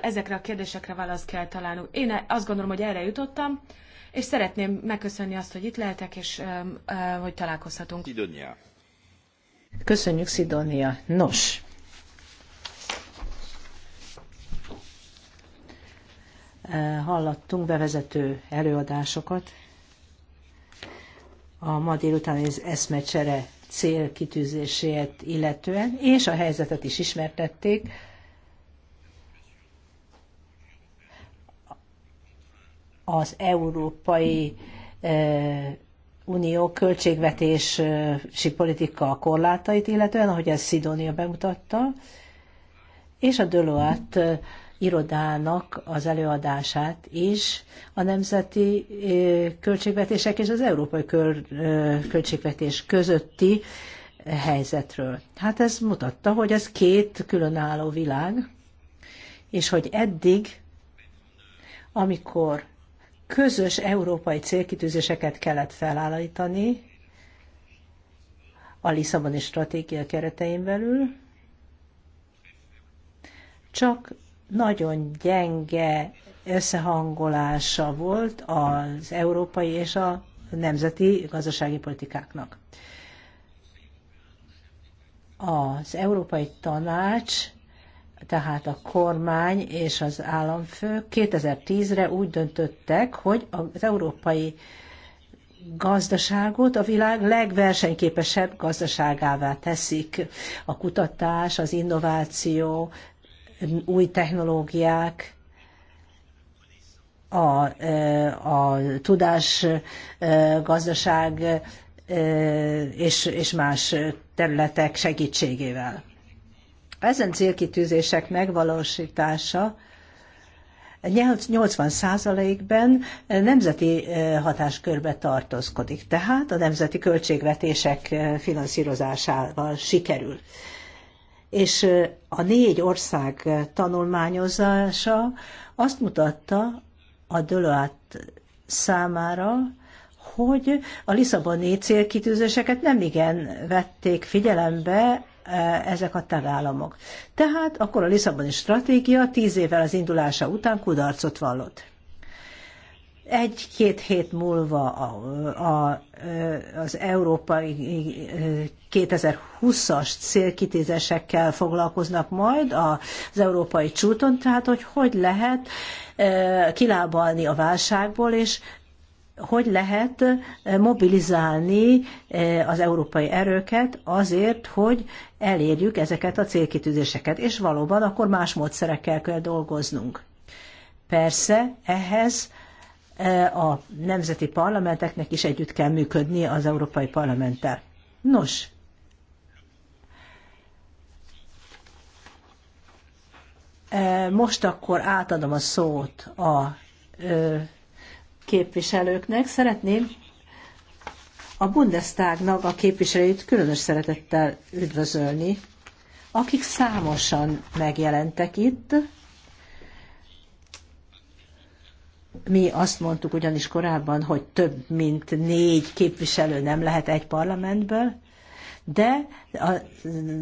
ezekre a kérdésekre választ kell találnunk. Én azt gondolom, hogy erre jutottam, és szeretném megköszönni azt, hogy itt lehetek, és hogy találkozhatunk. Szidonia. Köszönjük, Szidonia. Nos, hallottunk bevezető előadásokat. A ma délután az eszmecsere célkitűzését illetően, és a helyzetet is ismertették az Európai Unió költségvetési politika korlátait illetően, ahogy ez Szidónia bemutatta, és a Dölóát irodának az előadását is a nemzeti költségvetések és az európai költségvetés közötti helyzetről. Hát ez mutatta, hogy ez két különálló világ, és hogy eddig, amikor közös európai célkitűzéseket kellett felállítani a Lisszaboni stratégia keretein belül, csak nagyon gyenge összehangolása volt az európai és a nemzeti gazdasági politikáknak. Az Európai Tanács tehát a kormány és az államfő 2010-re úgy döntöttek, hogy az európai gazdaságot a világ legversenyképesebb gazdaságává teszik. A kutatás, az innováció, új technológiák, a, e, a tudás e, gazdaság e, és, és más területek segítségével. Ezen célkitűzések megvalósítása 80%-ben nemzeti eh, hatáskörbe tartozkodik, tehát a nemzeti költségvetések eh, finanszírozásával sikerül. És eh, a négy ország tanulmányozása azt mutatta a Dölöát számára, hogy a Lisszaboni célkitűzéseket nem igen vették figyelembe Eh, ezek a tagállamok. Tehát akkor a Lisszaboni stratégia tíz évvel az indulása után kudarcot vallott. Egy-két hét múlva a, a, eh, az európai 2020-as eh, célkitézésekkel foglalkoznak majd az európai csúton, tehát hogy hogy lehet kilábalni a válságból, és hogy lehet eh, mobilizálni eh, az európai erőket azért, hogy elérjük ezeket a célkitűzéseket, és valóban akkor más módszerekkel kell dolgoznunk. Persze ehhez eh, a nemzeti parlamenteknek is együtt kell működni az Európai Parlamenttel. Nos, most akkor átadom a szót a képviselőknek. Szeretném a Bundestagnak a képviselőit különös szeretettel üdvözölni, akik számosan megjelentek itt. Mi azt mondtuk ugyanis korábban, hogy több mint négy képviselő nem lehet egy parlamentből, de a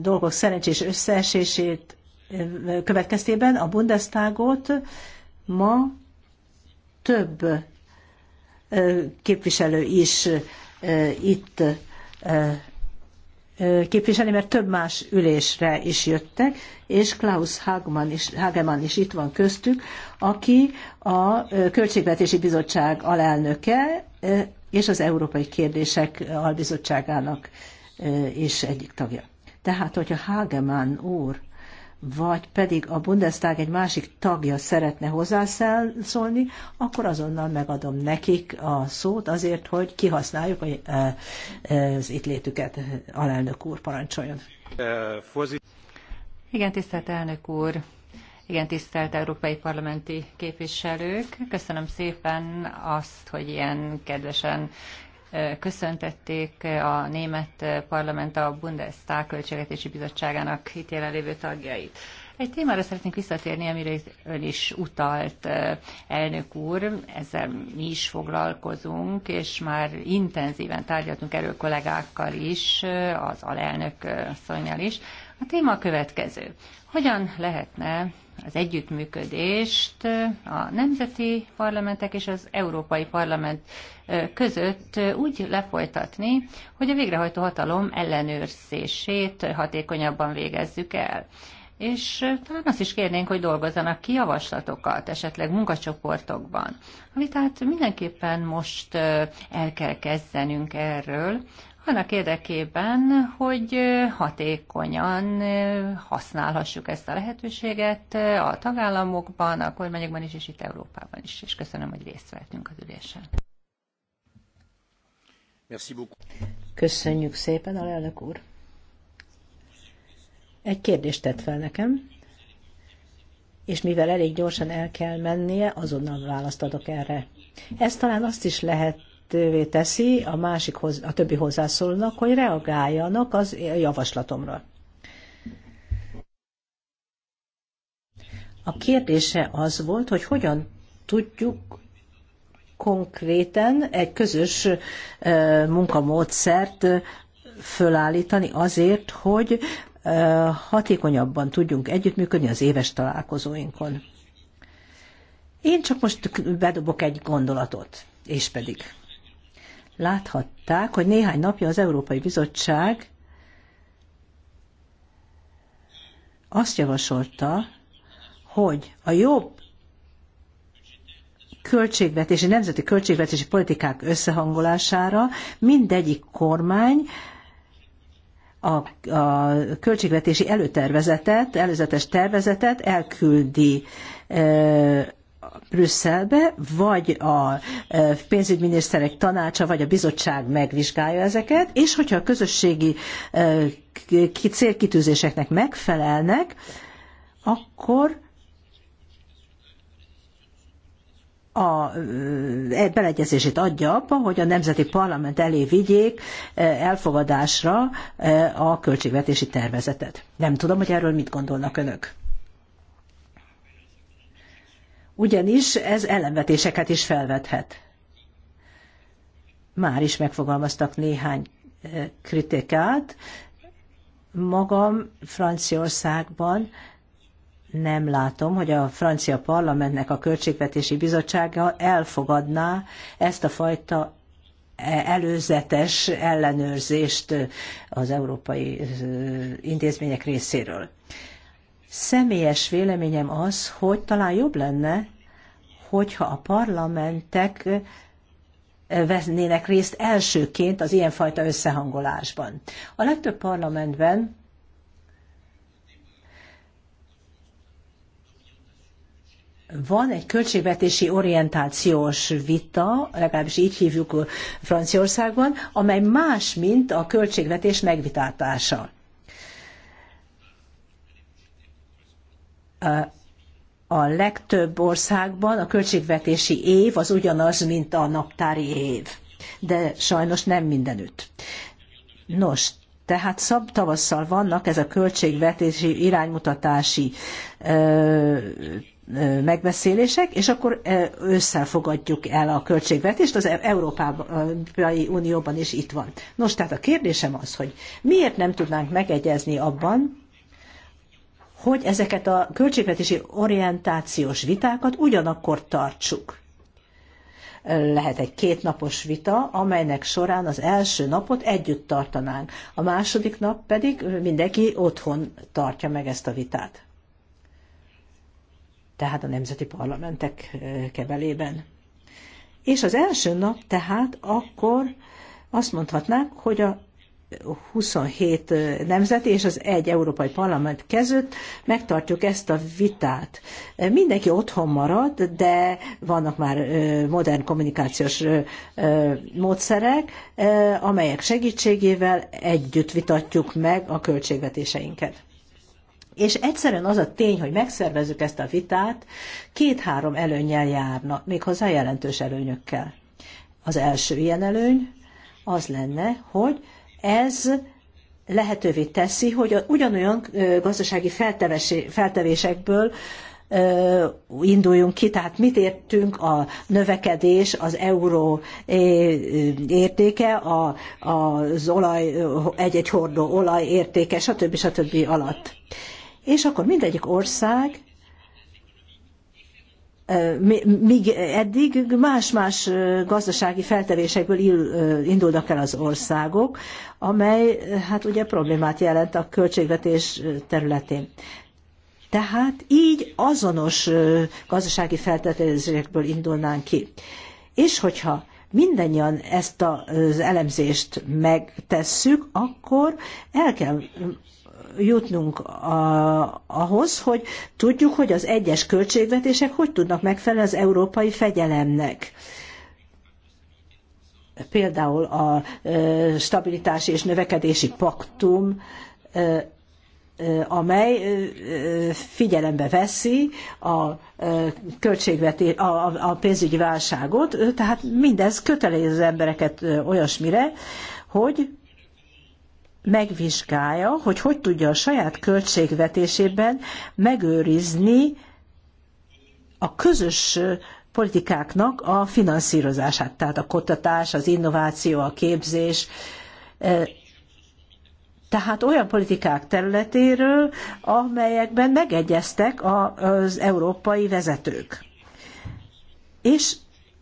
dolgok szerencsés összeesését következtében a Bundestagot ma több képviselő is itt képviseli, mert több más ülésre is jöttek, és Klaus Hagemann is, Hagemann is itt van köztük, aki a Költségvetési Bizottság alelnöke és az Európai Kérdések Albizottságának is egyik tagja. Tehát, hogyha Hagemann úr vagy pedig a Bundestag egy másik tagja szeretne hozzászólni, akkor azonnal megadom nekik a szót azért, hogy kihasználjuk e, e, az itt létüket. Alelnök úr, parancsoljon. Igen, tisztelt elnök úr, igen, tisztelt európai parlamenti képviselők, köszönöm szépen azt, hogy ilyen kedvesen köszöntették a német parlament a Bundestag költségvetési bizottságának itt jelenlévő tagjait. Egy témára szeretnénk visszatérni, amire ön is utalt, eh, elnök úr, ezzel mi is foglalkozunk, és már intenzíven tárgyaltunk erről kollégákkal is, eh, az alelnök eh, szonyal is. A téma a következő. Hogyan lehetne az együttműködést a nemzeti parlamentek és az Európai Parlament között úgy lefolytatni, hogy a végrehajtó hatalom ellenőrzését hatékonyabban végezzük el és talán azt is kérnénk, hogy dolgozzanak ki javaslatokat, esetleg munkacsoportokban. Amit hát mindenképpen most el kell kezdenünk erről, annak érdekében, hogy hatékonyan használhassuk ezt a lehetőséget a tagállamokban, a kormányokban is, és itt Európában is. És köszönöm, hogy részt vettünk az ülésen. Köszönjük szépen, alelnök úr! egy kérdést tett fel nekem, és mivel elég gyorsan el kell mennie, azonnal választ adok erre. Ez talán azt is lehet lehetővé teszi a, másik, hoz, a többi hozzászólónak, hogy reagáljanak az javaslatomra. A kérdése az volt, hogy hogyan tudjuk konkrétan egy közös munkamódszert fölállítani azért, hogy hatékonyabban tudjunk együttműködni az éves találkozóinkon. Én csak most bedobok egy gondolatot, és pedig láthatták, hogy néhány napja az Európai Bizottság azt javasolta, hogy a jobb költségvetési, nemzeti költségvetési politikák összehangolására mindegyik kormány a, a költségvetési előtervezetet, előzetes tervezetet elküldi e, Brüsszelbe, vagy a pénzügyminiszterek tanácsa, vagy a bizottság megvizsgálja ezeket, és hogyha a közösségi célkitűzéseknek megfelelnek, akkor a e, beleegyezését adja abba, hogy a Nemzeti Parlament elé vigyék elfogadásra a költségvetési tervezetet. Nem tudom, hogy erről mit gondolnak önök. Ugyanis ez ellenvetéseket is felvethet. Már is megfogalmaztak néhány kritikát. Magam Franciaországban nem látom, hogy a francia parlamentnek a költségvetési bizottsága elfogadná ezt a fajta előzetes ellenőrzést az európai intézmények részéről. Személyes véleményem az, hogy talán jobb lenne, hogyha a parlamentek vennének részt elsőként az ilyenfajta összehangolásban. A legtöbb parlamentben van egy költségvetési orientációs vita, legalábbis így hívjuk Franciaországban, amely más, mint a költségvetés megvitatása. A legtöbb országban a költségvetési év az ugyanaz, mint a naptári év, de sajnos nem mindenütt. Nos, tehát szab tavasszal vannak ez a költségvetési iránymutatási ö, megbeszélések, és akkor ősszel fogadjuk el a költségvetést, az e- Európai Unióban is itt van. Nos, tehát a kérdésem az, hogy miért nem tudnánk megegyezni abban, hogy ezeket a költségvetési orientációs vitákat ugyanakkor tartsuk. Lehet egy kétnapos vita, amelynek során az első napot együtt tartanánk, a második nap pedig mindenki otthon tartja meg ezt a vitát tehát a nemzeti parlamentek kebelében. És az első nap tehát akkor azt mondhatnánk, hogy a 27 nemzeti és az egy európai parlament között megtartjuk ezt a vitát. Mindenki otthon marad, de vannak már modern kommunikációs módszerek, amelyek segítségével együtt vitatjuk meg a költségvetéseinket. És egyszerűen az a tény, hogy megszervezzük ezt a vitát, két-három előnyel járna, méghozzá jelentős előnyökkel. Az első ilyen előny az lenne, hogy ez lehetővé teszi, hogy ugyanolyan gazdasági feltevésekből induljunk ki, tehát mit értünk a növekedés, az euró értéke, a, az olaj, egy-egy hordó olaj értéke, stb. stb. alatt és akkor mindegyik ország míg eddig más-más gazdasági feltevésekből indulnak el az országok, amely hát ugye problémát jelent a költségvetés területén. Tehát így azonos gazdasági feltételezésekből indulnánk ki. És hogyha mindannyian ezt az elemzést megtesszük, akkor el kell jutnunk a, ahhoz, hogy tudjuk, hogy az egyes költségvetések hogy tudnak megfelelni az európai fegyelemnek például a stabilitási és növekedési paktum, amely figyelembe veszi a, költségvetés, a, pénzügyi válságot, tehát mindez kötelez az embereket olyasmire, hogy megvizsgálja, hogy hogy tudja a saját költségvetésében megőrizni a közös politikáknak a finanszírozását, tehát a kutatás, az innováció, a képzés, tehát olyan politikák területéről, amelyekben megegyeztek az európai vezetők. És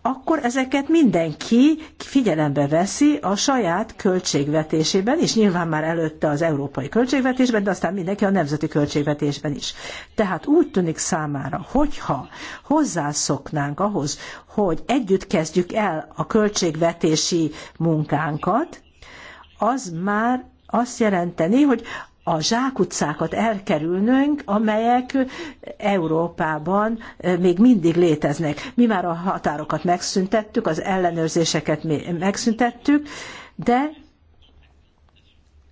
akkor ezeket mindenki figyelembe veszi a saját költségvetésében is, nyilván már előtte az európai költségvetésben, de aztán mindenki a nemzeti költségvetésben is. Tehát úgy tűnik számára, hogyha hozzászoknánk ahhoz, hogy együtt kezdjük el a költségvetési munkánkat, az már azt jelenteni, hogy a zsákutcákat elkerülnünk, amelyek Európában eh, még mindig léteznek. Mi már a határokat megszüntettük, az ellenőrzéseket megszüntettük, de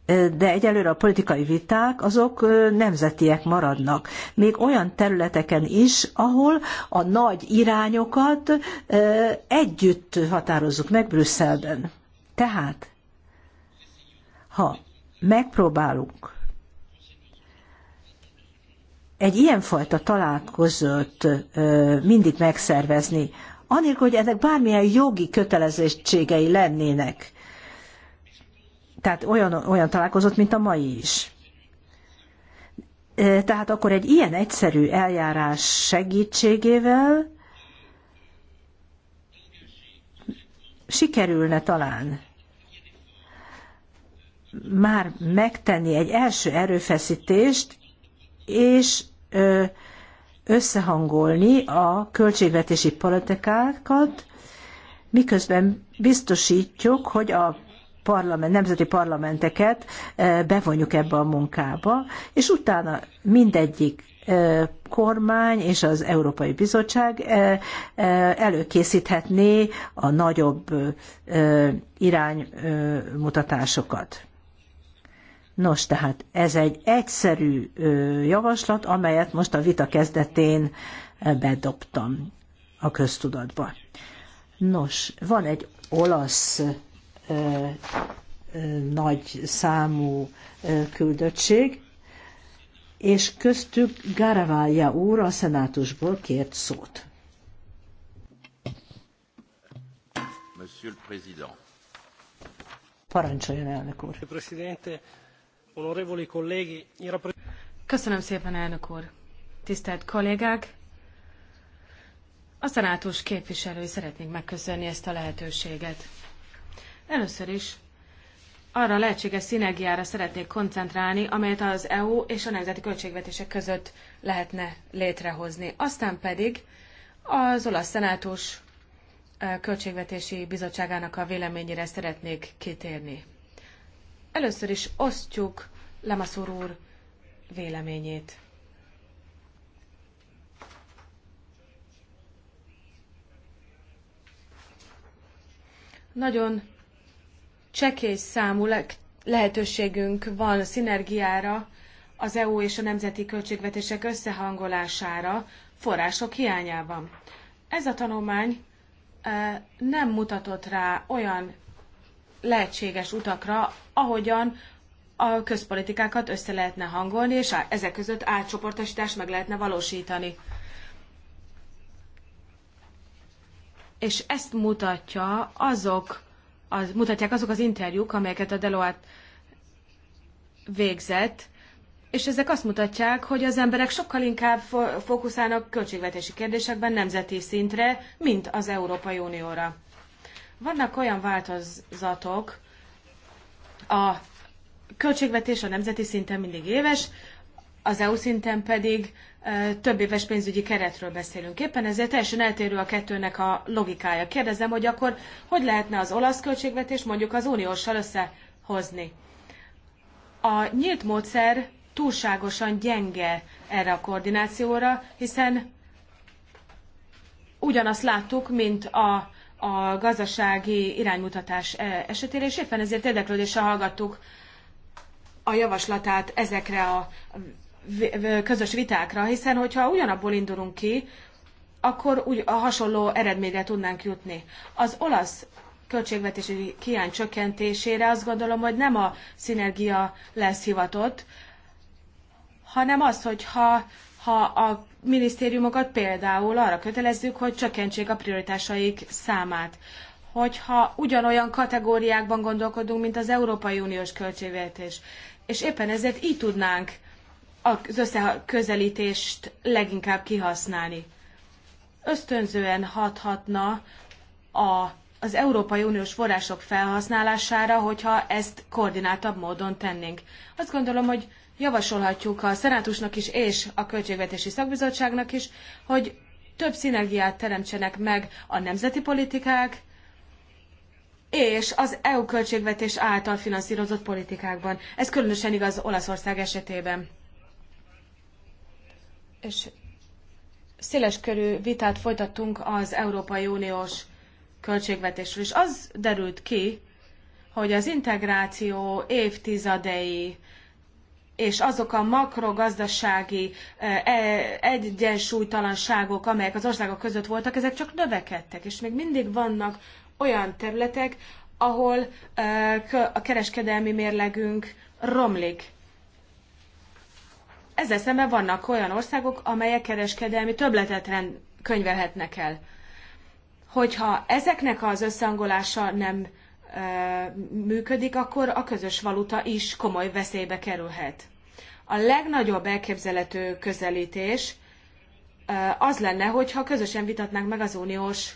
eh, de egyelőre a politikai viták azok eh, nemzetiek maradnak. Még olyan területeken is, ahol a nagy irányokat együtt határozzuk meg Brüsszelben. Tehát, ha megpróbálunk egy ilyenfajta találkozót mindig megszervezni, anélkül, hogy ennek bármilyen jogi kötelezettségei lennének. Tehát olyan, olyan találkozott, mint a mai is. Tehát akkor egy ilyen egyszerű eljárás segítségével sikerülne talán már megtenni egy első erőfeszítést, és összehangolni a költségvetési politikákat, miközben biztosítjuk, hogy a parlament, nemzeti parlamenteket bevonjuk ebbe a munkába, és utána mindegyik kormány és az Európai Bizottság előkészíthetné a nagyobb iránymutatásokat. Nos, tehát ez egy egyszerű javaslat, amelyet most a vita kezdetén bedobtam a köztudatba. Nos, van egy olasz ö, ö, nagy számú ö, küldöttség, és köztük Garavája úr a szenátusból kért szót. Monsieur le Président. Parancsoljon, elnök úr. Köszönöm szépen, elnök úr! Tisztelt kollégák! A szenátus képviselői szeretnék megköszönni ezt a lehetőséget. Először is arra a lehetséges szinergiára szeretnék koncentrálni, amelyet az EU és a nemzeti költségvetések között lehetne létrehozni. Aztán pedig az olasz szenátus eh, költségvetési bizottságának a véleményére szeretnék kitérni. Először is osztjuk Lemaszur úr véleményét. Nagyon csekély számú lehetőségünk van szinergiára, az EU és a nemzeti költségvetések összehangolására források hiányában. Ez a tanulmány eh, nem mutatott rá olyan lehetséges utakra, ahogyan a közpolitikákat össze lehetne hangolni, és ezek között átcsoportosítást meg lehetne valósítani. És ezt mutatja azok, az, mutatják azok az interjúk, amelyeket a Deloitte végzett, és ezek azt mutatják, hogy az emberek sokkal inkább fókuszálnak költségvetési kérdésekben nemzeti szintre, mint az Európai Unióra. Vannak olyan változatok, a költségvetés a nemzeti szinten mindig éves, az EU szinten pedig több éves pénzügyi keretről beszélünk. Éppen ezért teljesen eltérő a kettőnek a logikája. Kérdezem, hogy akkor hogy lehetne az olasz költségvetés mondjuk az uniósal összehozni? A nyílt módszer túlságosan gyenge erre a koordinációra, hiszen ugyanazt láttuk, mint a a gazdasági iránymutatás e, esetére, és éppen ezért érdeklődéssel hallgattuk a javaslatát ezekre a közös vitákra, hiszen hogyha ugyanabból indulunk ki, akkor úgy a hasonló eredményre tudnánk jutni. Az olasz költségvetési kiány csökkentésére azt gondolom, hogy nem a szinergia lesz hivatott, hanem az, hogyha ha a minisztériumokat például arra kötelezzük, hogy csökkentsék a prioritásaik számát. Hogyha ugyanolyan kategóriákban gondolkodunk, mint az Európai Uniós költségvetés. És éppen ezért így tudnánk az összeközelítést leginkább kihasználni. Ösztönzően hathatna a, az Európai Uniós források felhasználására, hogyha ezt koordináltabb módon tennénk. Azt gondolom, hogy javasolhatjuk a szenátusnak is, és a költségvetési szakbizottságnak is, hogy több szinergiát teremtsenek meg a nemzeti politikák, és az EU költségvetés által finanszírozott politikákban. Ez különösen igaz Olaszország esetében. És széleskörű vitát folytattunk az Európai Uniós költségvetésről, és az derült ki, hogy az integráció évtizedei és azok a makrogazdasági e, e, egyensúlytalanságok, amelyek az országok között voltak, ezek csak növekedtek, és még mindig vannak olyan területek, ahol e, a kereskedelmi mérlegünk romlik. Ezzel szemben vannak olyan országok, amelyek kereskedelmi többletet rend, könyvelhetnek el. Hogyha ezeknek az összehangolása nem működik, akkor a közös valuta is komoly veszélybe kerülhet. A legnagyobb elképzelhető közelítés az lenne, hogyha közösen vitatnánk meg az uniós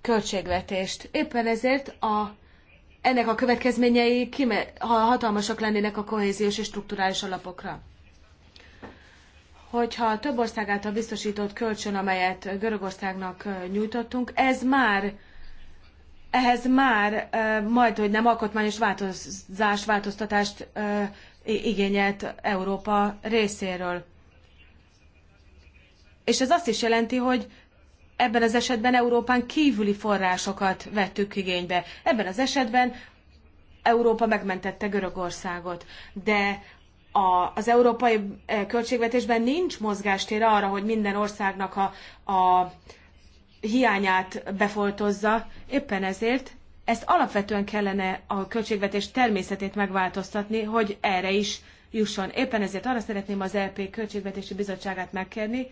költségvetést. Éppen ezért a, ennek a következményei kime, ha hatalmasak lennének a kohéziós és strukturális alapokra. Hogyha több ország által biztosított kölcsön, amelyet Görögországnak nyújtottunk, ez már ehhez már majd, hogy nem alkotmányos változás, változtatást igényelt Európa részéről. És ez azt is jelenti, hogy ebben az esetben Európán kívüli forrásokat vettük igénybe. Ebben az esetben Európa megmentette Görögországot. De a, az európai költségvetésben nincs mozgástér arra, hogy minden országnak a, a hiányát befoltozza. Éppen ezért ezt alapvetően kellene a költségvetés természetét megváltoztatni, hogy erre is jusson. Éppen ezért arra szeretném az LP e Költségvetési Bizottságát megkérni,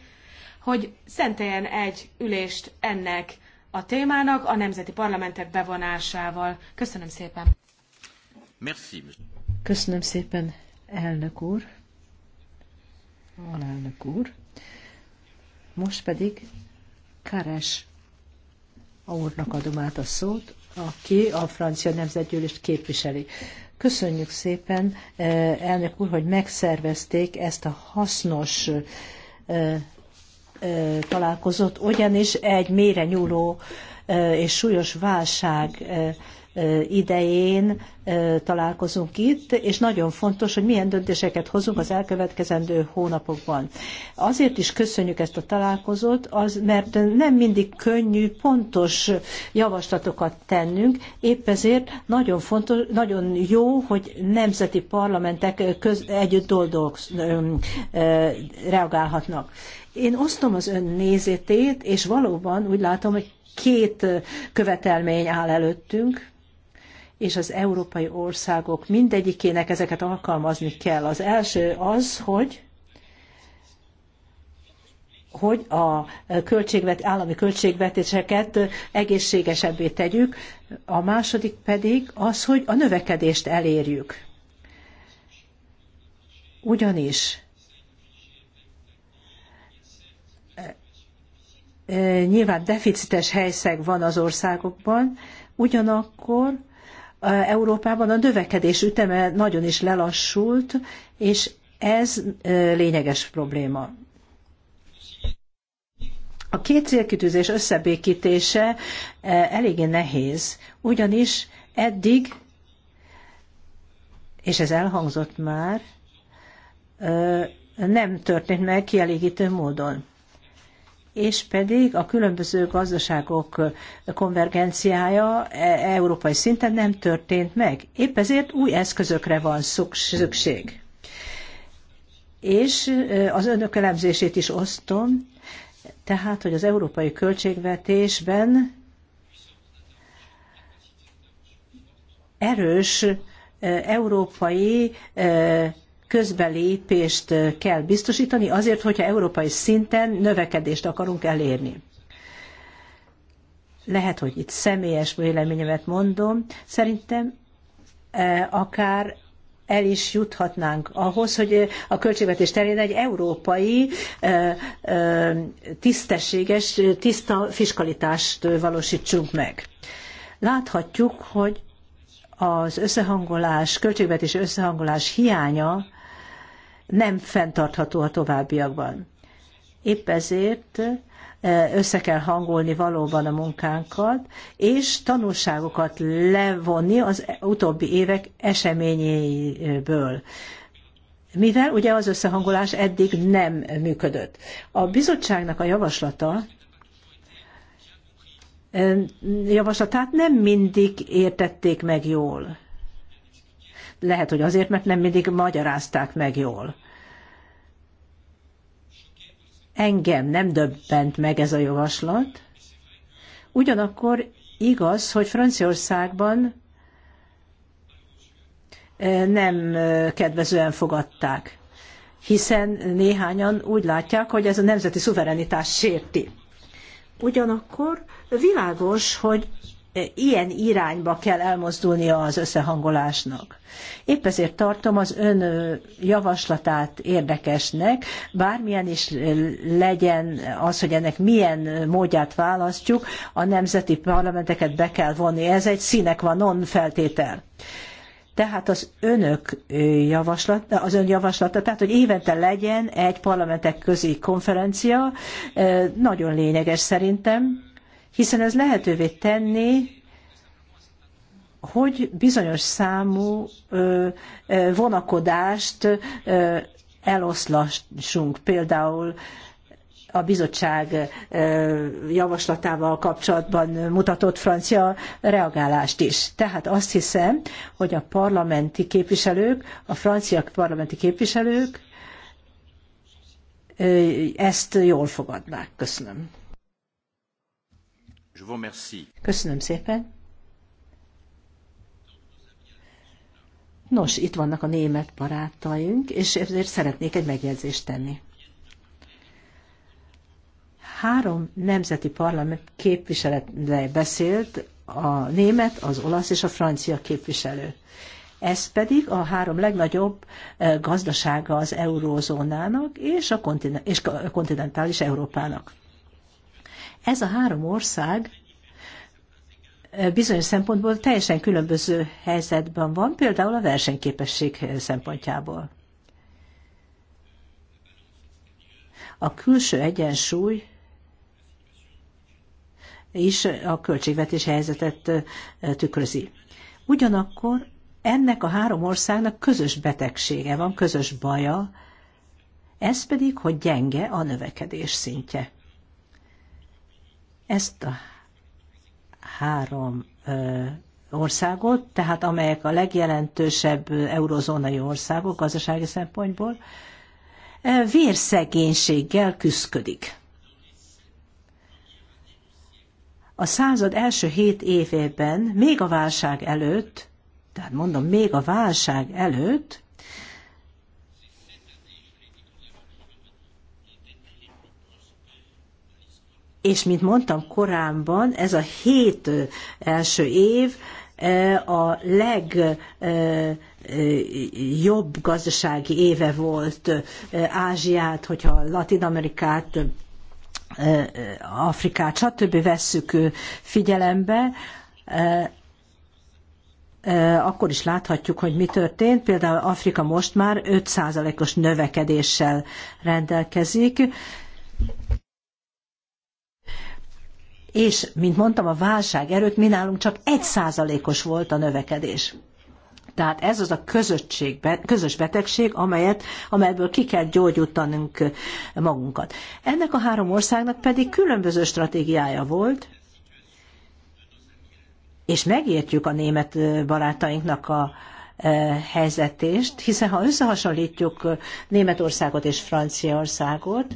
hogy szenteljen egy ülést ennek a témának a nemzeti parlamentek bevonásával. Köszönöm szépen. Merci. Köszönöm szépen, elnök úr. elnök úr. Most pedig Keres a úrnak adom át a szót, aki a francia nemzetgyűlést képviseli. Köszönjük szépen, eh, elnök úr, hogy megszervezték ezt a hasznos eh, eh, találkozót, ugyanis egy mélyre nyúló és súlyos válság idején találkozunk itt, és nagyon fontos, hogy milyen döntéseket hozunk az elkövetkezendő hónapokban. Azért is köszönjük ezt a találkozót, az, mert nem mindig könnyű pontos javaslatokat tennünk, épp ezért nagyon, fontos, nagyon jó, hogy nemzeti parlamentek köz, együtt dolgok, reagálhatnak. Én osztom az ön nézetét, és valóban úgy látom, hogy két követelmény áll előttünk és az európai országok mindegyikének ezeket alkalmazni kell. Az első az, hogy hogy a költségvet, állami költségvetéseket egészségesebbé tegyük, a második pedig az, hogy a növekedést elérjük. Ugyanis e, e, nyilván deficites helyszeg van az országokban, ugyanakkor Európában a növekedés üteme nagyon is lelassult, és ez lényeges probléma. A két célkitűzés összebékítése eléggé nehéz, ugyanis eddig, és ez elhangzott már, nem történt meg kielégítő módon és pedig a különböző gazdaságok konvergenciája e-, európai szinten nem történt meg. Épp ezért új eszközökre van szükség. És az önök elemzését is osztom, tehát, hogy az európai költségvetésben erős európai közbelépést kell biztosítani azért, hogyha európai szinten növekedést akarunk elérni. Lehet, hogy itt személyes véleményemet mondom, szerintem akár el is juthatnánk ahhoz, hogy a költségvetés terén egy európai tisztességes, tiszta fiskalitást valósítsunk meg. Láthatjuk, hogy az összehangolás, költségvetés összehangolás hiánya nem fenntartható a továbbiakban. Épp ezért e, össze kell hangolni valóban a munkánkat, és tanulságokat levonni az utóbbi évek eseményéből. Mivel ugye az összehangolás eddig nem működött. A bizottságnak a javaslata e, javaslatát nem mindig értették meg jól. Lehet, hogy azért, mert nem mindig magyarázták meg jól. Engem nem döbbent meg ez a javaslat. Ugyanakkor igaz, hogy Franciaországban eh, nem eh, kedvezően fogadták, hiszen néhányan úgy látják, hogy ez a nemzeti szuverenitás sérti. Ugyanakkor világos, hogy ilyen irányba kell elmozdulnia az összehangolásnak. Épp ezért tartom az ön javaslatát érdekesnek, bármilyen is legyen az, hogy ennek milyen módját választjuk, a nemzeti parlamenteket be kell vonni. Ez egy színek van non feltétel. Tehát az önök javaslata, az ön javaslata, tehát hogy évente legyen egy parlamentek közi konferencia, nagyon lényeges szerintem, hiszen ez lehetővé tenni, hogy bizonyos számú vonakodást eloszlassunk. Például a bizottság javaslatával kapcsolatban mutatott francia reagálást is. Tehát azt hiszem, hogy a parlamenti képviselők, a francia parlamenti képviselők ezt jól fogadnák. Köszönöm. Köszönöm szépen. Nos, itt vannak a német barátaink, és ezért szeretnék egy megjegyzést tenni. Három nemzeti parlament képviseletre beszélt a német, az olasz és a francia képviselő. Ez pedig a három legnagyobb eh, gazdasága az eurózónának és a kontinentális Európának. Ez a három ország bizonyos szempontból teljesen különböző helyzetben van, például a versenyképesség szempontjából. A külső egyensúly is a költségvetési helyzetet tükrözi. Ugyanakkor ennek a három országnak közös betegsége van, közös baja, ez pedig, hogy gyenge a növekedés szintje. Ezt a három országot, tehát amelyek a legjelentősebb eurozónai országok gazdasági szempontból, vérszegénységgel küszködik. A század első hét évében, még a válság előtt, tehát mondom, még a válság előtt, és mint mondtam korábban, ez a hét első év a legjobb gazdasági éve volt Ázsiát, hogyha Latin Amerikát, Afrikát, stb. vesszük figyelembe, akkor is láthatjuk, hogy mi történt. Például Afrika most már 5%-os növekedéssel rendelkezik és, mint mondtam, a válság előtt mi nálunk csak egy százalékos volt a növekedés. Tehát ez az a közösség, közös betegség, amelyet, amelyből ki kell gyógyítanunk eh, magunkat. Ennek a három országnak pedig különböző stratégiája volt, és megértjük a német eh, barátainknak a eh, helyzetést, hiszen ha összehasonlítjuk Németországot és Franciaországot,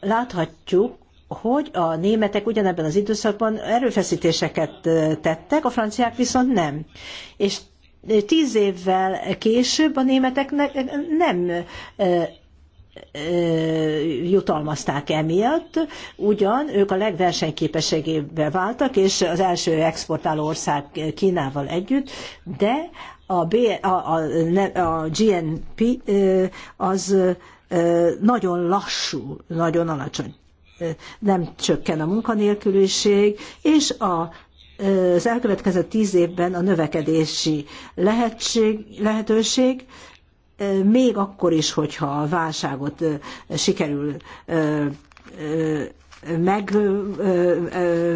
láthatjuk, hogy a németek ugyanebben az időszakban erőfeszítéseket tettek, a franciák viszont nem. És tíz évvel később a németeknek nem jutalmazták emiatt, ugyan ők a legversenyképességébe váltak, és az első exportáló ország Kínával együtt, de a, B, a, a, a GNP az nagyon lassú, nagyon alacsony nem csökken a munkanélküliség, és a az elkövetkező tíz évben a növekedési lehetség, lehetőség, még akkor is, hogyha a válságot sikerül meg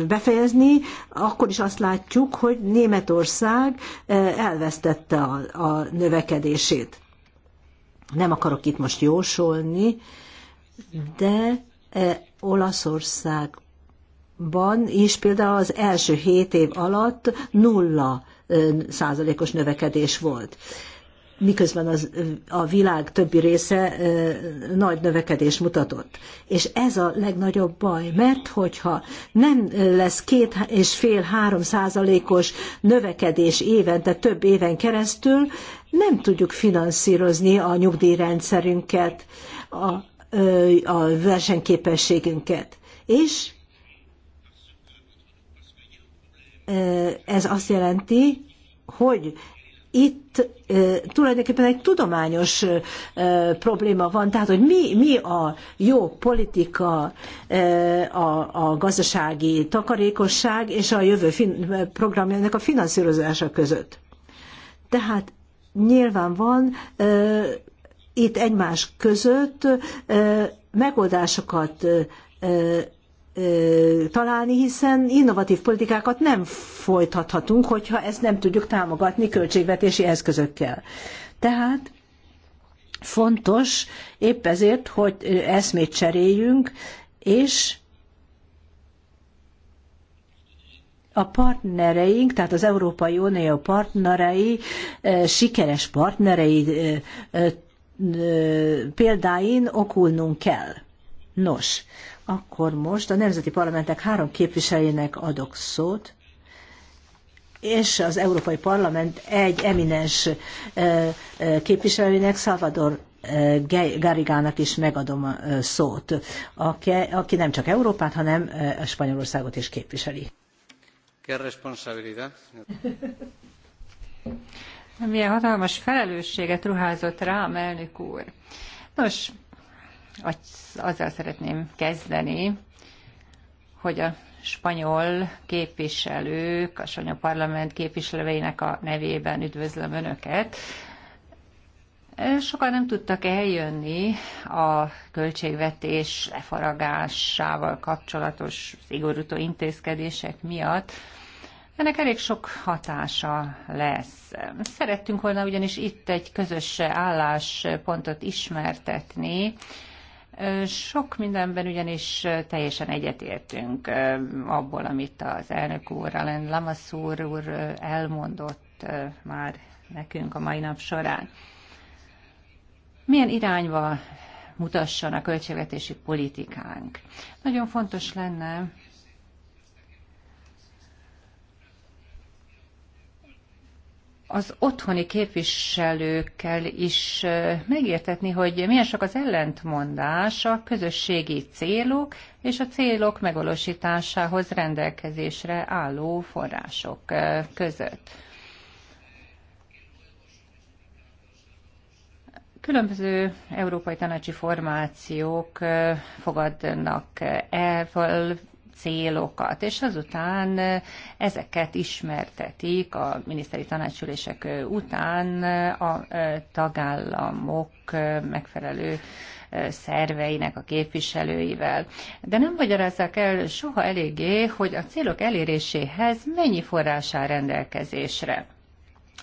befejezni, akkor is azt látjuk, hogy Németország elvesztette a, a növekedését. Nem akarok itt most jósolni, de Olaszországban is például az első hét év alatt nulla százalékos növekedés volt. Miközben az, a világ többi része nagy növekedés mutatott. És ez a legnagyobb baj, mert hogyha nem lesz két és fél három százalékos növekedés évente, több éven keresztül, nem tudjuk finanszírozni a nyugdíjrendszerünket, a a versenyképességünket. És ez azt jelenti, hogy itt tulajdonképpen egy tudományos probléma van, tehát hogy mi, mi a jó politika, a, a gazdasági takarékosság és a jövő fin- programjának a finanszírozása között. Tehát nyilván van itt egymás között megoldásokat találni, hiszen innovatív politikákat nem folytathatunk, hogyha ezt nem tudjuk támogatni költségvetési eszközökkel. Tehát fontos épp ezért, hogy eszmét cseréljünk, és a partnereink, tehát az Európai Unió partnerei, sikeres partnerei példáin okulnunk kell. Nos, akkor most a Nemzeti Parlamentek három képviselőjének adok szót, és az Európai Parlament egy eminens képviselőjének, Salvador Garigának is megadom a szót, aki nem csak Európát, hanem a Spanyolországot is képviseli. milyen hatalmas felelősséget ruházott rám, elnök úr. Nos, azzal szeretném kezdeni, hogy a spanyol képviselők, a spanyol parlament képviselőinek a nevében üdvözlöm Önöket. Sokan nem tudtak eljönni a költségvetés lefaragásával kapcsolatos szigorútó intézkedések miatt, ennek elég sok hatása lesz. Szerettünk volna ugyanis itt egy közös álláspontot ismertetni, sok mindenben ugyanis teljesen egyetértünk eh, abból, amit az elnök úr, Alain Lamaszúr úr eh, elmondott eh, már nekünk a mai nap során. Milyen irányba mutasson a költségvetési politikánk? Nagyon fontos lenne, az otthoni képviselőkkel is megértetni, hogy milyen sok az ellentmondás a közösségi célok és a célok megvalósításához rendelkezésre álló források között. Különböző európai tanácsi formációk fogadnak el, célokat, és azután ezeket ismertetik a miniszteri tanácsülések után a tagállamok megfelelő szerveinek a képviselőivel. De nem magyarázzák el soha eléggé, hogy a célok eléréséhez mennyi forrás áll rendelkezésre.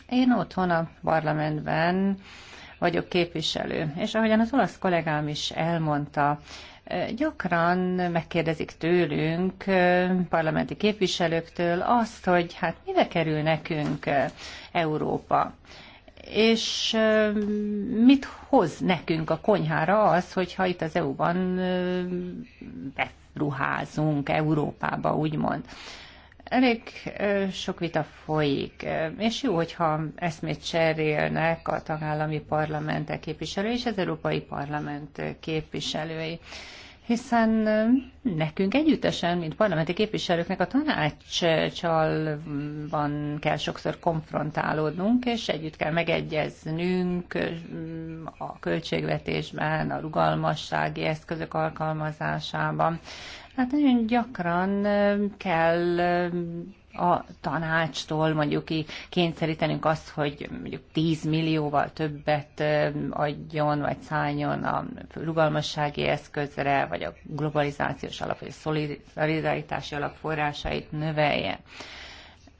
Én otthon a parlamentben vagyok képviselő, és ahogyan az olasz kollégám is elmondta, Gyakran megkérdezik tőlünk, parlamenti képviselőktől azt, hogy hát mire kerül nekünk Európa és mit hoz nekünk a konyhára az, hogyha itt az EU-ban beruházunk Európába, úgymond. Elég sok vita folyik, és jó, hogyha eszmét cserélnek a tagállami parlamentek képviselői és az Európai Parlament képviselői hiszen nekünk együttesen, mint parlamenti képviselőknek a tanácssal van, kell sokszor konfrontálódnunk, és együtt kell megegyeznünk a költségvetésben, a rugalmassági eszközök alkalmazásában. Hát nagyon gyakran kell a tanácstól mondjuk kényszerítenünk azt, hogy mondjuk 10 millióval többet adjon, vagy szálljon a rugalmassági eszközre, vagy a globalizációs alap, vagy a szolidaritási alap forrásait növelje.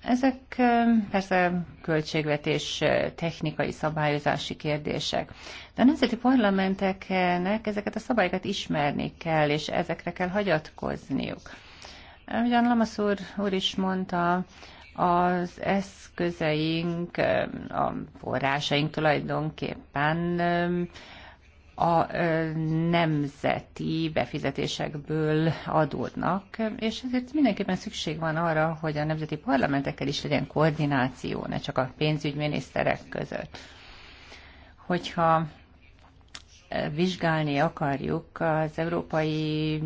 Ezek persze költségvetés technikai szabályozási kérdések. De a nemzeti parlamenteknek ezeket a szabályokat ismerni kell, és ezekre kell hagyatkozniuk. Ugyan Lamasz úr, úr is mondta, az eszközeink, a forrásaink tulajdonképpen a nemzeti befizetésekből adódnak, és ezért mindenképpen szükség van arra, hogy a nemzeti parlamentekkel is legyen koordináció, ne csak a pénzügyminiszterek között. Hogyha vizsgálni akarjuk az európai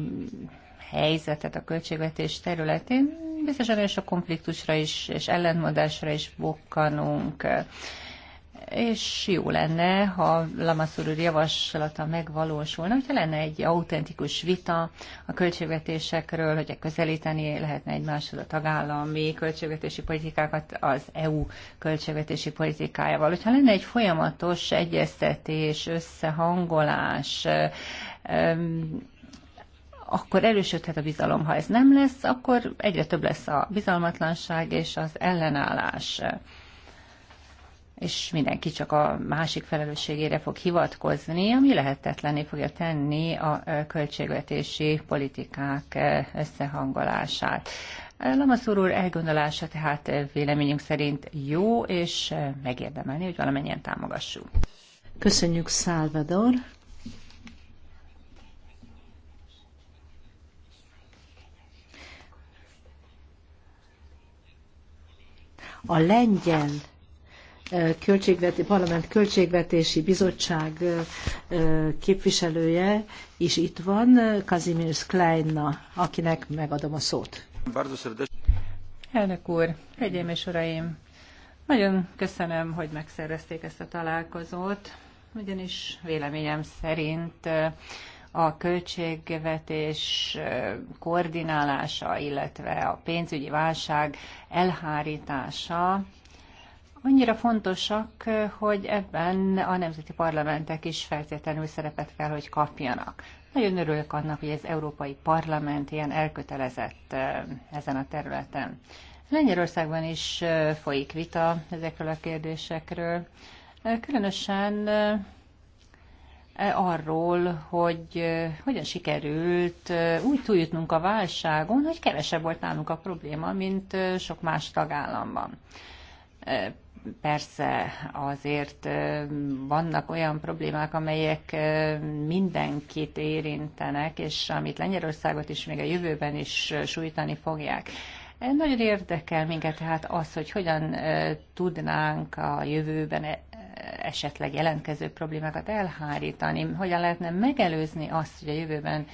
helyzetet a költségvetés területén, biztosan és a konfliktusra is, és ellentmondásra is bukkanunk és jó lenne, ha Lamaszur úr javaslata megvalósulna, hogyha lenne egy autentikus vita a költségvetésekről, hogy közelíteni lehetne egymáshoz a tagállami költségvetési politikákat az EU költségvetési politikájával. Hogyha lenne egy folyamatos egyeztetés, összehangolás, akkor erősödhet a bizalom. Ha ez nem lesz, akkor egyre több lesz a bizalmatlanság és az ellenállás és mindenki csak a másik felelősségére fog hivatkozni, ami lehetetlené fogja tenni a költségvetési politikák összehangolását. Lamaszúr úr elgondolása tehát véleményünk szerint jó, és megérdemelni, hogy valamennyien támogassuk. Köszönjük, Salvador. A lengyel költségveti, parlament költségvetési bizottság képviselője is itt van, Kazimierz Kleinna, akinek megadom a szót. Elnök úr, hölgyeim és uraim, nagyon köszönöm, hogy megszervezték ezt a találkozót, ugyanis véleményem szerint a költségvetés koordinálása, illetve a pénzügyi válság elhárítása annyira fontosak, hogy ebben a nemzeti parlamentek is feltétlenül szerepet kell, hogy kapjanak. Nagyon örülök annak, hogy az Európai Parlament ilyen elkötelezett eh, ezen a területen. Lengyelországban is eh, folyik vita ezekről a kérdésekről, eh, különösen arról, hogy hogyan sikerült úgy túljutnunk a válságon, hogy kevesebb volt nálunk a probléma, mint sok más tagállamban persze azért vannak olyan problémák, amelyek mindenkit érintenek, és amit Lengyelországot is még a jövőben is sújtani fogják. Nagyon érdekel minket tehát az, hogy hogyan tudnánk a jövőben e, esetleg jelentkező problémákat elhárítani, hogyan lehetne megelőzni azt, hogy a jövőben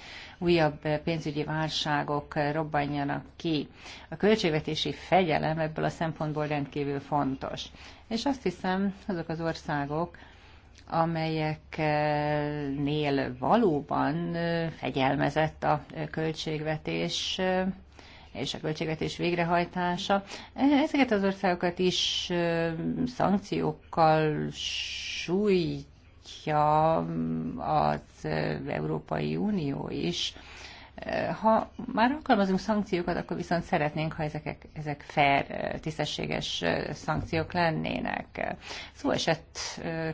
újabb pénzügyi válságok robbanjanak ki. A költségvetési fegyelem ebből a szempontból rendkívül fontos. És azt hiszem, azok az országok, amelyeknél valóban fegyelmezett a költségvetés, és a költségvetés végrehajtása. Ezeket az országokat is szankciókkal sújt alkotja mm, az Európai Unió is, Eh, ha már alkalmazunk szankciókat, akkor viszont szeretnénk, ha ezek, ezek fair, eh, tisztességes eh, szankciók lennének. Szó szóval esett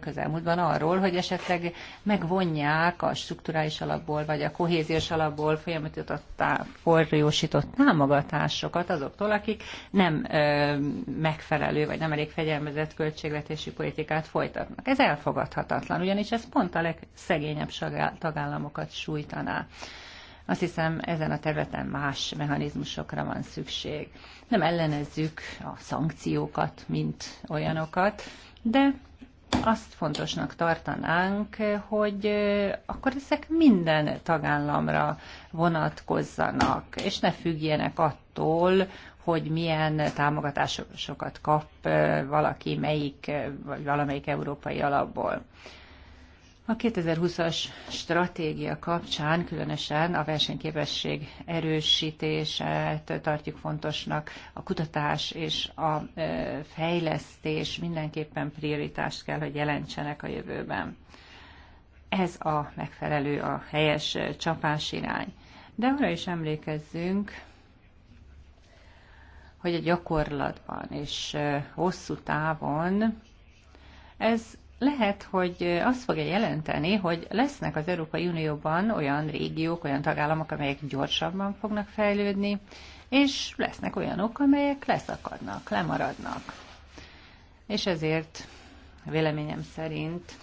közelmúltban arról, hogy esetleg megvonják a strukturális alapból, vagy a kohéziós alapból folyamatottattá forrósított támogatásokat azoktól, akik nem megfelelő, vagy nem elég fegyelmezett költségvetési politikát folytatnak. Ez elfogadhatatlan, ugyanis ez pont a legszegényebb tagállamokat sújtaná. Azt hiszem, ezen a területen más mechanizmusokra van szükség. Nem ellenezzük a szankciókat, mint olyanokat, de azt fontosnak tartanánk, hogy akkor ezek minden tagállamra vonatkozzanak, és ne függjenek attól, hogy milyen támogatásokat kap valaki melyik, vagy valamelyik európai alapból. A 2020-as stratégia kapcsán különösen a versenyképesség erősítését tartjuk fontosnak, a kutatás és a fejlesztés mindenképpen prioritást kell, hogy jelentsenek a jövőben. Ez a megfelelő, a helyes csapásirány. De arra is emlékezzünk, hogy a gyakorlatban és hosszú távon ez lehet, hogy azt fogja jelenteni, hogy lesznek az Európai Unióban olyan régiók, olyan tagállamok, amelyek gyorsabban fognak fejlődni, és lesznek olyanok, amelyek leszakadnak, lemaradnak. És ezért véleményem szerint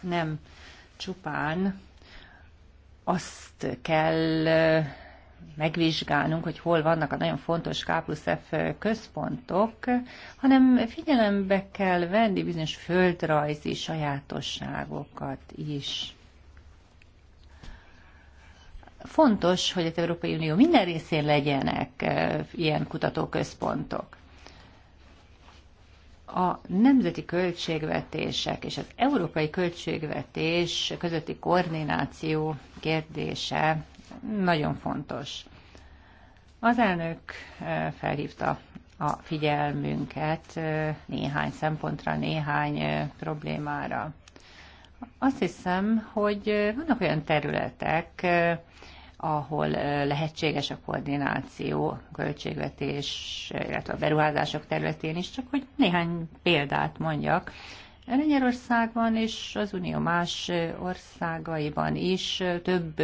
nem csupán azt kell megvizsgálnunk, hogy hol vannak a nagyon fontos K plusz F központok, hanem figyelembe kell venni bizonyos földrajzi sajátosságokat is. Fontos, hogy az Európai Unió minden részén legyenek eh, ilyen kutatóközpontok a nemzeti költségvetések és az európai költségvetés közötti koordináció kérdése nagyon fontos. Az elnök felhívta a figyelmünket néhány szempontra, néhány problémára. Azt hiszem, hogy vannak olyan területek, ahol lehetséges a koordináció költségvetés, illetve a beruházások területén is, csak hogy néhány példát mondjak. Lengyelországban és az Unió más országaiban is több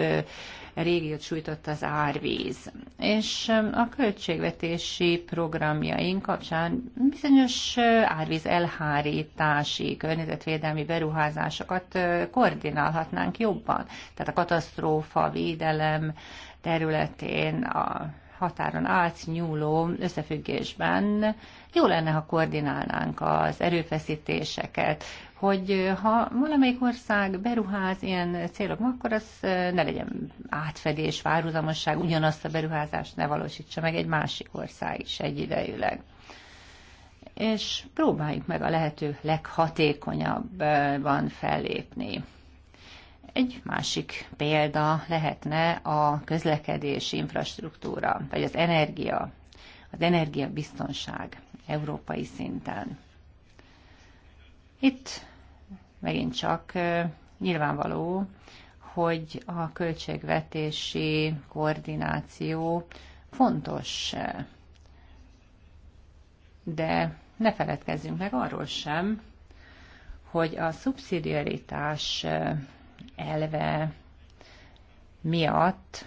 régiót sújtott az árvíz. És um, a költségvetési programjaink kapcsán bizonyos uh, árvíz elhárítási, környezetvédelmi beruházásokat uh, koordinálhatnánk jobban. Tehát a katasztrófa, védelem területén a határon átnyúló összefüggésben jó lenne, ha koordinálnánk az erőfeszítéseket, hogy ha valamelyik ország beruház ilyen célok, akkor az ne legyen átfedés, várhuzamosság, ugyanazt a beruházást ne valósítsa meg egy másik ország is egyidejűleg és próbáljuk meg a lehető leghatékonyabban fellépni. Egy másik példa lehetne a közlekedési infrastruktúra, vagy az energia, az energiabiztonság európai szinten. Itt megint csak nyilvánvaló, hogy a költségvetési koordináció fontos, de ne feledkezzünk meg arról sem, hogy a szubszidiaritás elve miatt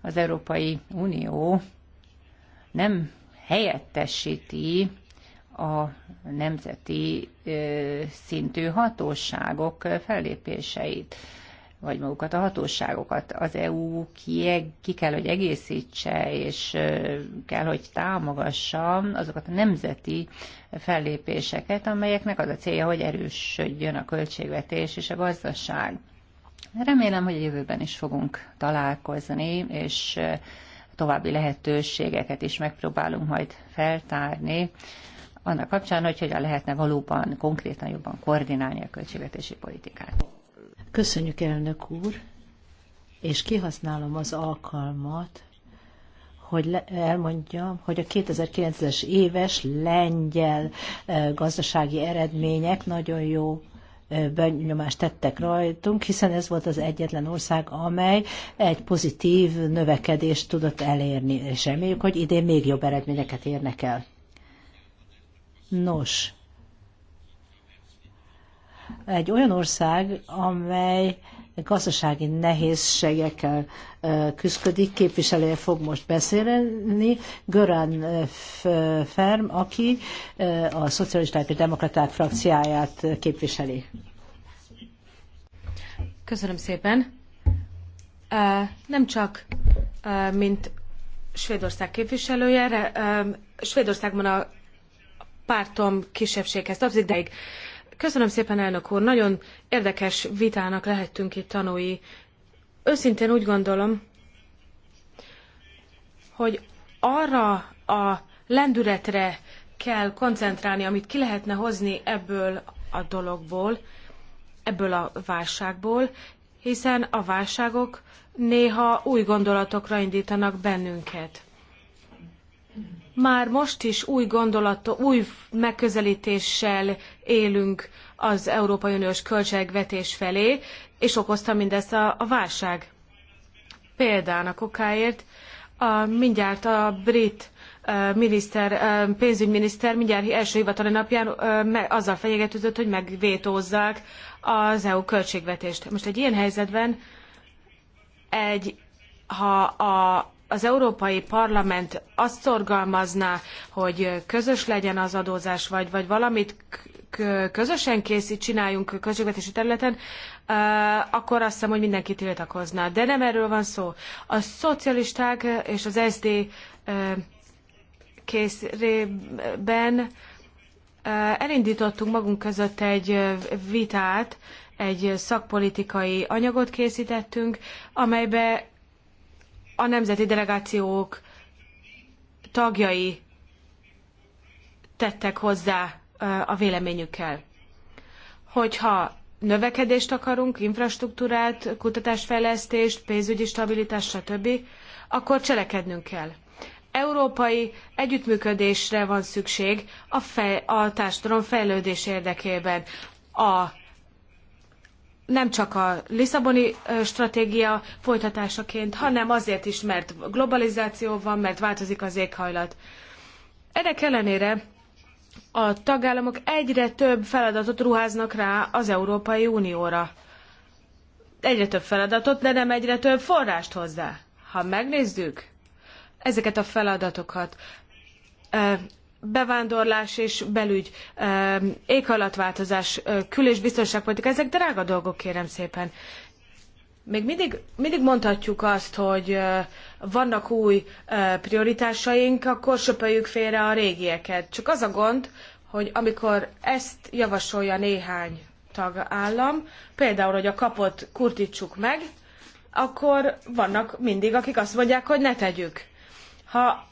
az Európai Unió nem helyettesíti a nemzeti szintű hatóságok fellépéseit vagy magukat a hatóságokat. Az EU ki, ki kell, hogy egészítse, és kell, hogy támogassa azokat a nemzeti fellépéseket, amelyeknek az a célja, hogy erősödjön a költségvetés és a gazdaság. Remélem, hogy a jövőben is fogunk találkozni, és további lehetőségeket is megpróbálunk majd feltárni annak kapcsán, hogy hogyan lehetne valóban konkrétan jobban koordinálni a költségvetési politikát. Köszönjük, elnök úr, és kihasználom az alkalmat, hogy elmondjam, hogy a 2009-es éves lengyel eh, gazdasági eredmények nagyon jó eh, benyomást tettek rajtunk, hiszen ez volt az egyetlen ország, amely egy pozitív növekedést tudott elérni, és reméljük, hogy idén még jobb eredményeket érnek el. Nos, egy olyan ország, amely gazdasági nehézségekkel küzdik, képviselője fog most beszélni, Görán Ferm, aki a Szocialisták és Demokraták frakciáját képviseli. Köszönöm szépen. Nem csak, mint Svédország képviselője, Svédországban a pártom kisebbséghez tartozik, de Köszönöm szépen, elnök úr. Nagyon érdekes vitának lehettünk itt tanúi. Őszintén úgy gondolom, hogy arra a lendületre kell koncentrálni, amit ki lehetne hozni ebből a dologból, ebből a válságból, hiszen a válságok néha új gondolatokra indítanak bennünket már most is új gondolattal, új megközelítéssel élünk az Európai Uniós költségvetés felé, és okozta mindezt a, a válság. Példának okáért a, mindjárt a brit miniszter, pénzügyminiszter mindjárt első hivatali napján azzal fenyegetőzött, hogy megvétózzák az EU költségvetést. Most egy ilyen helyzetben egy, ha a, az Európai Parlament azt szorgalmazná, hogy közös legyen az adózás, vagy, vagy valamit közösen készít, csináljunk költségvetési területen, akkor azt hiszem, hogy mindenki tiltakozna. De nem erről van szó. A szocialisták és az SD készrében elindítottunk magunk között egy vitát, egy szakpolitikai anyagot készítettünk, amelybe a nemzeti delegációk tagjai tettek hozzá a véleményükkel. Hogyha növekedést akarunk, infrastruktúrát, kutatásfejlesztést, pénzügyi stabilitást, stb., akkor cselekednünk kell. Európai együttműködésre van szükség a, fej, a társadalom fejlődés érdekében. A nem csak a Lisszaboni stratégia folytatásaként, hanem azért is, mert globalizáció van, mert változik az éghajlat. Ennek ellenére a tagállamok egyre több feladatot ruháznak rá az Európai Unióra. Egyre több feladatot, de nem egyre több forrást hozzá. Ha megnézzük ezeket a feladatokat, bevándorlás és belügy, éghajlatváltozás, kül- és biztonságpolitika, ezek drága dolgok, kérem szépen. Még mindig, mindig mondhatjuk azt, hogy vannak új prioritásaink, akkor söpöljük félre a régieket. Csak az a gond, hogy amikor ezt javasolja néhány tagállam, például, hogy a kapot kurtítsuk meg, akkor vannak mindig, akik azt mondják, hogy ne tegyük. Ha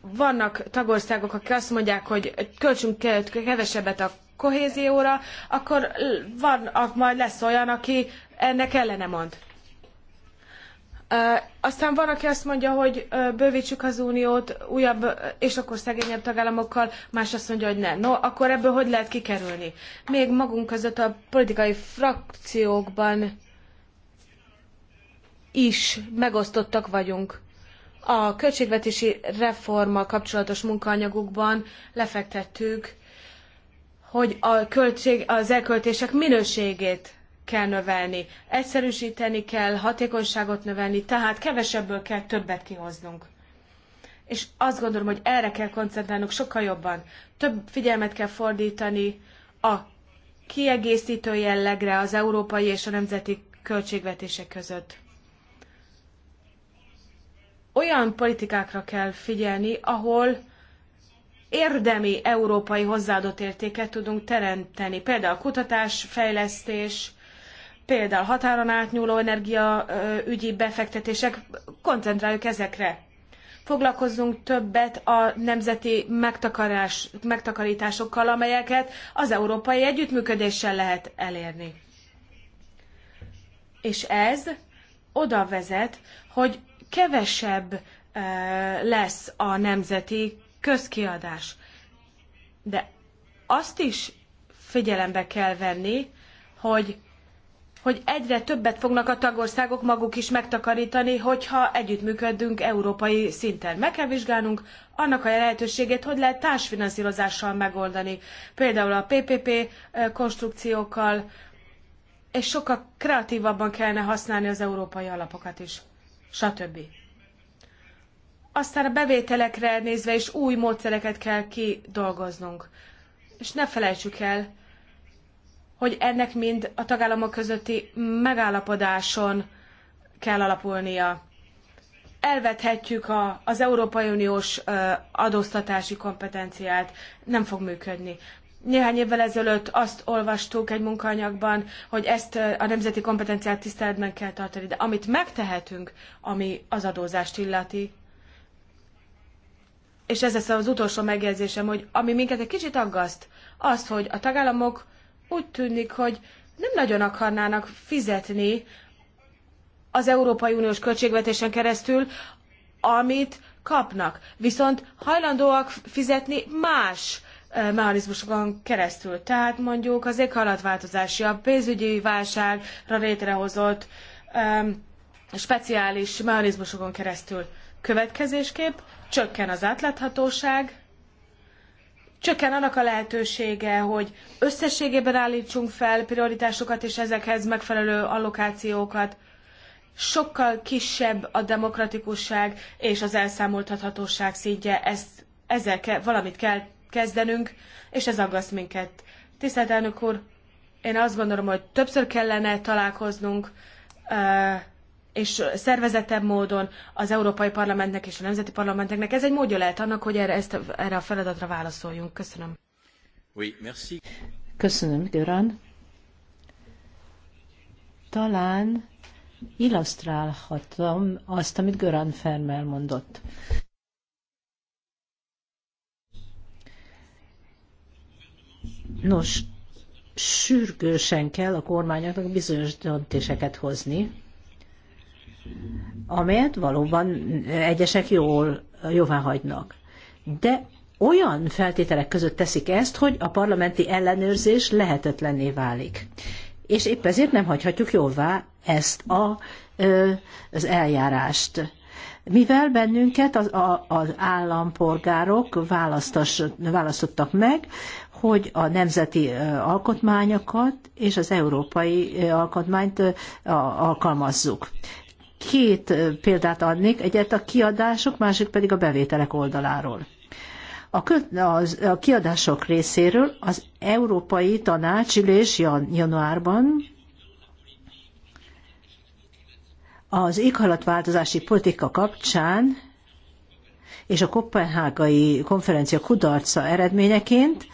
vannak tagországok, akik azt mondják, hogy költsünk kevesebbet a kohézióra, akkor van, majd lesz olyan, aki ennek ellene mond. Aztán van, aki azt mondja, hogy bővítsük az uniót újabb és akkor szegényebb tagállamokkal, más azt mondja, hogy ne. No, akkor ebből hogy lehet kikerülni? Még magunk között a politikai frakciókban is megosztottak vagyunk a költségvetési reforma kapcsolatos munkaanyagukban lefektettük, hogy a költség, az elköltések minőségét kell növelni, egyszerűsíteni kell, hatékonyságot növelni, tehát kevesebből kell többet kihoznunk. És azt gondolom, hogy erre kell koncentrálnunk sokkal jobban. Több figyelmet kell fordítani a kiegészítő jellegre az európai és a nemzeti költségvetések között olyan politikákra kell figyelni, ahol érdemi európai hozzáadott értéket tudunk teremteni. Például kutatás, fejlesztés, például határon átnyúló energiaügyi befektetések, koncentráljuk ezekre. Foglalkozzunk többet a nemzeti megtakarás, megtakarításokkal, amelyeket az európai együttműködéssel lehet elérni. És ez oda vezet, hogy kevesebb eh, lesz a nemzeti közkiadás. De azt is figyelembe kell venni, hogy hogy egyre többet fognak a tagországok maguk is megtakarítani, hogyha együttműködünk európai szinten. Meg kell vizsgálnunk annak a lehetőségét, hogy lehet társfinanszírozással megoldani, például a PPP eh, konstrukciókkal, és sokkal kreatívabban kellene használni az európai alapokat is stb. Aztán a bevételekre nézve is új módszereket kell kidolgoznunk. És ne felejtsük el, hogy ennek mind a tagállamok közötti megállapodáson kell alapulnia. Elvethetjük a, az Európai Uniós ö, adóztatási kompetenciát, nem fog működni. Néhány évvel ezelőtt azt olvastuk egy munkaanyagban, hogy ezt a nemzeti kompetenciát tiszteletben kell tartani, de amit megtehetünk, ami az adózást illeti, és ez lesz az utolsó megjegyzésem, hogy ami minket egy kicsit aggaszt, az, hogy a tagállamok úgy tűnik, hogy nem nagyon akarnának fizetni az Európai Uniós költségvetésen keresztül, amit kapnak. Viszont hajlandóak fizetni más mechanizmusokon keresztül. Tehát mondjuk az éghajlatváltozási, a pénzügyi válságra létrehozott um, speciális mechanizmusokon keresztül. Következésképp csökken az átláthatóság, csökken annak a lehetősége, hogy összességében állítsunk fel prioritásokat és ezekhez megfelelő allokációkat, sokkal kisebb a demokratikusság és az elszámoltathatóság szintje, ezt, ezzel ke, valamit kell kezdenünk, és ez aggaszt minket. Tisztelt elnök úr, én azt gondolom, hogy többször kellene találkoznunk, és szervezettebb módon az Európai Parlamentnek és a Nemzeti Parlamenteknek. Ez egy módja lehet annak, hogy erre, ezt, erre a feladatra válaszoljunk. Köszönöm. Oui, merci. Köszönöm, Göran. Talán illusztrálhatom azt, amit Göran Fermel mondott. Nos, sürgősen kell a kormányoknak bizonyos döntéseket hozni, amelyet valóban egyesek jól jóvá hagynak. De olyan feltételek között teszik ezt, hogy a parlamenti ellenőrzés lehetetlenné válik. És épp ezért nem hagyhatjuk jóvá ezt a, az eljárást mivel bennünket az, a, az állampolgárok választottak meg, hogy a nemzeti alkotmányokat és az európai alkotmányt alkalmazzuk. Két példát adnék, egyet a kiadások, másik pedig a bevételek oldaláról. A, az, a kiadások részéről az Európai Tanácsülés januárban Az éghajlatváltozási politika kapcsán és a kopenhágai konferencia kudarca eredményeként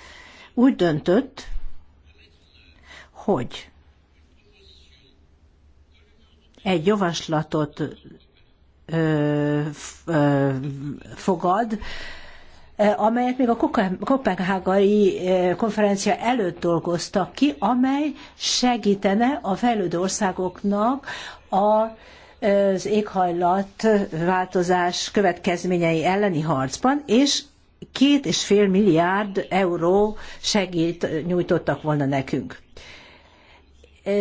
úgy döntött, hogy egy javaslatot ö, ö, fogad, amelyet még a kopenhágai konferencia előtt dolgoztak ki, amely segítene a fejlődő országoknak a az éghajlat változás következményei elleni harcban, és két és fél milliárd euró segít nyújtottak volna nekünk.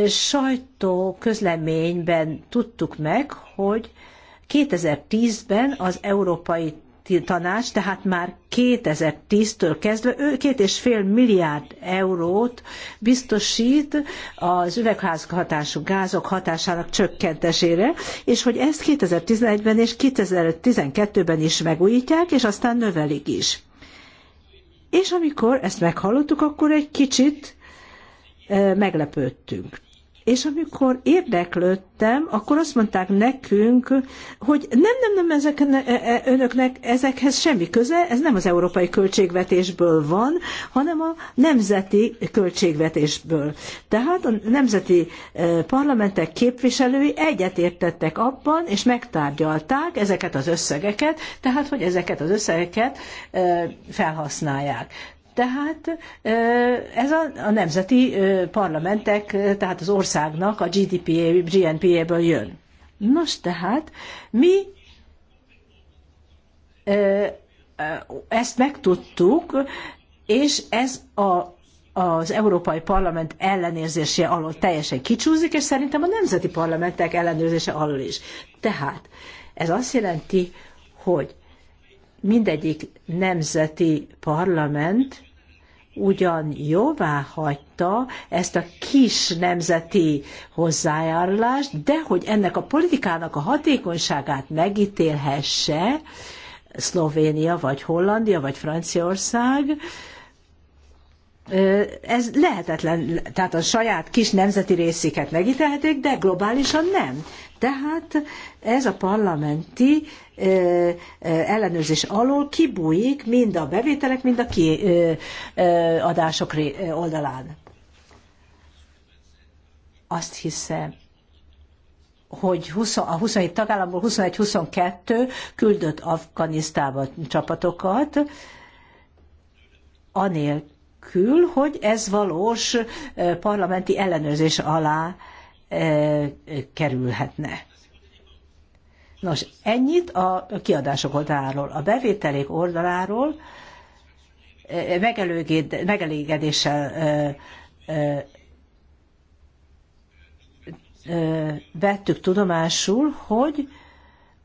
Sajtó közleményben tudtuk meg, hogy 2010-ben az Európai tanács tehát már 2010-től kezdve ő két és fél milliárd eurót biztosít az üvegházhatású gázok hatásának csökkentésére, és hogy ezt 2011-ben és 2012-ben is megújítják, és aztán növelik is. És amikor ezt meghallottuk, akkor egy kicsit eh, meglepődtünk. És amikor érdeklődtem, akkor azt mondták nekünk, hogy nem, nem, nem, ezek, e, e, önöknek ezekhez semmi köze, ez nem az európai költségvetésből van, hanem a nemzeti költségvetésből. Tehát a nemzeti e, parlamentek képviselői egyetértettek abban, és megtárgyalták ezeket az összegeket, tehát hogy ezeket az összegeket felhasználják. Tehát ez a, a nemzeti parlamentek, tehát az országnak a GDP, GNP-ből jön. Nos, tehát mi ezt megtudtuk, és ez a az Európai Parlament ellenérzése alól teljesen kicsúzik, és szerintem a nemzeti parlamentek ellenőrzése alól is. Tehát ez azt jelenti, hogy mindegyik nemzeti parlament ugyan jóvá hagyta ezt a kis nemzeti hozzájárulást, de hogy ennek a politikának a hatékonyságát megítélhesse Szlovénia, vagy Hollandia, vagy Franciaország, ez lehetetlen, tehát a saját kis nemzeti részéket megítelhetik, de globálisan nem. Tehát ez a parlamenti ellenőrzés alól kibújik mind a bevételek, mind a kiadások oldalán. Azt hiszem, hogy 20, a 27 tagállamból 21-22 küldött Afganisztába csapatokat, anélkül, anélkül, hogy ez valós parlamenti ellenőrzés alá kerülhetne. Nos, ennyit a kiadások oldaláról. A bevételék oldaláról megelégedéssel vettük tudomásul, hogy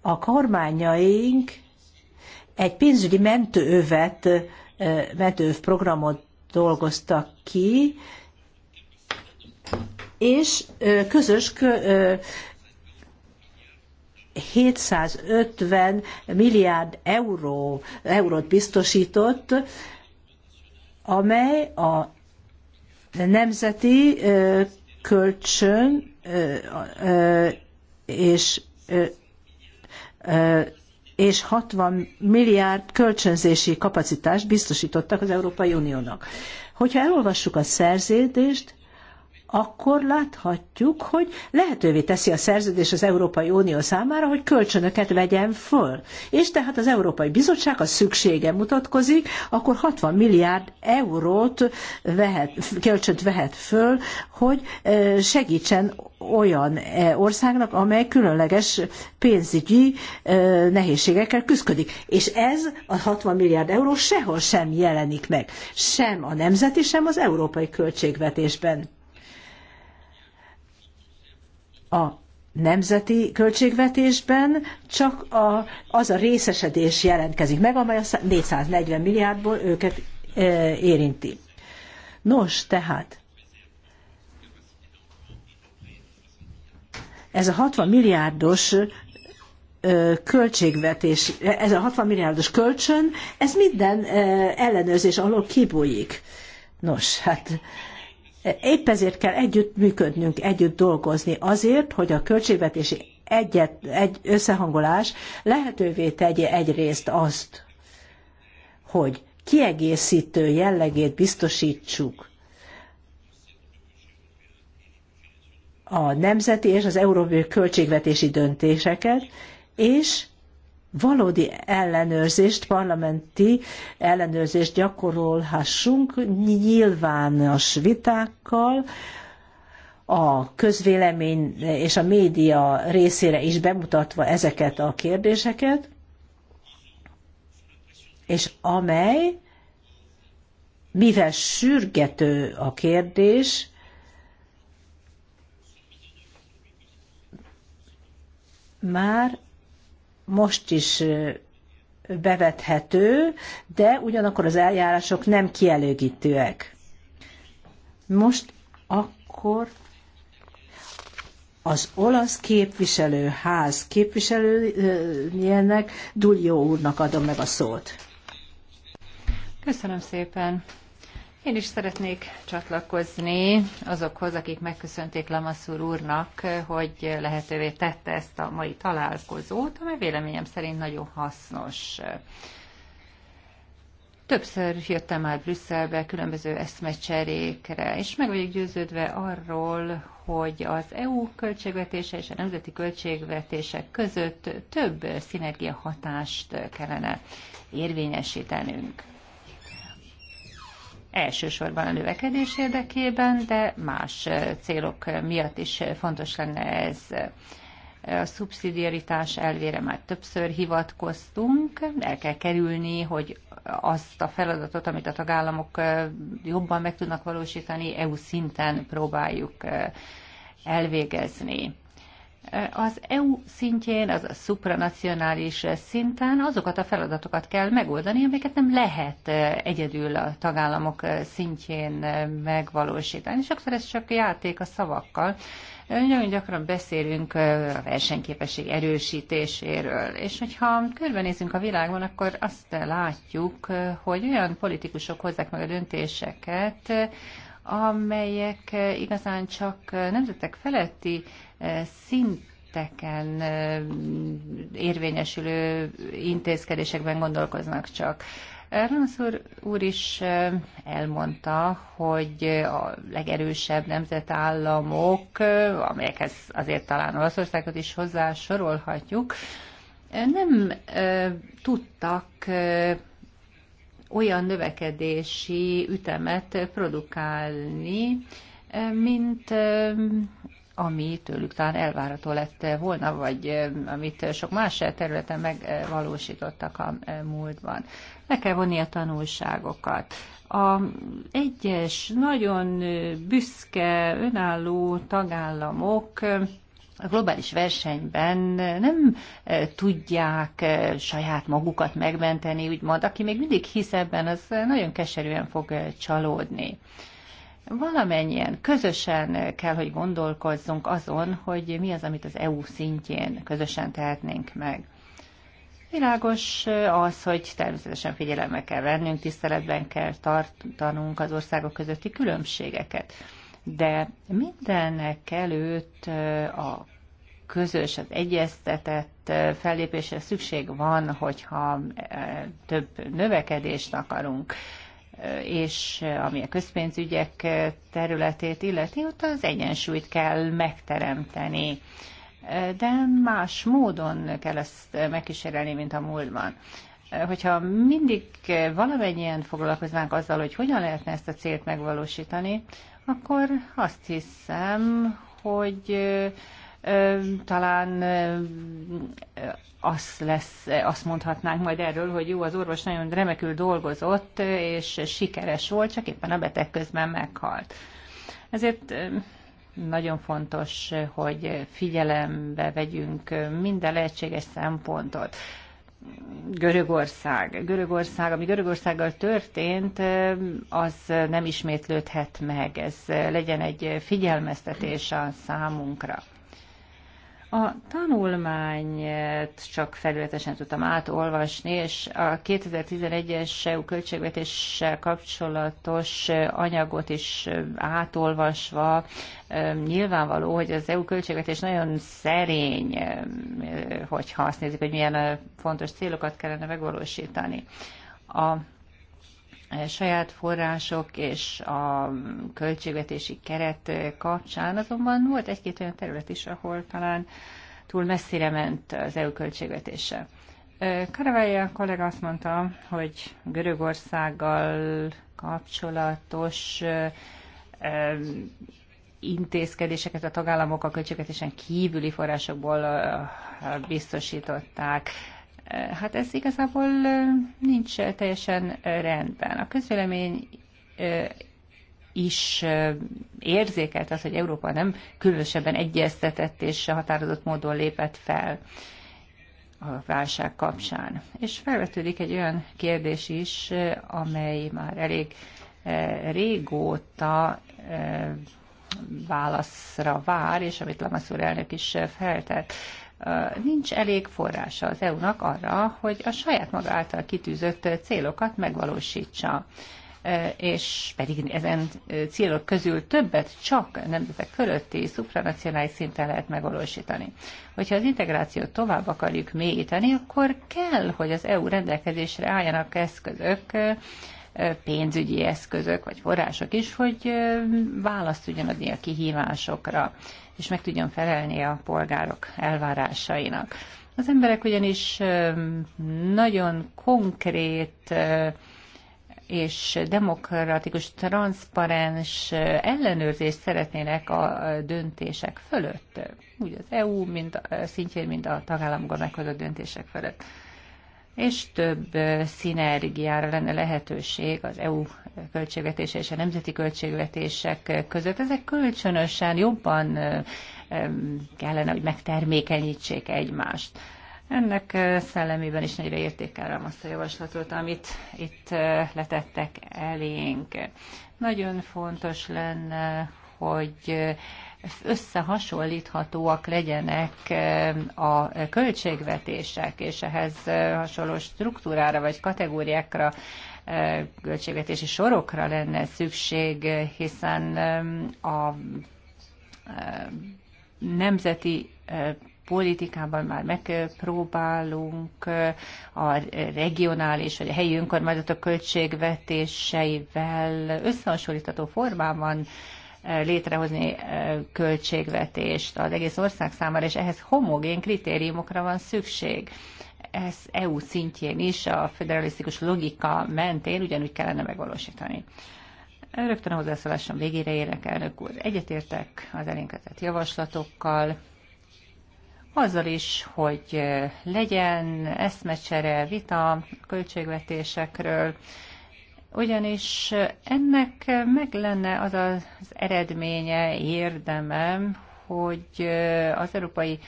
a kormányaink egy pénzügyi mentőövet, mentőöv programot dolgoztak ki, és közös 750 milliárd euró, eurót biztosított, amely a nemzeti kölcsön és és 60 milliárd kölcsönzési kapacitást biztosítottak az Európai Uniónak. Hogyha elolvassuk a szerződést, akkor láthatjuk, hogy lehetővé teszi a szerződés az Európai Unió számára, hogy kölcsönöket vegyen föl. És tehát az Európai Bizottság, ha szüksége mutatkozik, akkor 60 milliárd eurót vehet, kölcsönt vehet föl, hogy segítsen olyan országnak, amely különleges pénzügyi nehézségekkel küzdik. És ez a 60 milliárd euró sehol sem jelenik meg, sem a nemzeti, sem az európai költségvetésben a nemzeti költségvetésben csak a, az a részesedés jelentkezik meg, amely a 440 milliárdból őket e, érinti. Nos, tehát ez a 60 milliárdos e, költségvetés, ez a 60 milliárdos kölcsön, ez minden e, ellenőrzés alól kibújik. Nos, hát Épp ezért kell együtt működnünk, együtt dolgozni azért, hogy a költségvetési egyet, egy összehangolás lehetővé tegye egyrészt azt, hogy kiegészítő jellegét biztosítsuk a nemzeti és az európai költségvetési döntéseket, és valódi ellenőrzést, parlamenti ellenőrzést gyakorolhassunk nyilvános vitákkal, a közvélemény és a média részére is bemutatva ezeket a kérdéseket, és amely, mivel sürgető a kérdés, már most is bevethető, de ugyanakkor az eljárások nem kielégítőek. Most akkor az olasz képviselőház képviselőjének Dulió úrnak adom meg a szót. Köszönöm szépen, én is szeretnék csatlakozni azokhoz, akik megköszönték Lamaszúr úrnak, hogy lehetővé tette ezt a mai találkozót, amely véleményem szerint nagyon hasznos. Többször jöttem már Brüsszelbe különböző eszmecserékre, és meg vagyok győződve arról, hogy az EU költségvetése és a nemzeti költségvetések között több szinergia hatást kellene érvényesítenünk elsősorban a növekedés érdekében, de más célok miatt is fontos lenne ez. A szubszidiaritás elvére már többször hivatkoztunk, el kell kerülni, hogy azt a feladatot, amit a tagállamok jobban meg tudnak valósítani, EU szinten próbáljuk elvégezni az EU szintjén, az a supranacionális szinten azokat a feladatokat kell megoldani, amiket nem lehet e, egyedül a tagállamok e, szintjén e, megvalósítani. Sokszor ez csak játék a szavakkal. Nagyon gyakran beszélünk a versenyképesség erősítéséről, és hogyha körbenézünk a világban, akkor azt látjuk, hogy olyan politikusok hozzák meg a döntéseket, amelyek igazán csak nemzetek feletti szinteken érvényesülő intézkedésekben gondolkoznak csak. Ranasz úr, úr is elmondta, hogy a legerősebb nemzetállamok, amelyekhez azért talán Olaszországot is hozzá sorolhatjuk, nem tudtak olyan növekedési ütemet produkálni, mint ami tőlük talán elvárható lett volna, vagy amit sok más területen megvalósítottak a múltban. Le kell vonni a tanulságokat. A egyes, nagyon büszke, önálló tagállamok a globális versenyben nem tudják saját magukat megmenteni, úgymond, aki még mindig hisz ebben, az nagyon keserűen fog csalódni valamennyien közösen kell, hogy gondolkozzunk azon, hogy mi az, amit az EU szintjén közösen tehetnénk meg. Világos az, hogy természetesen figyelembe kell vennünk, tiszteletben kell tartanunk az országok közötti különbségeket. De mindennek előtt a közös, az egyeztetett fellépésre szükség van, hogyha több növekedést akarunk és ami a közpénzügyek területét illeti, ott az egyensúlyt kell megteremteni. De más módon kell ezt megkísérelni, mint a múltban hogyha mindig valamennyien foglalkoznánk azzal, hogy hogyan lehetne ezt a célt megvalósítani, akkor azt hiszem, hogy talán azt, lesz, azt mondhatnánk majd erről, hogy jó, az orvos nagyon remekül dolgozott, és sikeres volt, csak éppen a beteg közben meghalt. Ezért nagyon fontos, hogy figyelembe vegyünk minden lehetséges szempontot. Görögország. Görögország, ami Görögországgal történt, az nem ismétlődhet meg. Ez legyen egy figyelmeztetés a számunkra. A tanulmányt csak felületesen tudtam átolvasni, és a 2011-es EU költségvetéssel kapcsolatos anyagot is átolvasva nyilvánvaló, hogy az EU költségvetés nagyon szerény, hogyha azt nézzük, hogy milyen fontos célokat kellene megvalósítani. A Eh, saját források és a költségvetési keret eh, kapcsán, azonban volt egy-két olyan terület is, ahol talán túl messzire ment az EU költségvetése. Karavella eh, kollega azt mondta, hogy Görögországgal kapcsolatos intézkedéseket a tagállamok a költségvetésen kívüli forrásokból biztosították. Hát ez igazából nincs teljesen rendben. A közvélemény is érzékelt az, hogy Európa nem különösebben egyeztetett és határozott módon lépett fel a válság kapcsán. És felvetődik egy olyan kérdés is, amely már elég régóta válaszra vár, és amit Lamassur elnök is feltett nincs elég forrása az EU-nak arra, hogy a saját maga által kitűzött célokat megvalósítsa és pedig ezen célok közül többet csak nemzetek fölötti szupranacionális szinten lehet megvalósítani. Hogyha az integrációt tovább akarjuk mélyíteni, akkor kell, hogy az EU rendelkezésre álljanak eszközök, pénzügyi eszközök vagy források is, hogy választ tudjanak adni a kihívásokra és meg tudjon felelni a polgárok elvárásainak. Az emberek ugyanis nagyon konkrét és demokratikus, transzparens ellenőrzést szeretnének a döntések fölött, úgy az EU mint, szintjén, mint a tagállamokon meghozott döntések fölött és több szinergiára lenne lehetőség az EU költségvetése és a nemzeti költségvetések között. Ezek kölcsönösen jobban kellene, hogy megtermékenyítsék egymást. Ennek szellemében is nagyra értékelem azt a javaslatot, amit itt letettek elénk. Nagyon fontos lenne, hogy összehasonlíthatóak legyenek eh, a költségvetések, és ehhez eh, hasonló struktúrára vagy kategóriákra eh, költségvetési sorokra lenne szükség, hiszen a nemzeti politikában már megpróbálunk a regionális vagy a helyi önkormányzatok költségvetéseivel összehasonlítható formában létrehozni költségvetést az egész ország számára, és ehhez homogén kritériumokra van szükség. Ez EU szintjén is a federalisztikus logika mentén ugyanúgy kellene megvalósítani. Rögtön a hozzászólásom végére érek, elnök úr. Egyetértek az elénkezett javaslatokkal, azzal is, hogy legyen eszmecsere, vita költségvetésekről, ugyanis ennek meg lenne az az eredménye, érdemem, hogy az Európai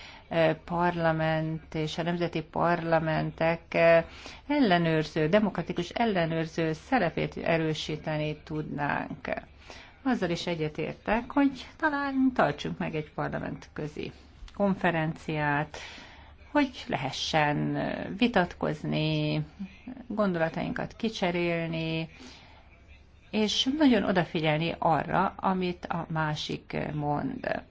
Parlament és a nemzeti parlamentek ellenőrző, demokratikus ellenőrző szerepét erősíteni tudnánk. Azzal is egyetértek, hogy talán tartsunk meg egy parlament közi konferenciát, hogy lehessen vitatkozni, gondolatainkat kicserélni, és nagyon odafigyelni arra, amit a másik mond.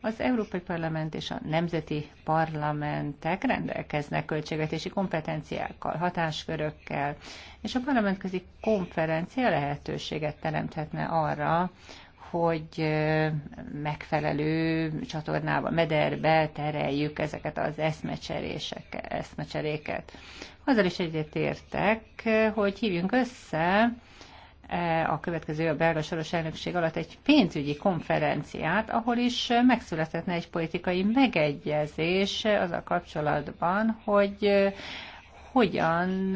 Az Európai Parlament és a nemzeti parlamentek rendelkeznek költségvetési kompetenciákkal, hatáskörökkel, és a parlamentközi konferencia lehetőséget teremthetne arra, hogy megfelelő csatornába, mederbe tereljük ezeket az eszmecseréket. Azzal is egyet értek, hogy hívjunk össze e, a következő a belga soros elnökség alatt egy pénzügyi konferenciát, ahol is megszülethetne egy politikai megegyezés az a kapcsolatban, hogy hogyan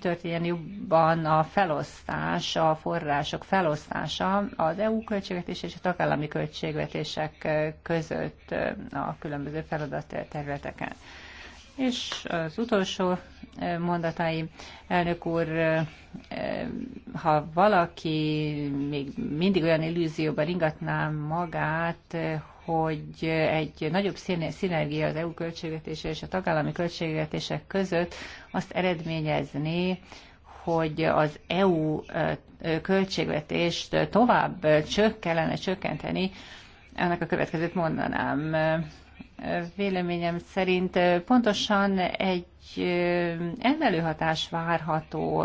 történjen jobban a felosztás, a források felosztása az EU költségvetés és a tagállami költségvetések között a különböző területeken. És az utolsó mondatai, elnök úr, ha valaki még mindig olyan illúzióban ingatná magát, hogy egy nagyobb szinergia az EU költségvetése és a tagállami költségvetések között azt eredményezné, hogy az EU költségvetést tovább csök kellene csökkenteni, ennek a következőt mondanám. Véleményem szerint pontosan egy emelő hatás várható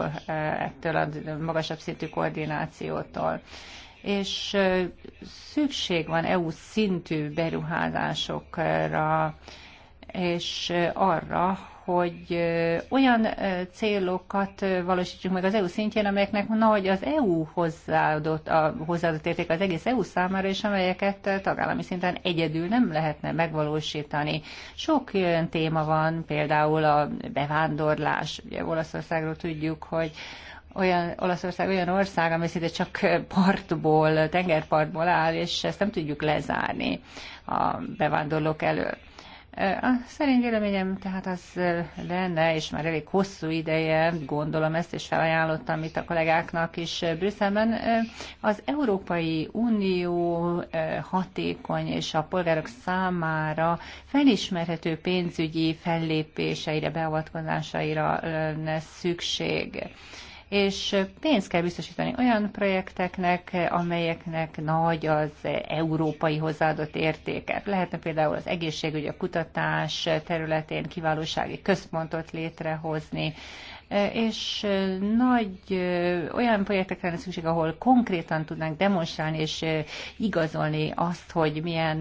ettől a magasabb szintű koordinációtól és szükség van EU szintű beruházásokra, és arra, hogy olyan célokat valósítsunk meg az EU szintjén, amelyeknek nagy az EU hozzáadott, a hozzáadott érték az egész EU számára, és amelyeket tagállami szinten egyedül nem lehetne megvalósítani. Sok olyan téma van, például a bevándorlás. Ugye Olaszországról tudjuk, hogy olyan, Olaszország olyan ország, amely szinte csak partból, tengerpartból áll, és ezt nem tudjuk lezárni a bevándorlók elől. A szerint véleményem tehát az lenne, és már elég hosszú ideje gondolom ezt, és felajánlottam itt a kollégáknak is Brüsszelben, az Európai Unió hatékony és a polgárok számára felismerhető pénzügyi fellépéseire, beavatkozásaira lenne szükség és pénzt kell biztosítani olyan projekteknek, amelyeknek nagy az európai hozzáadott értéke. Lehetne például az egészségügy, a kutatás területén kiválósági központot létrehozni, és nagy olyan projektekre lenne szükség, ahol konkrétan tudnánk demonstrálni és igazolni azt, hogy milyen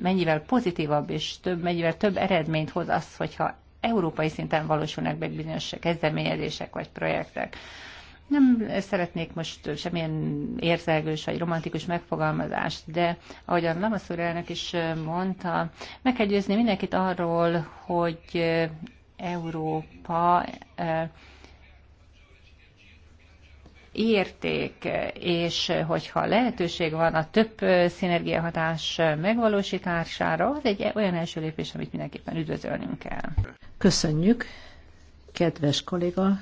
mennyivel pozitívabb és több, mennyivel több eredményt hoz az, hogyha európai szinten valósulnak meg bizonyos kezdeményezések vagy projektek. Nem szeretnék most semmilyen érzelgős vagy romantikus megfogalmazást, de ahogy a Lamaszúr elnök is mondta, meg kell győzni mindenkit arról, hogy Európa érték, és hogyha lehetőség van a több szinergiahatás megvalósítására, az egy olyan első lépés, amit mindenképpen üdvözölnünk kell. Köszönjük, kedves kolléga,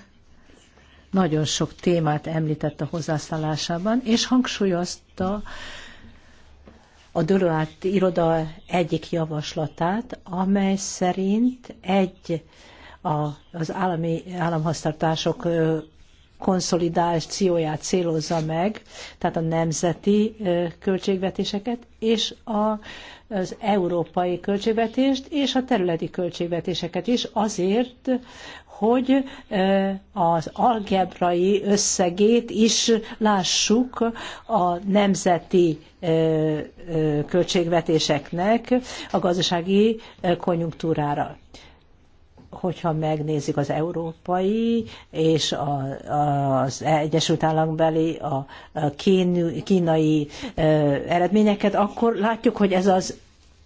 nagyon sok témát említett a hozzászállásában, és hangsúlyozta a Dölöát iroda egyik javaslatát, amely szerint egy a, az állami államhasztartások konszolidációját célozza meg, tehát a nemzeti költségvetéseket, és a, az európai költségvetést, és a területi költségvetéseket is azért, hogy az algebrai összegét is lássuk a nemzeti költségvetéseknek a gazdasági konjunktúrára hogyha megnézik az európai és a, az Egyesült Állambeli, a, a kín, kínai eredményeket, akkor látjuk, hogy ez az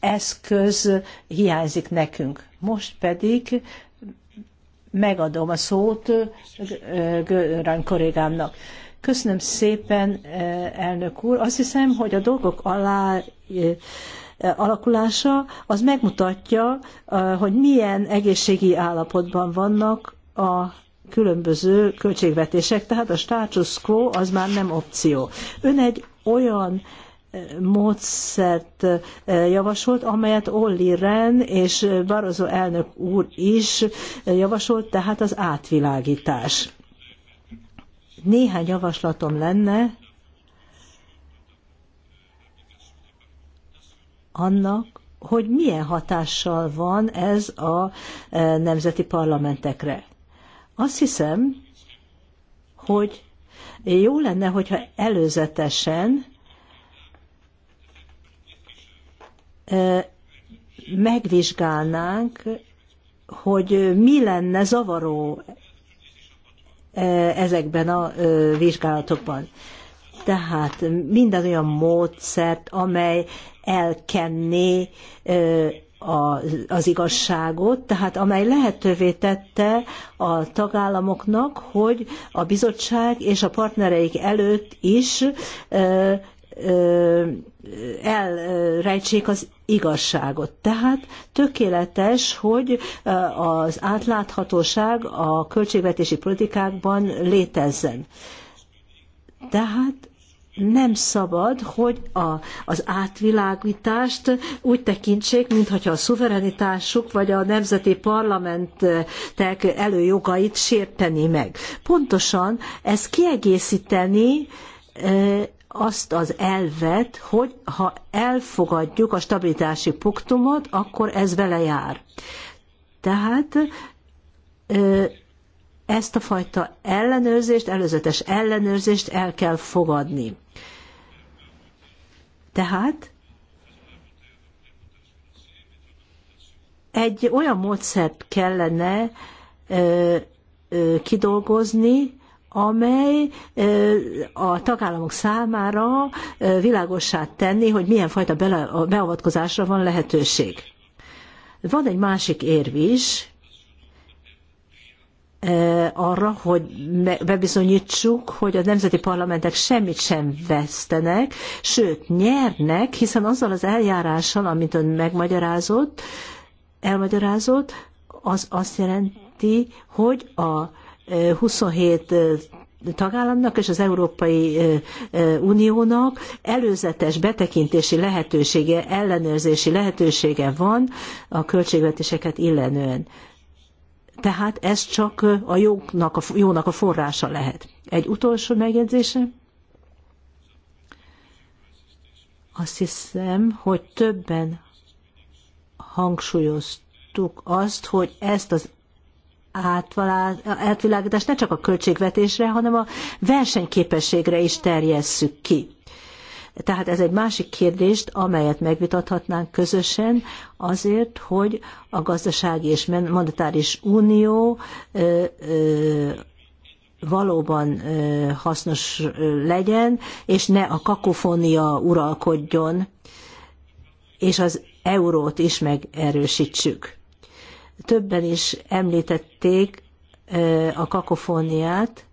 eszköz hiányzik nekünk. Most pedig megadom a szót Görán kollégámnak. Köszönöm szépen, elnök úr. Azt hiszem, hogy a dolgok alá alakulása, az megmutatja, hogy milyen egészségi állapotban vannak a különböző költségvetések, tehát a status quo az már nem opció. Ön egy olyan módszert javasolt, amelyet Olli Ren és Barozó elnök úr is javasolt, tehát az átvilágítás. Néhány javaslatom lenne, annak, hogy milyen hatással van ez a e, nemzeti parlamentekre. Azt hiszem, hogy jó lenne, hogyha előzetesen e, megvizsgálnánk, hogy mi lenne zavaró e, ezekben a vizsgálatokban. Tehát minden olyan módszert, amely elkenné az igazságot, tehát amely lehetővé tette a tagállamoknak, hogy a bizottság és a partnereik előtt is elrejtsék az igazságot. Tehát tökéletes, hogy az átláthatóság a költségvetési politikákban létezzen. Tehát nem szabad, hogy a, az átvilágítást úgy tekintsék, mintha a szuverenitásuk vagy a nemzeti parlamentek előjogait sérteni meg. Pontosan ez kiegészíteni azt az elvet, hogy ha elfogadjuk a stabilitási punktumot, akkor ez vele jár. Tehát ezt a fajta ellenőrzést, előzetes ellenőrzést el kell fogadni. Tehát egy olyan módszert kellene ö, ö, kidolgozni, amely a tagállamok számára világossá tenni, hogy milyen fajta beavatkozásra van lehetőség. Van egy másik érv is, Eh, arra, hogy bebizonyítsuk, hogy a nemzeti parlamentek semmit sem vesztenek, sőt nyernek, hiszen azzal az eljárással, amit ön megmagyarázott, elmagyarázott, az azt jelenti, hogy a 27 eh, eh, tagállamnak és az Európai Uniónak előzetes betekintési lehetősége, ellenőrzési lehetősége van a költségvetéseket illetően. Tehát ez csak a jónak a, jónak a forrása lehet. Egy utolsó megjegyzése. Azt hiszem, hogy többen hangsúlyoztuk azt, hogy ezt az átvilágítást ne csak a költségvetésre, hanem a versenyképességre is terjesszük ki. Tehát ez egy másik kérdést, amelyet megvitathatnánk közösen azért, hogy a gazdasági és monetáris unió valóban hasznos legyen, és ne a kakofónia uralkodjon, és az eurót is megerősítsük. Többen is említették a kakofóniát,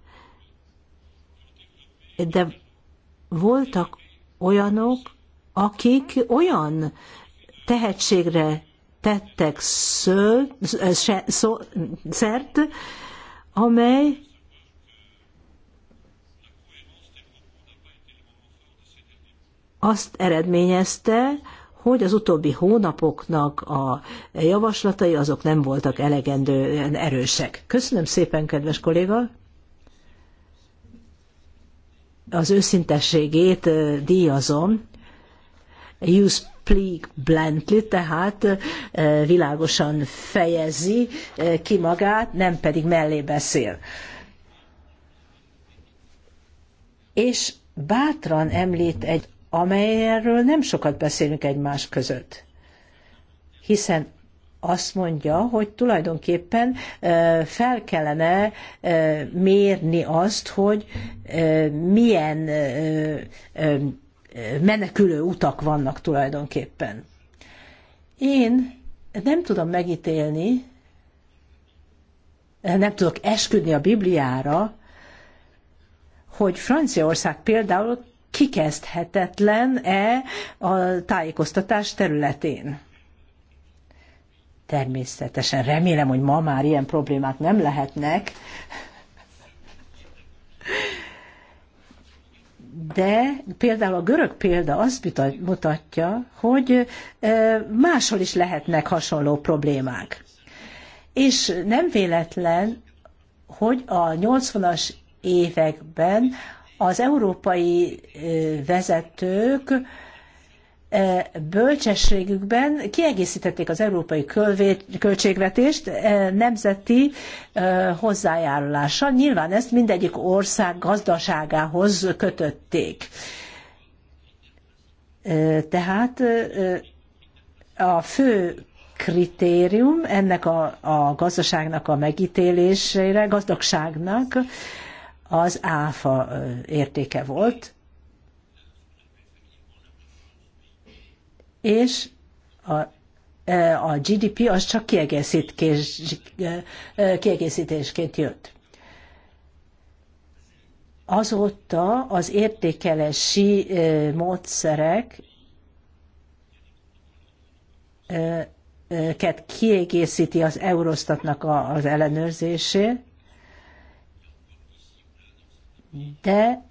de voltak olyanok, akik olyan tehetségre tettek sző, szó, szert, amely azt eredményezte, hogy az utóbbi hónapoknak a javaslatai azok nem voltak elegendően erősek. Köszönöm szépen, kedves kolléga! az őszintességét díjazom. you speak Blantley, tehát világosan fejezi ki magát, nem pedig mellé beszél. És bátran említ egy, amelyről nem sokat beszélünk egymás között. Hiszen azt mondja, hogy tulajdonképpen fel kellene mérni azt, hogy milyen menekülő utak vannak tulajdonképpen. Én nem tudom megítélni, nem tudok esküdni a Bibliára, hogy Franciaország például kikezdhetetlen-e a tájékoztatás területén. Természetesen remélem, hogy ma már ilyen problémák nem lehetnek, de például a görög példa azt mutatja, hogy máshol is lehetnek hasonló problémák. És nem véletlen, hogy a 80-as években az európai vezetők E, bölcsességükben kiegészítették az európai költségvetést e, nemzeti e, hozzájárulással. Nyilván ezt mindegyik ország gazdaságához kötötték. Tehát a fő kritérium ennek a, a gazdaságnak a megítélésére, gazdagságnak az áfa értéke volt, és a, e, a GDP az csak e, e, kiegészítésként jött. Azóta az értékelési módszerek kiegészíti az Eurostatnak az ellenőrzését, de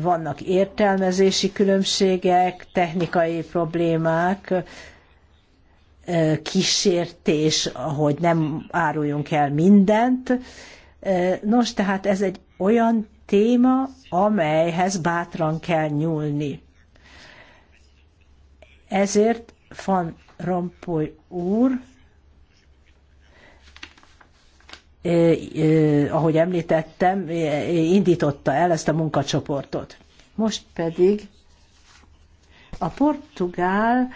vannak értelmezési különbségek, technikai problémák, kísértés, hogy nem áruljunk el mindent. Nos, tehát ez egy olyan téma, amelyhez bátran kell nyúlni. Ezért Van Rompuy úr ahogy említettem, indította el ezt a munkacsoportot. Most pedig a portugál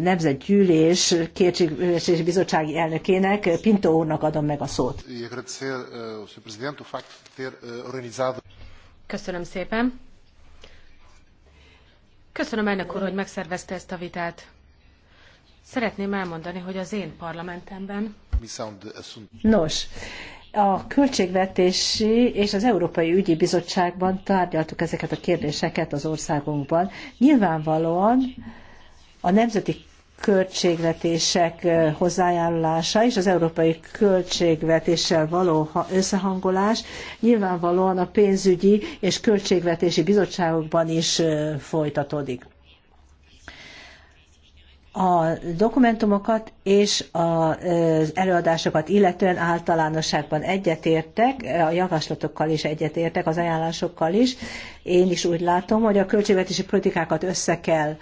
nemzetgyűlés kétségbeesési bizottsági elnökének, Pinto úrnak adom meg a szót. E eh, eh, Köszönöm szépen. Köszönöm elnök úr, hogy megszervezte ezt a vitát. Szeretném elmondani, hogy az én parlamentemben Nos, a Költségvetési és az Európai Ügyi Bizottságban tárgyaltuk ezeket a kérdéseket az országunkban. Nyilvánvalóan a nemzeti költségvetések hozzájárulása és az európai költségvetéssel való összehangolás nyilvánvalóan a pénzügyi és költségvetési bizottságokban is folytatódik a dokumentumokat és az előadásokat illetően általánosságban egyetértek, a javaslatokkal is egyetértek, az ajánlásokkal is. Én is úgy látom, hogy a költségvetési politikákat össze kell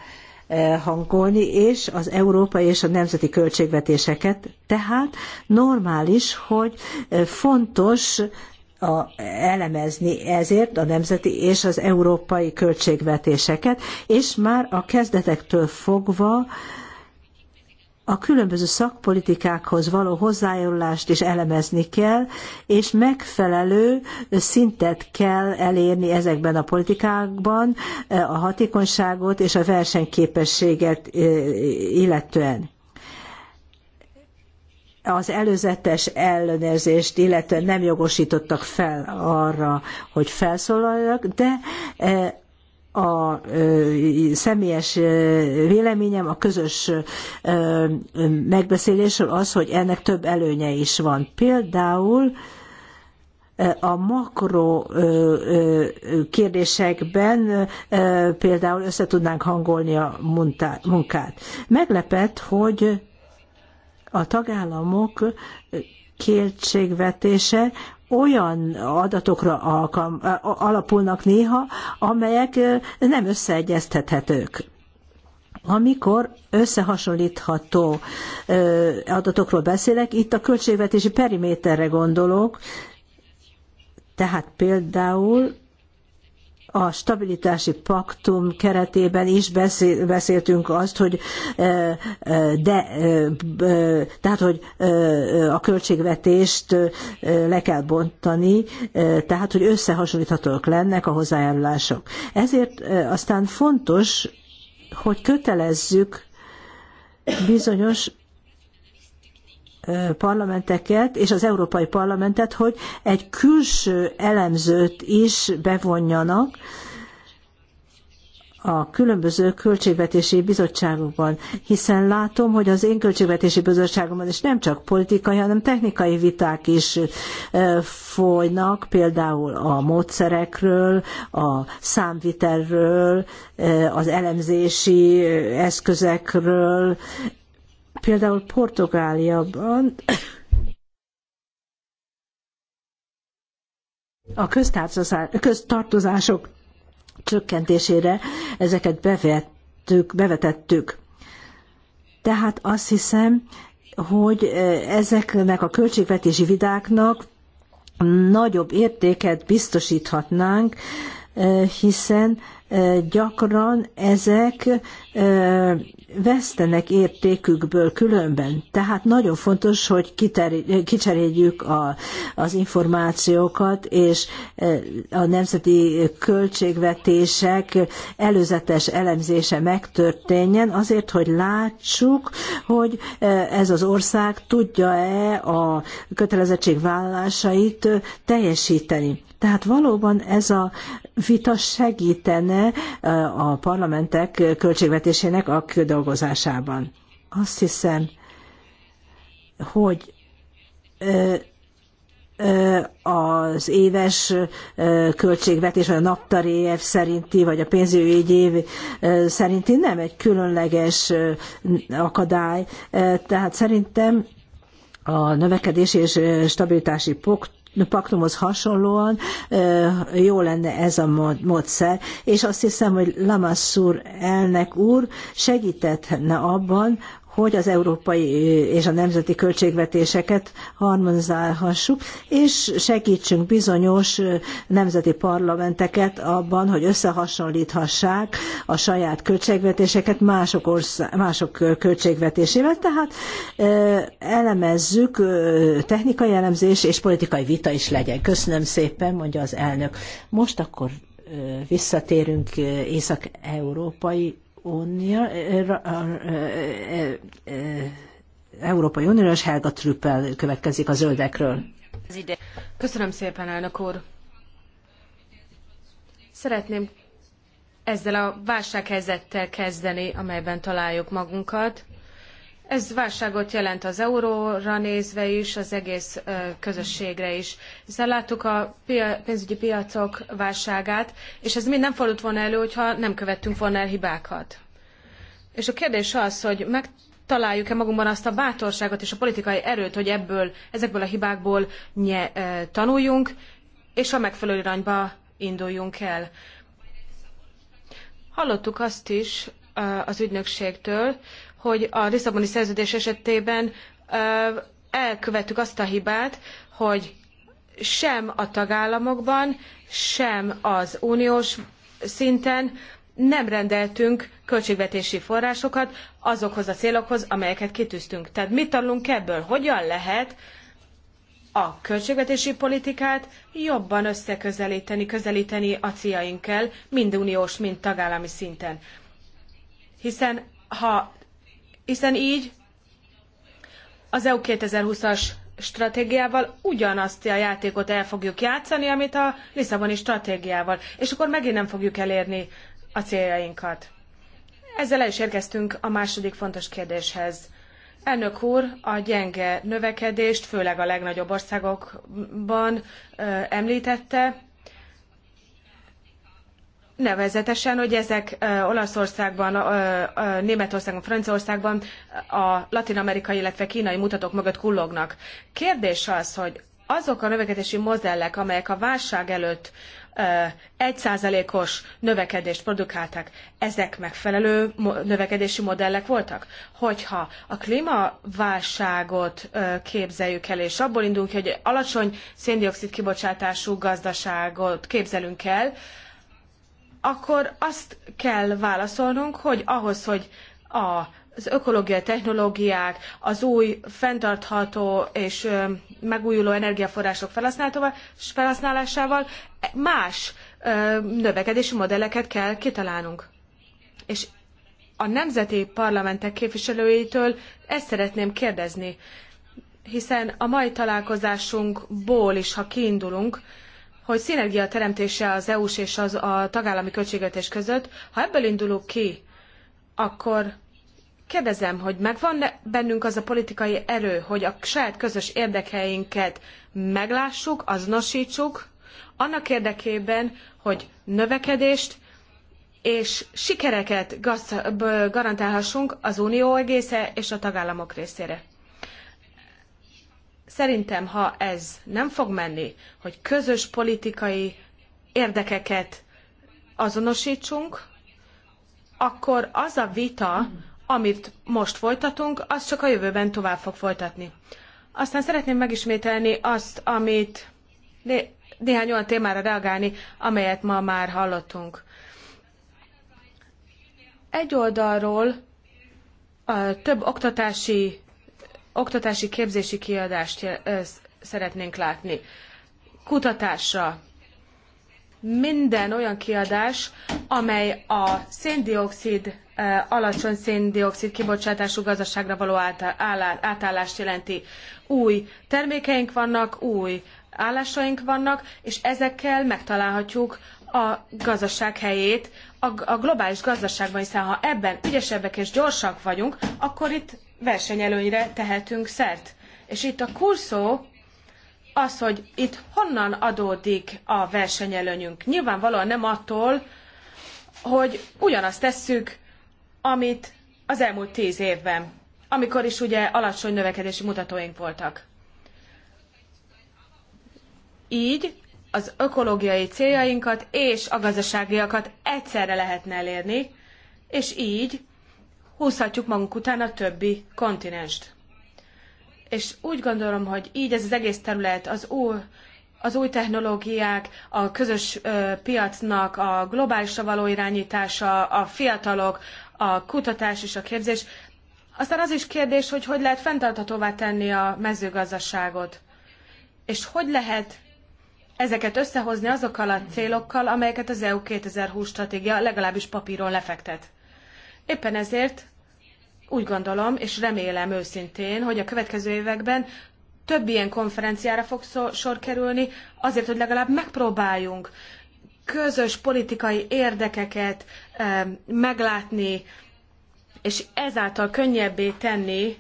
e, hangolni, és az európai és a nemzeti költségvetéseket. Tehát normális, hogy e, fontos a, elemezni ezért a nemzeti és az európai költségvetéseket, és már a kezdetektől fogva a különböző szakpolitikákhoz való hozzájárulást is elemezni kell, és megfelelő szintet kell elérni ezekben a politikákban a hatékonyságot és a versenyképességet eh, illetően az előzetes ellenőrzést, illetve nem jogosítottak fel arra, hogy felszólaljak, de e, a e, személyes e, véleményem a közös megbeszélésről az, hogy ennek több előnye is van. Például a makro kérdésekben például össze tudnánk hangolni a munkát. Meglepett, hogy a tagállamok költségvetése olyan adatokra alkalm, alapulnak néha, amelyek nem összeegyeztethetők. Amikor összehasonlítható adatokról beszélek, itt a költségvetési periméterre gondolok, tehát például a stabilitási paktum keretében is beszéltünk azt, hogy de, tehát, hogy a költségvetést le kell bontani, tehát, hogy összehasonlíthatók lennek a hozzájárulások. Ezért aztán fontos, hogy kötelezzük bizonyos parlamenteket és az Európai Parlamentet, hogy egy külső elemzőt is bevonjanak, a különböző költségvetési bizottságokban, hiszen látom, hogy az én költségvetési bizottságomban is nem csak politikai, hanem technikai viták is folynak, például a módszerekről, a számvitelről, az elemzési eszközekről, Például Portugáliában a köztartozások csökkentésére ezeket bevettük, bevetettük. Tehát azt hiszem, hogy e, ezeknek a költségvetési vidáknak nagyobb értéket biztosíthatnánk, hiszen gyakran ezek vesztenek értékükből különben. Tehát nagyon fontos, hogy kiter, a, az információkat, és a nemzeti költségvetések előzetes elemzése megtörténjen, azért, hogy látsuk, hogy ez az ország tudja-e a kötelezettségvállásait teljesíteni tehát valóban ez a vita segítene a parlamentek költségvetésének a kidolgozásában. Azt hiszem, hogy az éves költségvetés, vagy a naptári év szerinti, vagy a pénzügyi év szerinti nem egy különleges akadály. Tehát szerintem a növekedés és stabilitási paktumhoz hasonlóan jó lenne ez a módszer, és azt hiszem, hogy Lamassur elnek úr segítetne abban, hogy az európai és a nemzeti költségvetéseket harmonizálhassuk, és segítsünk bizonyos nemzeti parlamenteket abban, hogy összehasonlíthassák a saját költségvetéseket mások, ország, mások költségvetésével. Tehát elemezzük, technikai elemzés és politikai vita is legyen. Köszönöm szépen, mondja az elnök. Most akkor visszatérünk észak-európai Unió, eh, eh, eh, Európai Unió és Helga Trüppel következik a zöldekről. Köszönöm szépen, elnök úr. Szeretném ezzel a válsághelyzettel kezdeni, amelyben találjuk magunkat ez válságot jelent az euróra nézve is, az egész közösségre is. Hiszen láttuk a pénzügyi piacok válságát, és ez mind nem fordult volna elő, hogyha nem követtünk volna el hibákat. És a kérdés az, hogy meg találjuk-e magunkban azt a bátorságot és a politikai erőt, hogy ebből, ezekből a hibákból nye, tanuljunk, és a megfelelő irányba induljunk el. Hallottuk azt is az ügynökségtől, hogy a Lisszaboni szerződés esetében elkövettük azt a hibát, hogy sem a tagállamokban, sem az uniós szinten nem rendeltünk költségvetési forrásokat azokhoz a célokhoz, amelyeket kitűztünk. Tehát mit tanulunk ebből? Hogyan lehet a költségvetési politikát jobban összeközelíteni, közelíteni a céljainkkel, mind uniós, mind tagállami szinten. Hiszen ha hiszen így az EU 2020-as stratégiával ugyanazt a játékot el fogjuk játszani, amit a Lisszaboni stratégiával, és akkor megint nem fogjuk elérni a céljainkat. Ezzel el is érkeztünk a második fontos kérdéshez. Elnök úr, a gyenge növekedést, főleg a legnagyobb országokban említette, Nevezetesen, hogy ezek Olaszországban, Németországban, Franciaországban a latin-amerikai, illetve kínai mutatók mögött kullognak. Kérdés az, hogy azok a növekedési modellek, amelyek a válság előtt 1%-os növekedést produkáltak, ezek megfelelő növekedési modellek voltak? Hogyha a klímaválságot képzeljük el, és abból indulunk ki, hogy alacsony szén-dioxid kibocsátású gazdaságot képzelünk el, akkor azt kell válaszolnunk, hogy ahhoz, hogy a az ökológiai technológiák, az új fenntartható és megújuló energiaforrások felhasználásával más növekedési modelleket kell kitalálnunk. És a nemzeti parlamentek képviselőitől ezt szeretném kérdezni, hiszen a mai találkozásunkból is, ha kiindulunk, hogy szinergia teremtése az EU-s és az, a tagállami költségvetés között, ha ebből indulunk ki, akkor kérdezem, hogy megvan -e bennünk az a politikai erő, hogy a saját közös érdekeinket meglássuk, azonosítsuk, annak érdekében, hogy növekedést és sikereket garantálhassunk az Unió egésze és a tagállamok részére. Szerintem, ha ez nem fog menni, hogy közös politikai érdekeket azonosítsunk, akkor az a vita, amit most folytatunk, az csak a jövőben tovább fog folytatni. Aztán szeretném megismételni azt, amit né- néhány olyan témára reagálni, amelyet ma már hallottunk. Egy oldalról több oktatási oktatási képzési kiadást szeretnénk látni. Kutatásra, minden olyan kiadás, amely a széndiokszid, alacsony széndiokszid kibocsátású gazdaságra való átállást jelenti. Új termékeink vannak, új állásaink vannak, és ezekkel megtalálhatjuk a gazdaság helyét a, globális gazdaságban, hiszen ha ebben ügyesebbek és gyorsak vagyunk, akkor itt versenyelőnyre tehetünk szert. És itt a kurszó az, hogy itt honnan adódik a versenyelőnyünk. Nyilvánvalóan nem attól, hogy ugyanazt tesszük, amit az elmúlt tíz évben, amikor is ugye alacsony növekedési mutatóink voltak. Így az ökológiai céljainkat és a gazdaságiakat egyszerre lehetne elérni, és így húzhatjuk magunk után a többi kontinenst. És úgy gondolom, hogy így ez az egész terület az új, az új technológiák, a közös ö, piacnak a globálisra való irányítása, a fiatalok, a kutatás és a képzés. Aztán az is kérdés, hogy hogy lehet fenntarthatóvá tenni a mezőgazdaságot. És hogy lehet ezeket összehozni azokkal a célokkal, amelyeket az EU 2020 stratégia legalábbis papíron lefektet. Éppen ezért úgy gondolom, és remélem őszintén, hogy a következő években több ilyen konferenciára fog sor kerülni, azért, hogy legalább megpróbáljunk közös politikai érdekeket eh, meglátni, és ezáltal könnyebbé tenni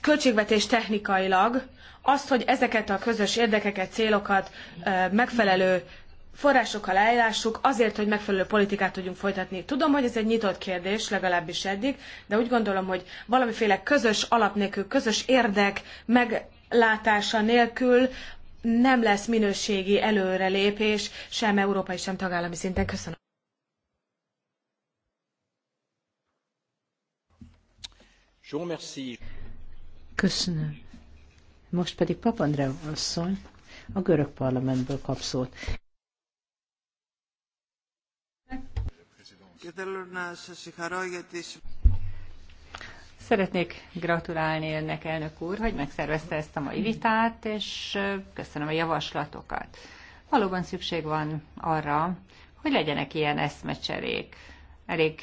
költségvetés technikailag azt, hogy ezeket a közös érdekeket, célokat eh, megfelelő forrásokkal ellássuk azért, hogy megfelelő politikát tudjunk folytatni. Tudom, hogy ez egy nyitott kérdés, legalábbis eddig, de úgy gondolom, hogy valamiféle közös alap nélkül, közös érdek meglátása nélkül nem lesz minőségi előrelépés sem európai, sem tagállami szinten. Köszönöm. Köszönöm. Most pedig Papandreou asszony a görög parlamentből kap szót. Szeretnék gratulálni önnek, elnök úr, hogy megszervezte ezt a mai vitát, és köszönöm a javaslatokat. Valóban szükség van arra, hogy legyenek ilyen eszmecserék. Elég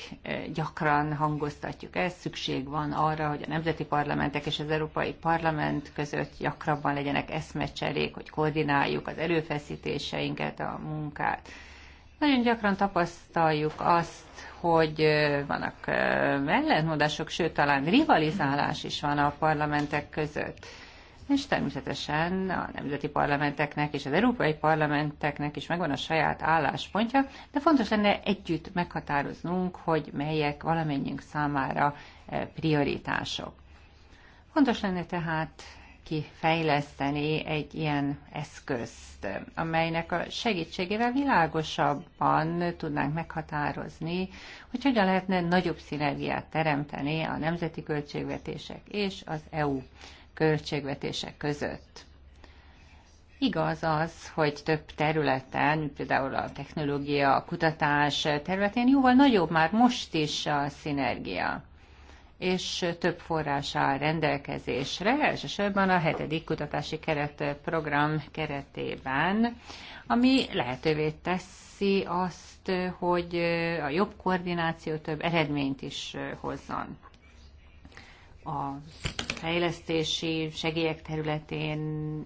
gyakran hangoztatjuk ezt, szükség van arra, hogy a nemzeti parlamentek és az Európai Parlament között gyakrabban legyenek eszmecserék, hogy koordináljuk az erőfeszítéseinket, a munkát. Nagyon gyakran tapasztaljuk azt, hogy vannak ellentmondások, sőt, talán rivalizálás is van a parlamentek között. És természetesen a nemzeti parlamenteknek és az európai parlamenteknek is megvan a saját álláspontja, de fontos lenne együtt meghatároznunk, hogy melyek valamennyiünk számára prioritások. Fontos lenne tehát kifejleszteni egy ilyen eszközt, amelynek a segítségével világosabban tudnánk meghatározni, hogy hogyan lehetne nagyobb szinergiát teremteni a nemzeti költségvetések és az EU költségvetések között. Igaz az, hogy több területen, például a technológia, a kutatás területén jóval nagyobb már most is a szinergia és több forrás áll rendelkezésre, elsősorban a hetedik kutatási keretprogram keretében, ami lehetővé teszi azt, hogy a jobb koordináció több eredményt is hozzon a fejlesztési segélyek területén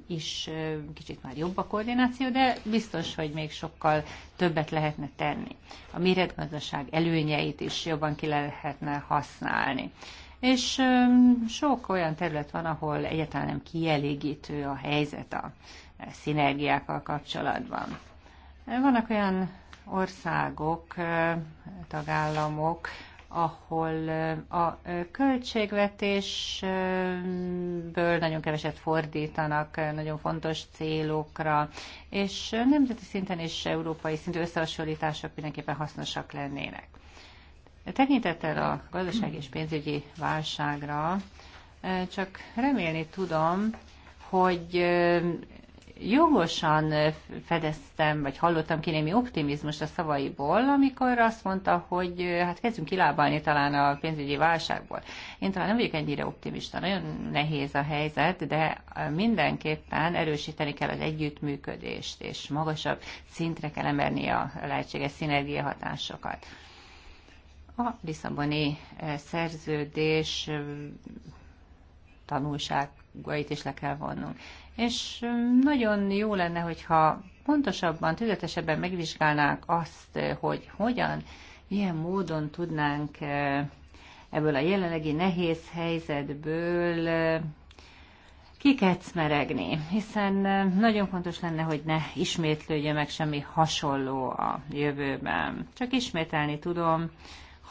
is kicsit már jobb a koordináció, de biztos, hogy még sokkal többet lehetne tenni. A méretgazdaság előnyeit is jobban ki lehetne használni. És sok olyan terület van, ahol egyáltalán nem kielégítő a helyzet a szinergiákkal kapcsolatban. Vannak olyan országok, tagállamok, ahol a költségvetésből nagyon keveset fordítanak nagyon fontos célokra, és nemzeti szinten és európai szintű összehasonlítások mindenképpen hasznosak lennének. Tekintettel a gazdaság és pénzügyi válságra, csak remélni tudom, hogy jogosan eh, fedeztem, vagy hallottam ki némi optimizmust a szavaiból, amikor azt mondta, hogy eh, hát kezdünk kilábalni talán a pénzügyi válságból. Én talán nem vagyok ennyire optimista, nagyon nehéz a helyzet, de eh, mindenképpen erősíteni kell az együttműködést, és magasabb szintre kell emelni a lehetséges hatásokat. A Lisszaboni szerződés tanulságait is le kell vonnunk és um, nagyon jó lenne, hogyha pontosabban, tüzetesebben megvizsgálnák azt, eh, hogy hogyan, milyen módon tudnánk eh, ebből a jelenlegi nehéz helyzetből eh, kikecmeregni, hiszen nagyon fontos lenne, hogy ne ismétlődjön meg semmi hasonló a jövőben. Csak ismételni tudom,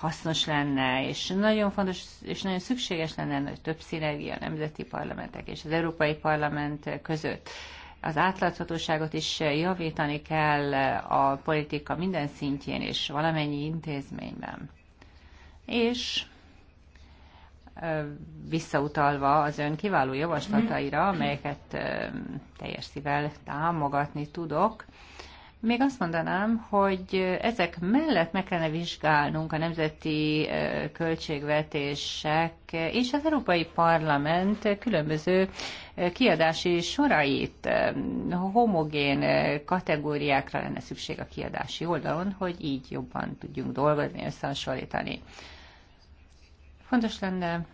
hasznos lenne, és nagyon fontos, és nagyon szükséges lenne, hogy több szinergia a nemzeti parlamentek és az Európai Parlament között. Az átláthatóságot is javítani kell a politika minden szintjén és valamennyi intézményben. És visszautalva az ön kiváló javaslataira, amelyeket teljes szívvel támogatni tudok, még azt mondanám, hogy ezek mellett meg kellene vizsgálnunk a nemzeti költségvetések és az Európai Parlament különböző kiadási sorait homogén kategóriákra lenne szükség a kiadási oldalon, hogy így jobban tudjunk dolgozni, összehasonlítani. Fontos lenne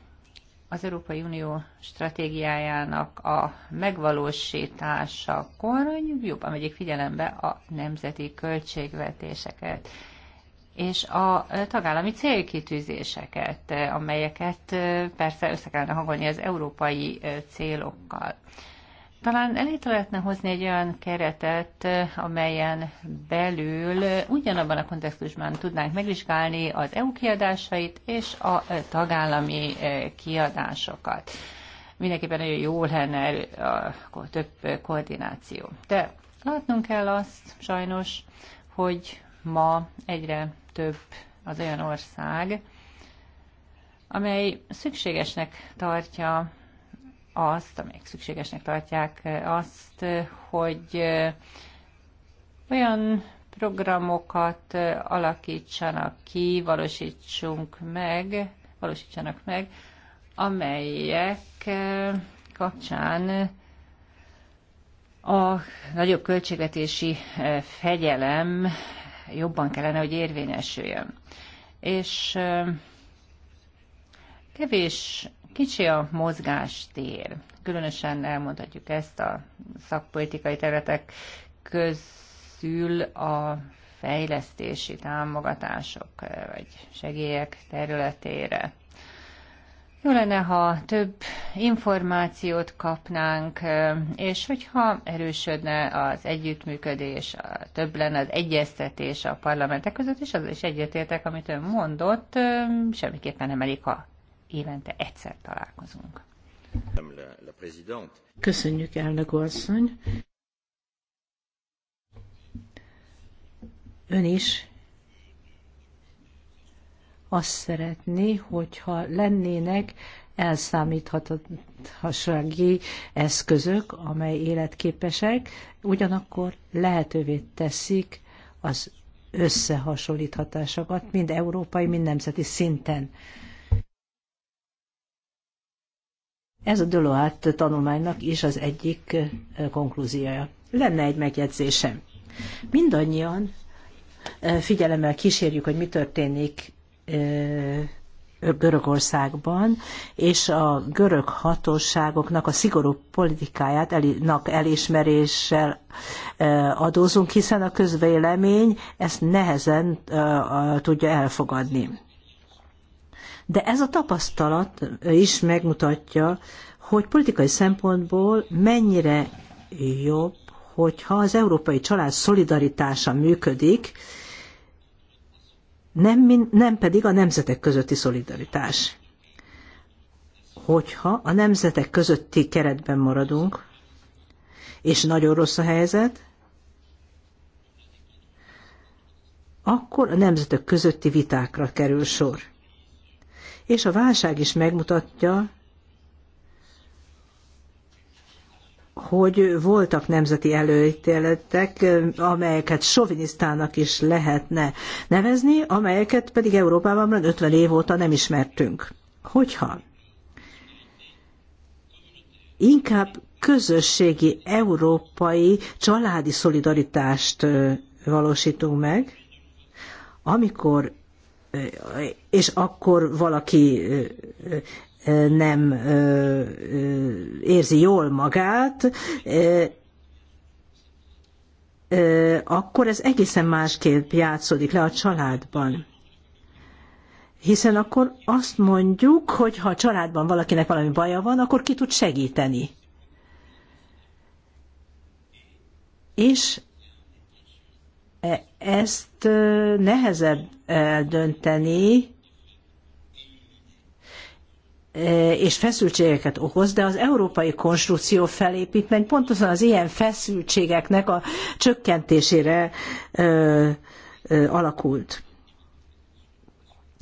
az Európai Unió stratégiájának a megvalósításakor jobban vegyék figyelembe a nemzeti költségvetéseket és a tagállami célkitűzéseket, amelyeket eh, persze össze kellene hangolni az európai eh, célokkal talán elétre lehetne hozni egy olyan keretet, amelyen belül ugyanabban a kontextusban tudnánk megvizsgálni az EU kiadásait és a tagállami e, kiadásokat. Mindenképpen nagyon jó lenne a több koordináció. De látnunk kell azt sajnos, hogy ma egyre több az olyan ország, amely szükségesnek tartja azt, amelyek szükségesnek tartják azt, hogy olyan programokat alakítsanak ki, valósítsunk meg, valósítsanak meg, amelyek kapcsán a nagyobb költségvetési fegyelem jobban kellene, hogy érvényesüljön. És kevés Kicsi a mozgástér. Különösen elmondhatjuk ezt a szakpolitikai területek közül a fejlesztési támogatások vagy segélyek területére. Jó lenne, ha több információt kapnánk, és hogyha erősödne az együttműködés, több lenne az egyeztetés a parlamentek között, és az is egyetértek, amit ön mondott, semmiképpen nem elég, ha évente egyszer találkozunk. Köszönjük, elnök asszony! Ön is azt szeretné, hogyha lennének elszámíthatósági eszközök, amely életképesek, ugyanakkor lehetővé teszik az összehasonlíthatásokat, mind európai, mind nemzeti szinten. Ez a Deloitte tanulmánynak is az egyik konklúziója. Lenne egy megjegyzésem. Mindannyian figyelemmel kísérjük, hogy mi történik Görögországban, és a görög hatóságoknak a szigorú politikáját elinak elismeréssel adózunk, hiszen a közvélemény ezt nehezen tudja elfogadni. De ez a tapasztalat is megmutatja, hogy politikai szempontból mennyire jobb, hogyha az európai család szolidaritása működik, nem, nem pedig a nemzetek közötti szolidaritás. Hogyha a nemzetek közötti keretben maradunk, és nagyon rossz a helyzet, akkor a nemzetek közötti vitákra kerül sor és a válság is megmutatja, hogy voltak nemzeti előítéletek, amelyeket sovinisztának is lehetne nevezni, amelyeket pedig Európában 50 év óta nem ismertünk. Hogyha inkább közösségi európai családi szolidaritást valósítunk meg, amikor és akkor valaki nem érzi jól magát, akkor ez egészen másképp játszódik le a családban. Hiszen akkor azt mondjuk, hogy ha a családban valakinek valami baja van, akkor ki tud segíteni. És e, ezt nehezebb eldönteni, e, és feszültségeket okoz, de az európai konstrukció felépítmény pontosan az ilyen feszültségeknek a csökkentésére ö, e, ö, e, alakult.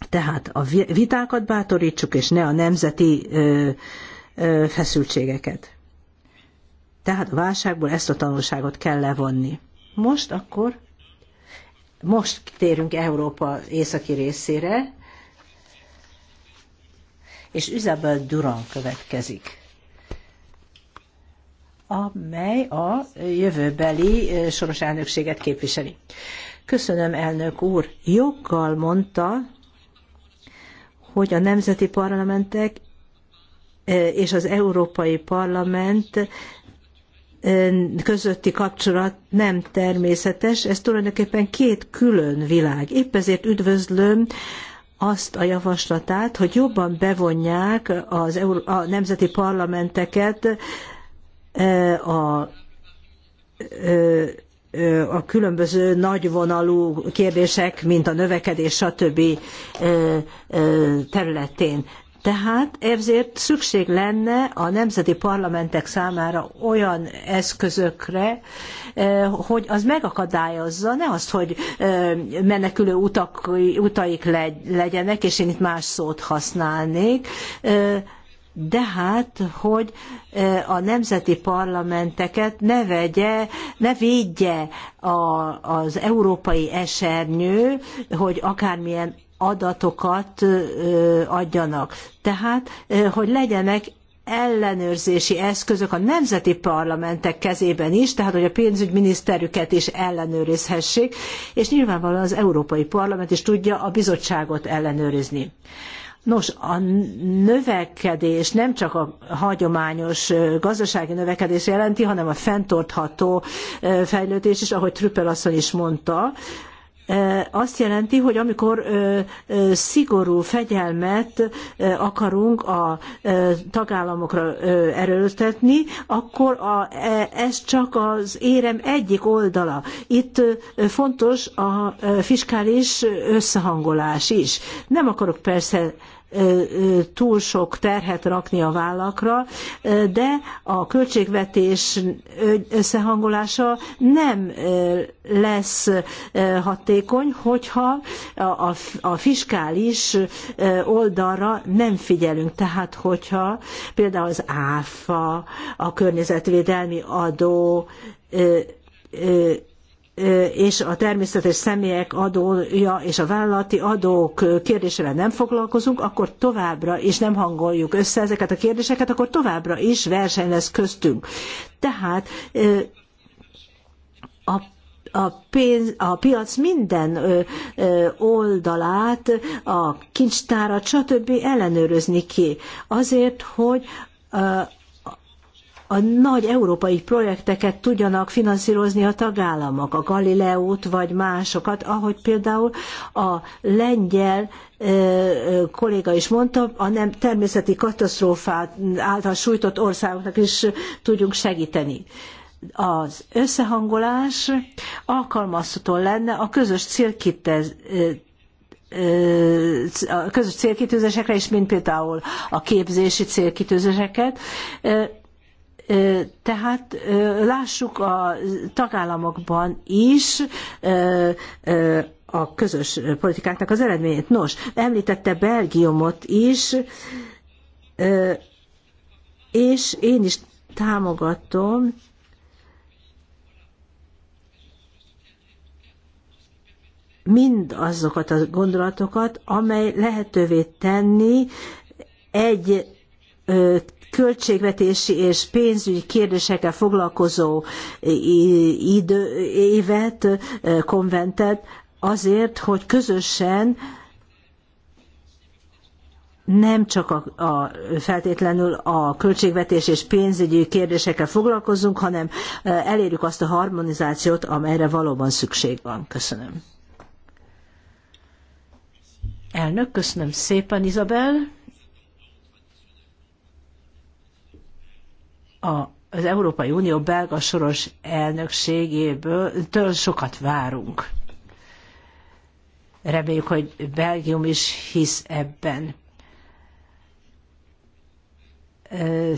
Tehát a vitákat bátorítsuk, és ne a nemzeti ö, ö, feszültségeket. Tehát a válságból ezt a tanulságot kell levonni. Most akkor most térünk Európa északi részére, és Isabel Duran következik amely a jövőbeli soros elnökséget képviseli. Köszönöm, elnök úr. Joggal mondta, hogy a nemzeti parlamentek és az Európai Parlament közötti kapcsolat nem természetes, ez tulajdonképpen két külön világ. Épp ezért üdvözlöm azt a javaslatát, hogy jobban bevonják az Euró- a nemzeti parlamenteket e, a e, e, a különböző nagyvonalú kérdések, mint a növekedés, stb. területén. Tehát ezért szükség lenne a nemzeti parlamentek számára olyan eszközökre, eh, hogy az megakadályozza, ne azt, hogy eh, menekülő utak, utaik legyenek, és én itt más szót használnék, eh, de hát, hogy a nemzeti parlamenteket ne vegye, ne védje a, az európai esernyő, hogy akármilyen adatokat adjanak. Tehát, hogy legyenek ellenőrzési eszközök a nemzeti parlamentek kezében is, tehát hogy a pénzügyminiszterüket is ellenőrizhessék, és nyilvánvalóan az Európai Parlament is tudja a bizottságot ellenőrizni. Nos, a növekedés nem csak a hagyományos gazdasági növekedés jelenti, hanem a fenntartható fejlődés is, ahogy Trüppel asszony is mondta, azt jelenti, hogy amikor szigorú fegyelmet akarunk a tagállamokra erőltetni, akkor e, ez csak az érem egyik oldala. Itt fontos a fiskális összehangolás is. Nem akarok persze túl sok terhet rakni a vállakra, de a költségvetés összehangolása nem lesz hatékony, hogyha a fiskális oldalra nem figyelünk. Tehát, hogyha például az áfa, a környezetvédelmi adó, és a természetes személyek adója és a vállalati adók kérdésével nem foglalkozunk, akkor továbbra is nem hangoljuk össze ezeket a kérdéseket, akkor továbbra is verseny lesz köztünk. Tehát a a, pénz, a piac minden ö, ö, oldalát, a kincstárat, stb. ellenőrözni ki. Azért, hogy a nagy európai projekteket tudjanak finanszírozni a tagállamok, a Galileót vagy másokat, ahogy például a lengyel kolléga is mondta, a nem természeti katasztrófát által sújtott országoknak is tudjunk segíteni az összehangolás alkalmazható lenne a közös célkitez, a közös célkitűzésekre is, mint például a képzési célkitűzéseket, tehát lássuk a tagállamokban is a közös politikáknak az eredményét. Nos, említette Belgiumot is, és én is támogatom mind azokat a gondolatokat, amely lehetővé tenni egy költségvetési és pénzügyi kérdésekkel foglalkozó idő, évet, konventet, azért, hogy közösen nem csak a, a, feltétlenül a költségvetés és pénzügyi kérdésekkel foglalkozzunk, hanem elérjük azt a harmonizációt, amelyre valóban szükség van. Köszönöm. Elnök, köszönöm szépen, Izabel. a, az Európai Unió belga soros elnökségéből től sokat várunk. Reméljük, hogy Belgium is hisz ebben.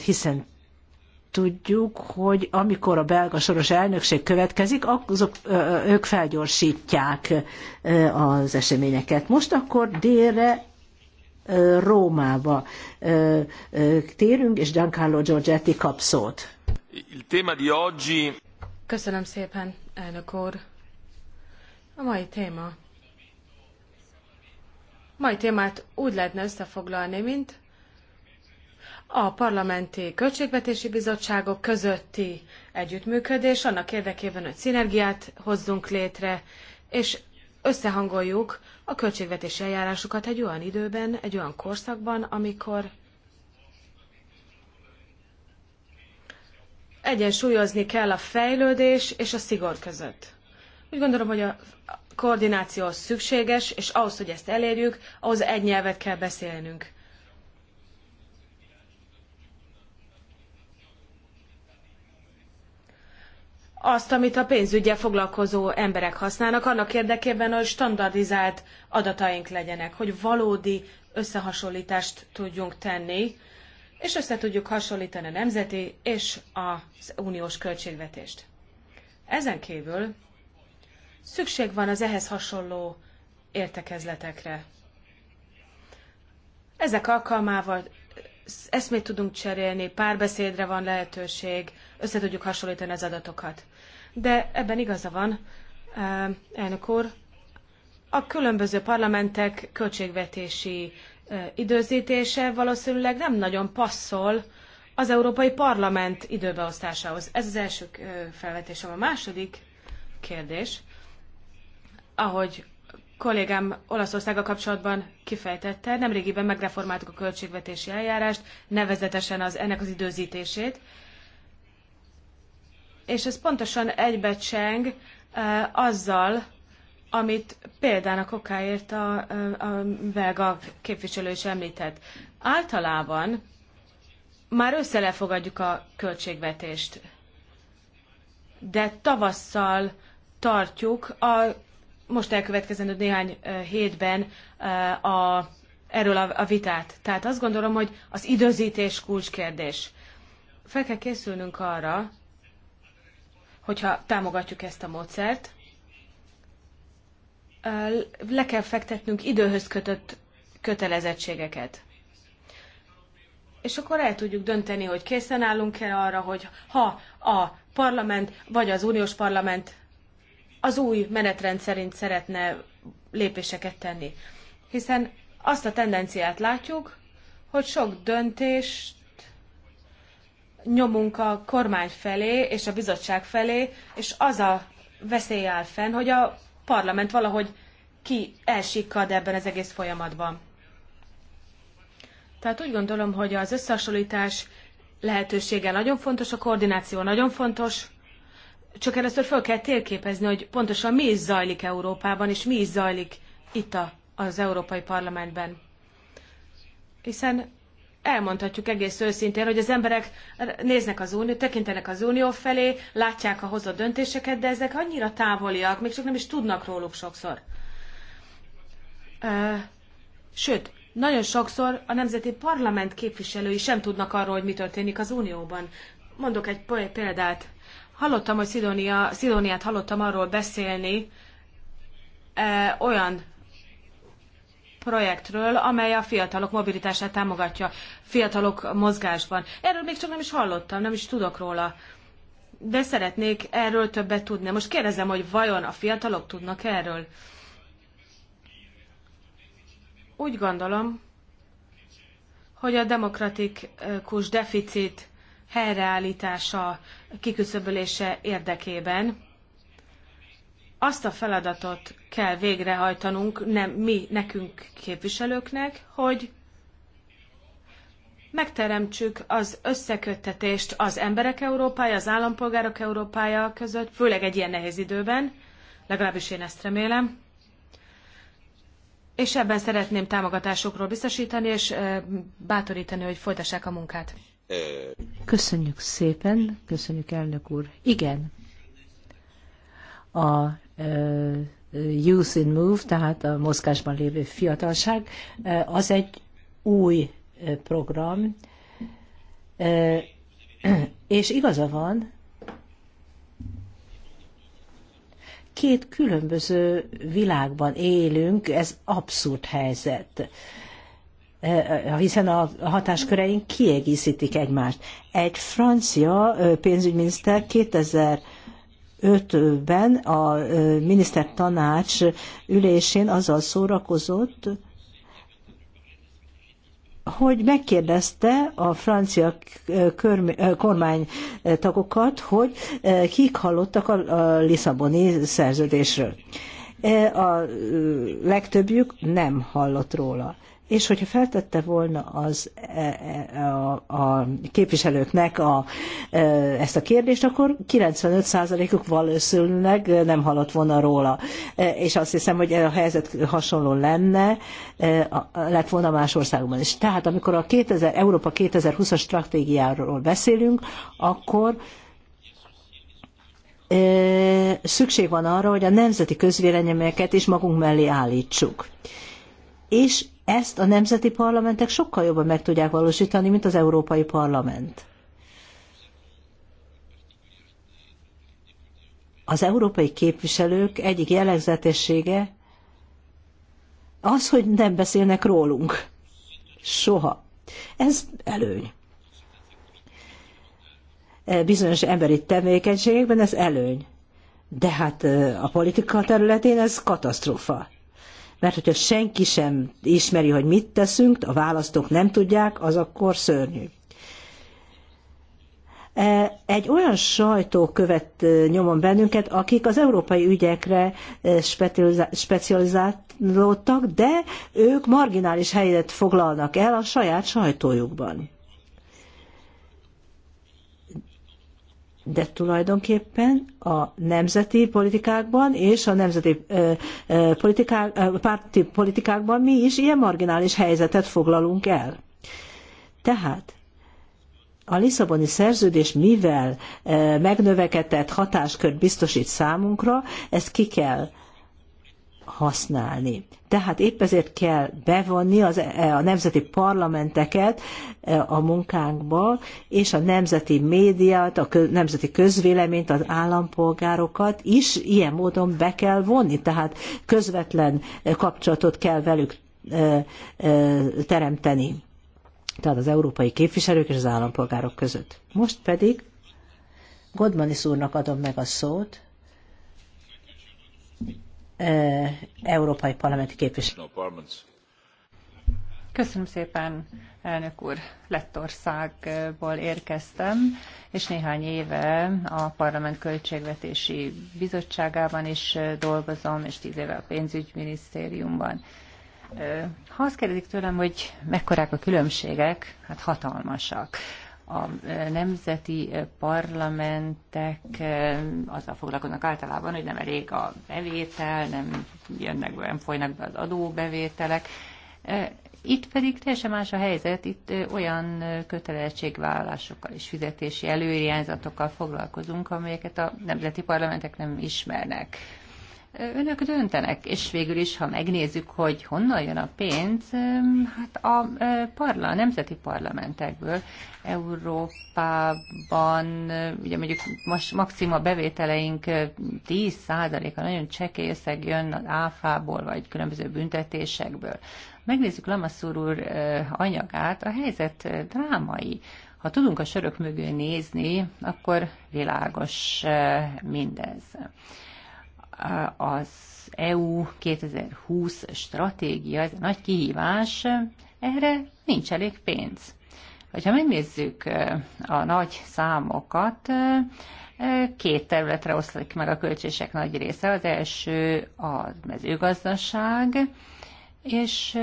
Hiszen tudjuk, hogy amikor a belga soros elnökség következik, azok, ők felgyorsítják az eseményeket. Most akkor délre Rómába térünk, és Giancarlo Giorgetti kap szót. Il tema di oggi... Köszönöm szépen, elnök úr. A mai téma. Mai témát úgy lehetne összefoglalni, mint a parlamenti költségvetési bizottságok közötti együttműködés annak érdekében, hogy szinergiát hozzunk létre, és összehangoljuk a költségvetési eljárásukat egy olyan időben, egy olyan korszakban, amikor egyensúlyozni kell a fejlődés és a szigor között. Úgy gondolom, hogy a koordináció szükséges, és ahhoz, hogy ezt elérjük, ahhoz egy nyelvet kell beszélnünk. azt, amit a pénzügyel foglalkozó emberek használnak, annak érdekében, hogy standardizált adataink legyenek, hogy valódi összehasonlítást tudjunk tenni, és össze tudjuk hasonlítani a nemzeti és az uniós költségvetést. Ezen kívül szükség van az ehhez hasonló értekezletekre. Ezek alkalmával eszmét tudunk cserélni, párbeszédre van lehetőség, össze tudjuk hasonlítani az adatokat de ebben igaza van, eh, elnök úr, a különböző parlamentek költségvetési eh, időzítése valószínűleg nem nagyon passzol az Európai Parlament időbeosztásához. Ez az első eh, felvetésem. A második kérdés, ahogy kollégám Olaszországa kapcsolatban kifejtette, nemrégiben megreformáltuk a költségvetési eljárást, nevezetesen az ennek az időzítését, és ez pontosan egybecseng azzal, amit példának okáért a, a belga képviselő is említett. Általában már összelefogadjuk a költségvetést, de tavasszal tartjuk a most elkövetkezendő néhány hétben a, erről a, a vitát. Tehát azt gondolom, hogy az időzítés kulcskérdés. Fel kell készülnünk arra, hogyha támogatjuk ezt a módszert, le kell fektetnünk időhöz kötött kötelezettségeket. És akkor el tudjuk dönteni, hogy készen állunk-e arra, hogy ha a parlament vagy az uniós parlament az új menetrend szerint szeretne lépéseket tenni. Hiszen azt a tendenciát látjuk, hogy sok döntést nyomunk a kormány felé és a bizottság felé, és az a veszély áll fenn, hogy a parlament valahogy ki elsikkad ebben az egész folyamatban. Tehát úgy gondolom, hogy az összehasonlítás lehetősége nagyon fontos, a koordináció nagyon fontos, csak először föl kell térképezni, hogy pontosan mi is zajlik Európában, és mi is zajlik itt a, az Európai Parlamentben. Hiszen elmondhatjuk egész őszintén, hogy az emberek néznek az unió, tekintenek az unió felé, látják a hozott döntéseket, de ezek annyira távoliak, még csak nem is tudnak róluk sokszor. Sőt, nagyon sokszor a nemzeti parlament képviselői sem tudnak arról, hogy mi történik az unióban. Mondok egy példát. Hallottam, hogy Szidónia, Szidóniát hallottam arról beszélni, olyan projektről, amely a fiatalok mobilitását támogatja, fiatalok mozgásban. Erről még csak nem is hallottam, nem is tudok róla. De szeretnék erről többet tudni. Most kérdezem, hogy vajon a fiatalok tudnak erről? Úgy gondolom, hogy a demokratikus deficit helyreállítása, kiküszöbölése érdekében azt a feladatot kell végrehajtanunk, nem mi, nekünk képviselőknek, hogy megteremtsük az összeköttetést az emberek Európája, az állampolgárok Európája között, főleg egy ilyen nehéz időben, legalábbis én ezt remélem. És ebben szeretném támogatásokról biztosítani, és bátorítani, hogy folytassák a munkát. Köszönjük szépen, köszönjük elnök úr. Igen, a Uh, uh, youth in Move, tehát a mozgásban lévő fiatalság, uh, az egy új program, és igaza van, két különböző világban élünk, ez abszurd helyzet hiszen a hatásköreink kiegészítik egymást. Egy francia pénzügyminiszter 2000 ötben ben a minisztertanács ülésén azzal szórakozott, hogy megkérdezte a francia kormánytagokat, hogy kik hallottak a Lisszaboni szerződésről. E, a legtöbbjük nem hallott róla és hogyha feltette volna az, e, e, a, a képviselőknek a, e, ezt a kérdést, akkor 95%-uk valószínűleg nem hallott volna róla. És azt hiszem, hogy a helyzet hasonló lenne, lett volna más országban is. Tehát amikor a 2000, Európa 2020-as stratégiáról beszélünk, akkor szükség van arra, hogy a nemzeti közvéleményeket is magunk mellé állítsuk és ezt a nemzeti parlamentek sokkal jobban meg tudják valósítani, mint az Európai Parlament. Az európai képviselők egyik jellegzetessége az, hogy nem beszélnek rólunk. Soha. Ez előny. Bizonyos emberi tevékenységekben ez előny. De hát a politika területén ez katasztrófa. Mert hogyha senki sem ismeri, hogy mit teszünk, a választók nem tudják, az akkor szörnyű. E, egy olyan sajtó követ e, nyomon bennünket, akik az európai ügyekre e, specializálódtak, de ők marginális helyet foglalnak el a saját sajtójukban. de tulajdonképpen a nemzeti politikákban és a nemzeti politikák, párti politikákban mi is ilyen marginális helyzetet foglalunk el. Tehát a Lisszaboni szerződés mivel megnövekedett hatáskört biztosít számunkra, ezt ki kell használni. Tehát épp ezért kell bevonni az, e, a nemzeti parlamenteket e, a munkánkba, és a nemzeti médiát, a köz, nemzeti közvéleményt, az állampolgárokat is ilyen módon be kell vonni. Tehát közvetlen e, kapcsolatot kell velük teremteni. Tehát az európai képviselők és az állampolgárok között. Most pedig Godmanis úrnak adom meg a szót európai parlamenti képviselő. Köszönöm szépen, elnök úr. Lettországból érkeztem, és néhány éve a Parlament Költségvetési Bizottságában is dolgozom, és tíz éve a pénzügyminisztériumban. Ha azt kérdezik tőlem, hogy mekkorák a különbségek, hát hatalmasak a e, nemzeti e, parlamentek e, azzal foglalkoznak általában, hogy nem elég a bevétel, nem jönnek, nem folynak be az adóbevételek. Itt pedig teljesen más a helyzet, itt olyan kötelezettségvállalásokkal és fizetési előirányzatokkal foglalkozunk, amelyeket a nemzeti parlamentek nem ismernek önök döntenek, és végül is, ha megnézzük, hogy honnan jön a pénz, hát a, e, parla, a nemzeti parlamentekből Európában, e, ugye mondjuk most maxima bevételeink 10%-a e, nagyon csekély összeg jön az áfából, vagy különböző büntetésekből. Megnézzük Lamassur úr anyagát, a helyzet drámai. Ha tudunk a sörök mögül nézni, akkor világos mindez az EU 2020 stratégia, ez nagy kihívás, erre nincs elég pénz. Ha megnézzük a nagy számokat, két területre oszlik meg a költsések nagy része. Az első a mezőgazdaság, és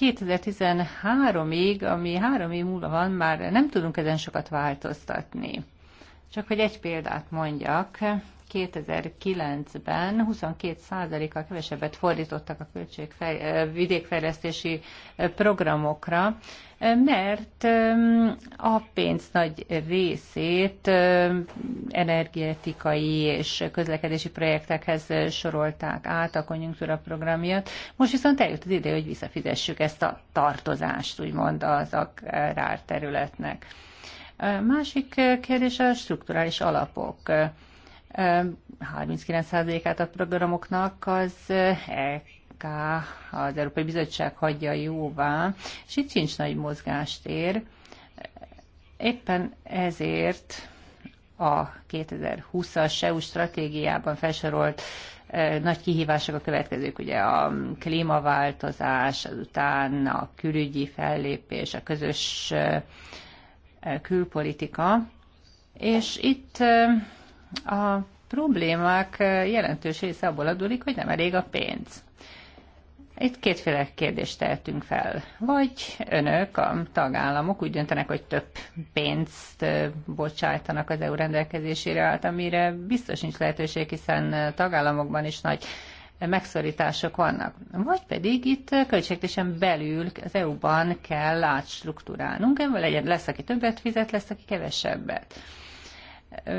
2013-ig, ami három év múlva van, már nem tudunk ezen sokat változtatni. Csak hogy egy példát mondjak, 2009-ben 22%-kal kevesebbet fordítottak a költségfej, vidékfejlesztési programokra, mert a pénz nagy részét energetikai és közlekedési projektekhez sorolták át a konjunktúra programját. Most viszont eljött az idő, hogy visszafizessük ezt a tartozást, úgymond az agrárterületnek. Másik kérdés a strukturális alapok. 39%-át a programoknak az EK, az Európai Bizottság hagyja jóvá, és itt sincs nagy mozgástér. Éppen ezért a 2020-as EU stratégiában felsorolt nagy kihívások a következők, ugye a klímaváltozás, azután a külügyi fellépés, a közös külpolitika, és itt a problémák jelentős része abból adódik, hogy nem elég a pénz. Itt kétféle kérdést tehetünk fel. Vagy önök, a tagállamok úgy döntenek, hogy több pénzt bocsájtanak az EU rendelkezésére, állt, amire biztos nincs lehetőség, hiszen tagállamokban is nagy megszorítások vannak. Vagy pedig itt költségtésen belül az EU-ban kell átstruktúrálnunk, ebből legyen, lesz, aki többet fizet, lesz, aki kevesebbet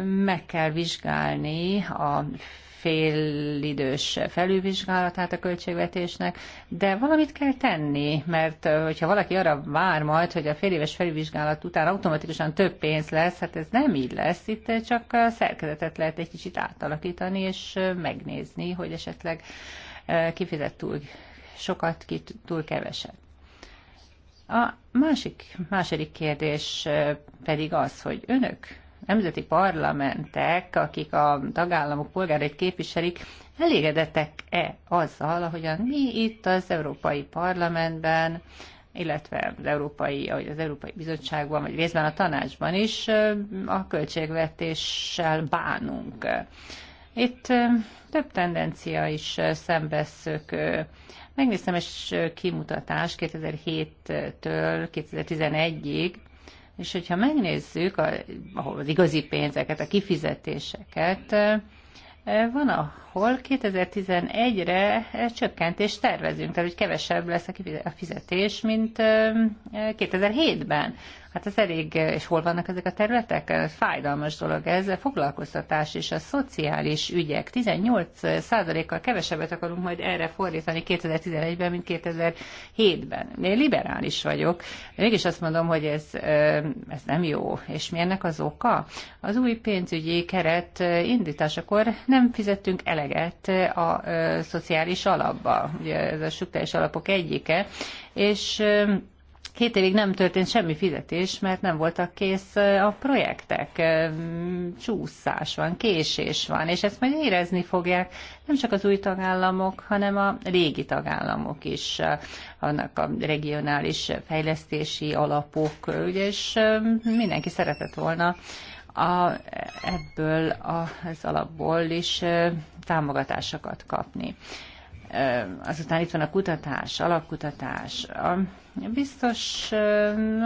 meg kell vizsgálni a félidős felülvizsgálatát a költségvetésnek, de valamit kell tenni, mert hogyha valaki arra vár majd, hogy a éves felülvizsgálat után automatikusan több pénz lesz, hát ez nem így lesz, itt csak a szerkezetet lehet egy kicsit átalakítani, és megnézni, hogy esetleg kifizet túl sokat, ki túl keveset. A másik, második kérdés pedig az, hogy önök nemzeti parlamentek, akik a tagállamok polgárait képviselik, elégedettek-e azzal, ahogyan mi itt az Európai Parlamentben, illetve az Európai, ahogy az Európai Bizottságban, vagy részben a tanácsban is a költségvetéssel bánunk. Itt több tendencia is szembeszök. Megnéztem egy kimutatás 2007-től 2011-ig, és hogyha megnézzük a, az igazi pénzeket, a kifizetéseket, van, ahol 2011-re csökkentést tervezünk, tehát hogy kevesebb lesz a fizetés, mint 2007-ben. Hát ez elég, és hol vannak ezek a területek? Fájdalmas dolog ez. A foglalkoztatás és a szociális ügyek. 18%-kal kevesebbet akarunk majd erre fordítani 2011-ben, mint 2007-ben. Én liberális vagyok, de mégis azt mondom, hogy ez, ez nem jó. És mi ennek az oka? Az új pénzügyi keret indításakor nem fizettünk eleget a szociális alapba. Ugye ez a struktúrális alapok egyike, és két évig nem történt semmi fizetés, mert nem voltak kész a projektek. Csúszás van, késés van, és ezt majd érezni fogják nem csak az új tagállamok, hanem a régi tagállamok is, annak a regionális fejlesztési alapok, ugye, és mindenki szeretett volna a, ebből az alapból is támogatásokat kapni. Azután itt van a kutatás, alapkutatás. A biztos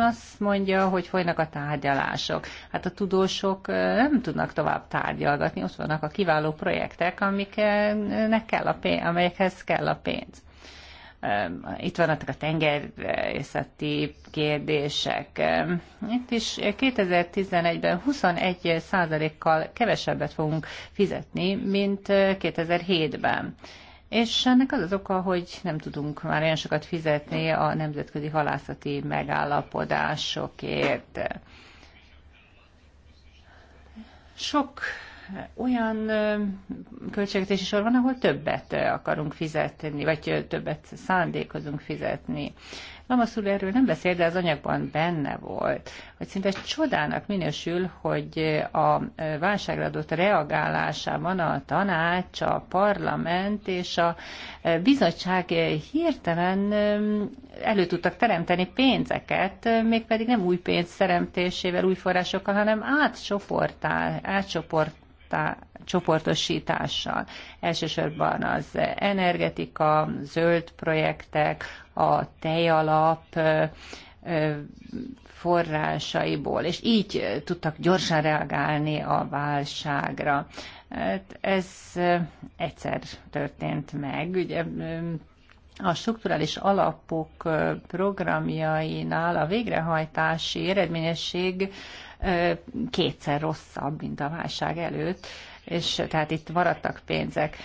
azt mondja, hogy folynak a tárgyalások. Hát a tudósok nem tudnak tovább tárgyalgatni, ott vannak a kiváló projektek, amiknek kell a pénz, amelyekhez kell a pénz. Itt vannak a tengerészeti kérdések. Itt is 2011-ben 21 kal kevesebbet fogunk fizetni, mint 2007-ben és ennek az az oka, hogy nem tudunk már olyan sokat fizetni a nemzetközi halászati megállapodásokért. Sok olyan költségvetési sor van, ahol többet akarunk fizetni, vagy többet szándékozunk fizetni. Lamaszul erről nem beszél, de az anyagban benne volt, hogy szinte csodának minősül, hogy a válságra adott reagálásában a tanács, a parlament és a bizottság hirtelen elő tudtak teremteni pénzeket, mégpedig nem új pénz teremtésével, új forrásokkal, hanem átsoportál, átsoport csoportosítással. Elsősorban az energetika, zöld projektek, a tejalap forrásaiból, és így tudtak gyorsan reagálni a válságra. Hát ez egyszer történt meg. Ugye a strukturális alapok programjainál a végrehajtási eredményesség kétszer rosszabb, mint a válság előtt, és tehát itt maradtak pénzek.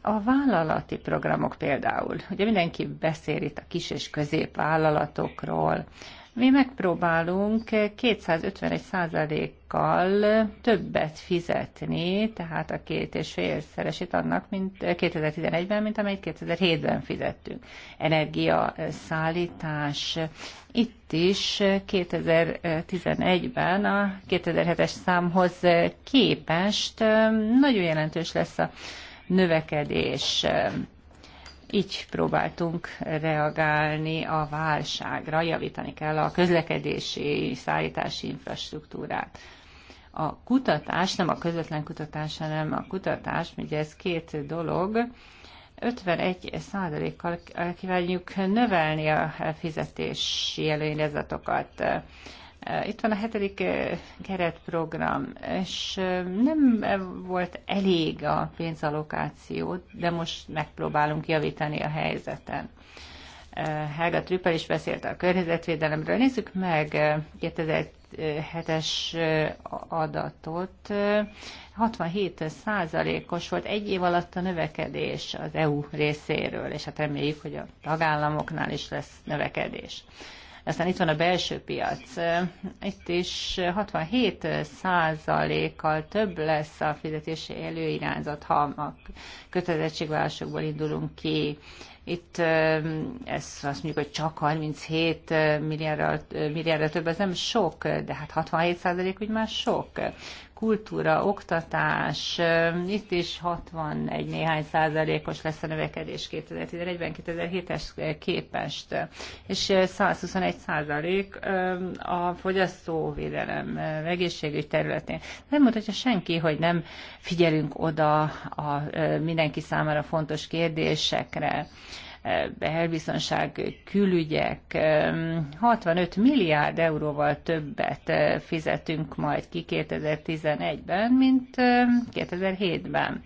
A vállalati programok például, ugye mindenki beszél itt a kis és középvállalatokról, mi megpróbálunk 251%-kal többet fizetni, tehát a két és félszeresét annak, mint 2011-ben, mint amelyet 2007-ben fizettünk. Energia, szállítás, itt is 2011-ben a 2007-es számhoz képest nagyon jelentős lesz a növekedés így próbáltunk reagálni a válságra, javítani kell a közlekedési, szállítási infrastruktúrát a kutatás, nem a közvetlen kutatás, hanem a kutatás, ugye ez két dolog, 51 százalékkal kívánjuk növelni a fizetési előirezatokat. Eh, itt van a hetedik eh, keretprogram, és eh, nem volt elég a pénzallokáció, de most megpróbálunk javítani a helyzeten. Helga Trüppel is beszélt a környezetvédelemről. Nézzük meg 2007-es adatot. 67 százalékos volt egy év alatt a növekedés az EU részéről, és hát reméljük, hogy a tagállamoknál is lesz növekedés. Aztán itt van a belső piac. Itt is 67 százalékkal több lesz a fizetési előirányzat, ha a kötelezettségvállalásokból indulunk ki. Itt eh, ez azt mondjuk, hogy csak 37 eh, milliárdra, eh, milliárdra több, ez nem sok, de hát 67 százalék úgy már sok kultúra, oktatás, itt is 61 néhány százalékos lesz a növekedés 2011-ben 2007-es képest, és 121 százalék a fogyasztóvédelem egészségügy területén. Nem mutatja senki, hogy nem figyelünk oda a mindenki számára fontos kérdésekre belbiztonság, külügyek, 65 milliárd euróval többet eh, fizetünk majd ki 2011-ben, mint 2007-ben.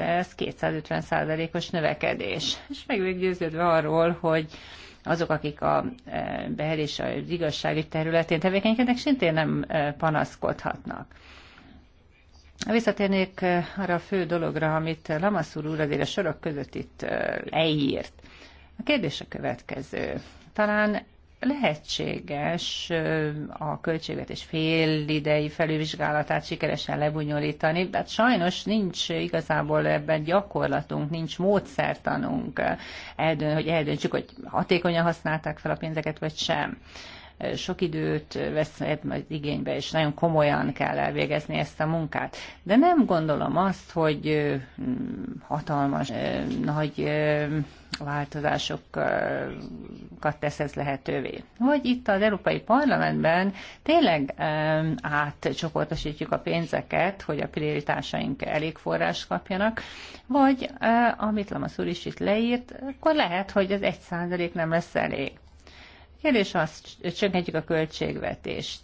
Ez 250 százalékos növekedés. És meg vagyok győződve arról, hogy azok, akik a eh, behelés és az igazságügy területén tevékenykednek, szintén nem eh, panaszkodhatnak. Visszatérnék eh, arra a fő dologra, amit eh, Lamaszúr úr azért a sorok között itt eh, leírt. A kérdés a következő. Talán lehetséges a költségvetés félidei felülvizsgálatát sikeresen lebonyolítani, de hát sajnos nincs igazából ebben gyakorlatunk, nincs módszertanunk, eldön, hogy eldöntsük, hogy hatékonyan használták fel a pénzeket, vagy sem sok időt vesz majd igénybe, és nagyon komolyan kell elvégezni ezt a munkát. De nem gondolom azt, hogy hatalmas, nagy változásokat tesz ez lehetővé. Vagy itt az Európai Parlamentben tényleg átcsoportosítjuk a pénzeket, hogy a prioritásaink elég forrás kapjanak, vagy amit Lamaszúr is itt leírt, akkor lehet, hogy az egy százalék nem lesz elég. Kérdés azt, csökkentjük a költségvetést,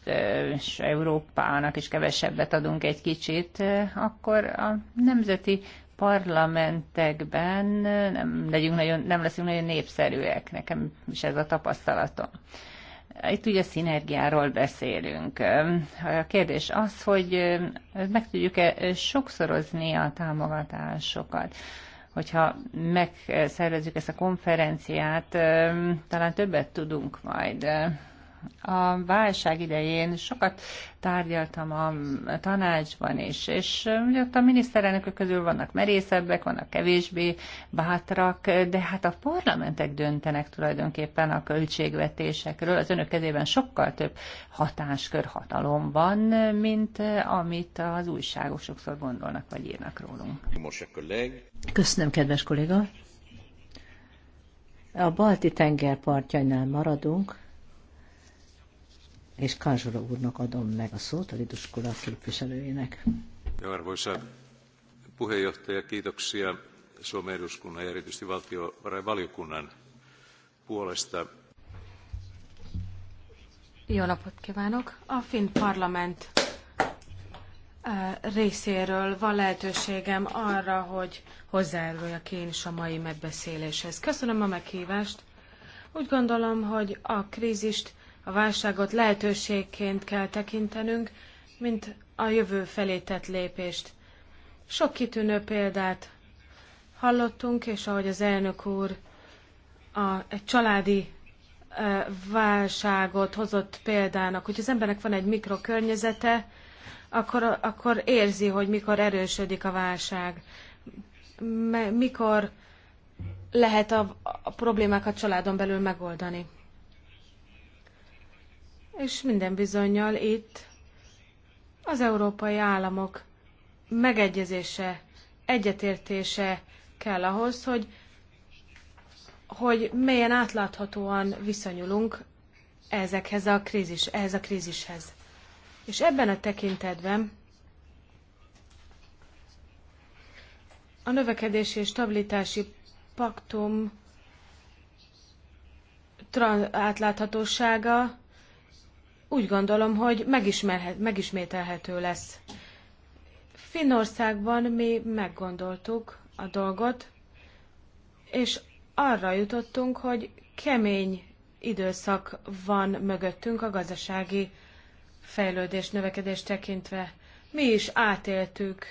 és Európának is kevesebbet adunk egy kicsit, akkor a nemzeti parlamentekben nem, legyünk nagyon, nem leszünk nagyon népszerűek. Nekem is ez a tapasztalatom. Itt ugye szinergiáról beszélünk. A kérdés az, hogy meg tudjuk-e sokszorozni a támogatásokat hogyha megszervezzük ezt a konferenciát, talán többet tudunk majd a válság idején sokat tárgyaltam a tanácsban is, és ott a miniszterelnökök közül vannak merészebbek, vannak kevésbé bátrak, de hát a parlamentek döntenek tulajdonképpen a költségvetésekről. Az önök kezében sokkal több hatáskör, hatalom van, mint amit az újságok sokszor gondolnak vagy írnak rólunk. Köszönöm, kedves kolléga! A balti tenger partjainál maradunk, és Kázsora úrnak adom meg a szót, a Liduskola képviselőjének. Arvoisa puheenjohtaja, kiitoksia Suomen eduskunnan ja erityisesti valtiovarainvaliokunnan puolesta. Jó napot kívánok! A Finn Parlament részéről van lehetőségem arra, hogy hozzájáruljak én is a mai megbeszéléshez. Köszönöm a meghívást. Úgy gondolom, hogy a krízist a válságot lehetőségként kell tekintenünk, mint a jövő felé tett lépést. Sok kitűnő példát hallottunk, és ahogy az elnök úr a, egy családi e, válságot hozott példának, hogy az embernek van egy mikrokörnyezete, akkor, akkor érzi, hogy mikor erősödik a válság, mikor lehet a, a problémákat családon belül megoldani és minden bizonyal itt az európai államok megegyezése, egyetértése kell ahhoz, hogy, hogy milyen átláthatóan viszonyulunk ezekhez a krízis, ehhez a krízishez. És ebben a tekintetben a növekedési és stabilitási paktum átláthatósága úgy gondolom, hogy megismételhető lesz. Finnországban mi meggondoltuk a dolgot, és arra jutottunk, hogy kemény időszak van mögöttünk a gazdasági fejlődés, növekedés tekintve. Mi is átéltük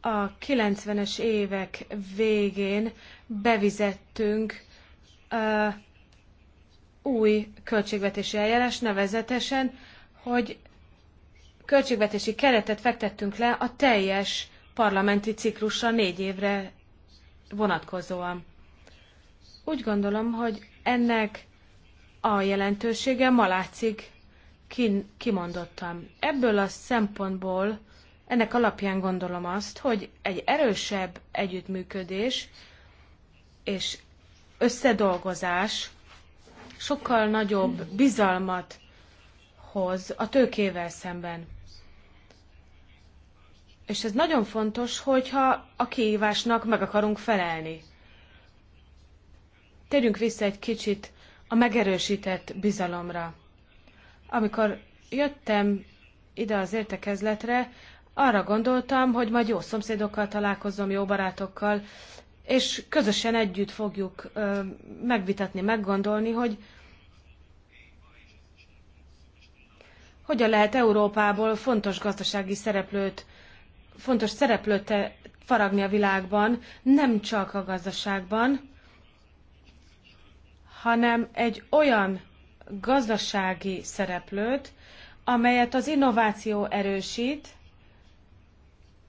a 90-es évek végén bevizettünk uh, új költségvetési eljárás, nevezetesen, hogy költségvetési keretet fektettünk le a teljes parlamenti ciklusra négy évre vonatkozóan. Úgy gondolom, hogy ennek a jelentősége ma látszik kimondottam. Ebből a szempontból ennek alapján gondolom azt, hogy egy erősebb együttműködés és összedolgozás sokkal nagyobb bizalmat hoz a tőkével szemben. És ez nagyon fontos, hogyha a kihívásnak meg akarunk felelni. Térjünk vissza egy kicsit a megerősített bizalomra. Amikor jöttem ide az értekezletre, arra gondoltam, hogy majd jó szomszédokkal találkozom, jó barátokkal, és közösen együtt fogjuk megvitatni, meggondolni, hogy hogyan lehet Európából fontos gazdasági szereplőt, fontos szereplőt eh, faragni a világban, nem csak a gazdaságban, hanem egy olyan gazdasági szereplőt, amelyet az innováció erősít,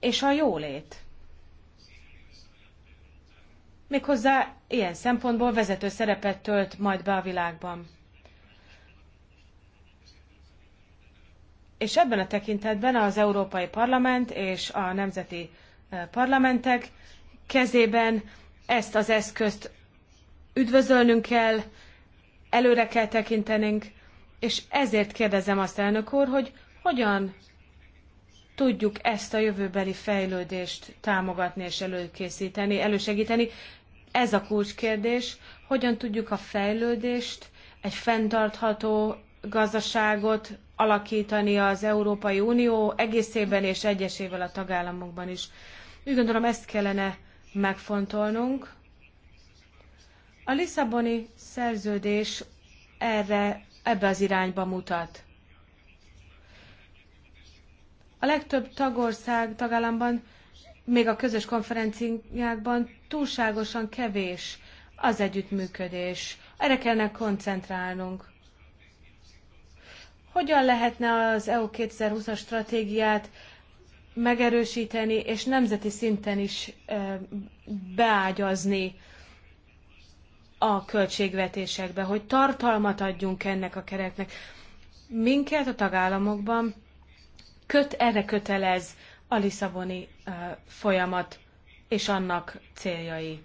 és a jólét méghozzá ilyen szempontból vezető szerepet tölt majd be a világban. És ebben a tekintetben az Európai Parlament és a nemzeti eh, parlamentek kezében ezt az eszközt üdvözölnünk kell, előre kell tekintenünk, és ezért kérdezem azt, elnök úr, hogy hogyan tudjuk ezt a jövőbeli fejlődést támogatni és előkészíteni, elősegíteni, ez a kulcskérdés, hogyan tudjuk a fejlődést, egy fenntartható gazdaságot alakítani az Európai Unió egészében és egyesével a tagállamokban is. Úgy gondolom ezt kellene megfontolnunk. A Lisszaboni szerződés erre, ebbe az irányba mutat. A legtöbb tagország, tagállamban még a közös konferenciákban túlságosan kevés az együttműködés. Erre kellene koncentrálnunk. Hogyan lehetne az EU 2020-as stratégiát megerősíteni és nemzeti szinten is beágyazni a költségvetésekbe, hogy tartalmat adjunk ennek a keretnek. Minket a tagállamokban köt, erre kötelez a Lisszaboni folyamat és annak céljai.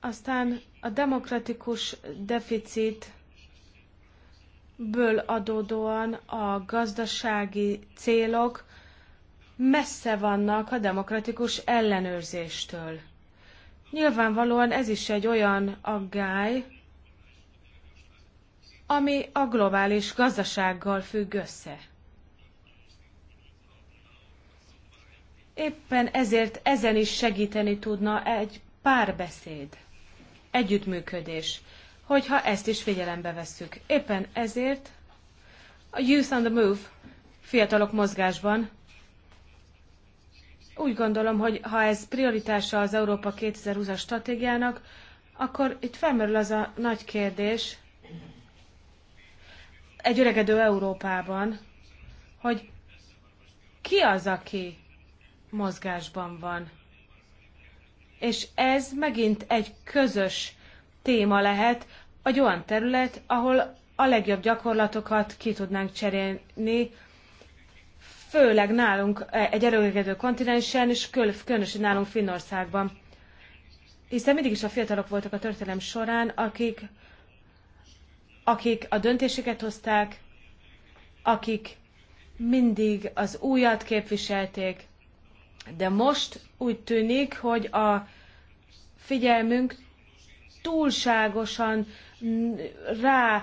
Aztán a demokratikus deficit ből adódóan a gazdasági célok messze vannak a demokratikus ellenőrzéstől. Nyilvánvalóan ez is egy olyan aggály, ami a globális gazdasággal függ össze. Éppen ezért ezen is segíteni tudna egy párbeszéd, együttműködés, hogyha ezt is figyelembe vesszük. Éppen ezért a Youth on the Move, fiatalok mozgásban, úgy gondolom, hogy ha ez prioritása az Európa 2020-as stratégiának, akkor itt felmerül az a nagy kérdés egy öregedő Európában, hogy ki az, aki mozgásban van. És ez megint egy közös téma lehet, egy olyan terület, ahol a legjobb gyakorlatokat ki tudnánk cserélni, főleg nálunk e, egy erőgedő kontinensen, és különösen nálunk Finnországban. Hiszen mindig is a fiatalok voltak a történelem során, akik, akik a döntéseket hozták, akik mindig az újat képviselték, de most úgy tűnik, hogy a figyelmünk túlságosan rá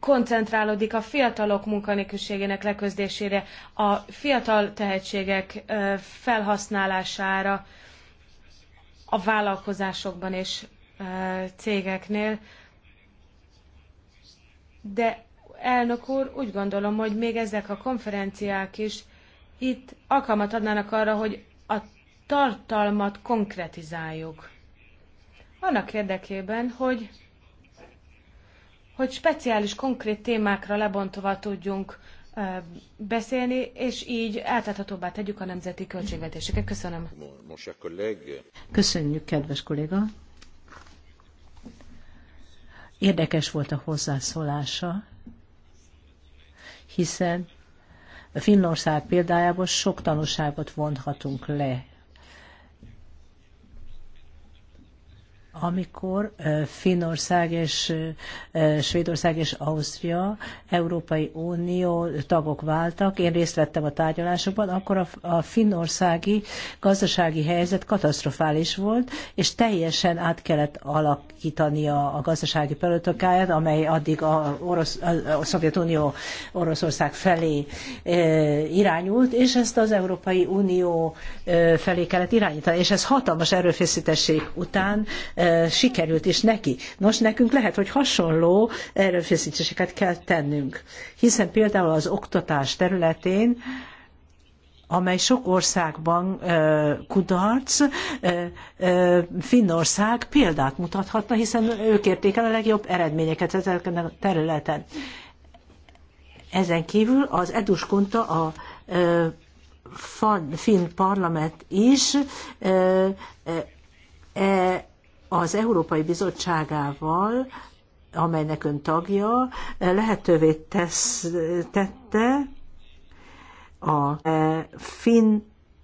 koncentrálódik a fiatalok munkanélküliségének leközdésére, a fiatal tehetségek felhasználására a vállalkozásokban és cégeknél. De elnök úr, úgy gondolom, hogy még ezek a konferenciák is itt alkalmat adnának arra, hogy a tartalmat konkretizáljuk. Annak érdekében, hogy, hogy speciális, konkrét témákra lebontva tudjunk beszélni, és így átláthatóbbá tegyük a nemzeti költségvetéseket. Köszönöm. Köszönjük, kedves kolléga. Érdekes volt a hozzászólása, hiszen Finnország példájából sok tanulságot vonhatunk le. amikor Finnország és Svédország és Ausztria Európai Unió tagok váltak, én részt vettem a tárgyalásokban, akkor a, finnországi gazdasági helyzet katasztrofális volt, és teljesen át kellett alakítani a gazdasági politikáját, amely addig a, Orosz, a Szovjetunió Oroszország felé irányult, és ezt az Európai Unió felé kellett irányítani, és ez hatalmas erőfeszítesség után sikerült is neki. Nos, nekünk lehet, hogy hasonló erőfeszítéseket kell tennünk, hiszen például az oktatás területén amely sok országban kudarc, Finnország példát mutathatna, hiszen ők érték el a legjobb eredményeket ezeken a területen. Ezen kívül az Eduskonta a finn parlament is e, az Európai Bizottságával, amelynek ön tagja, lehetővé tesz, tette a e, finn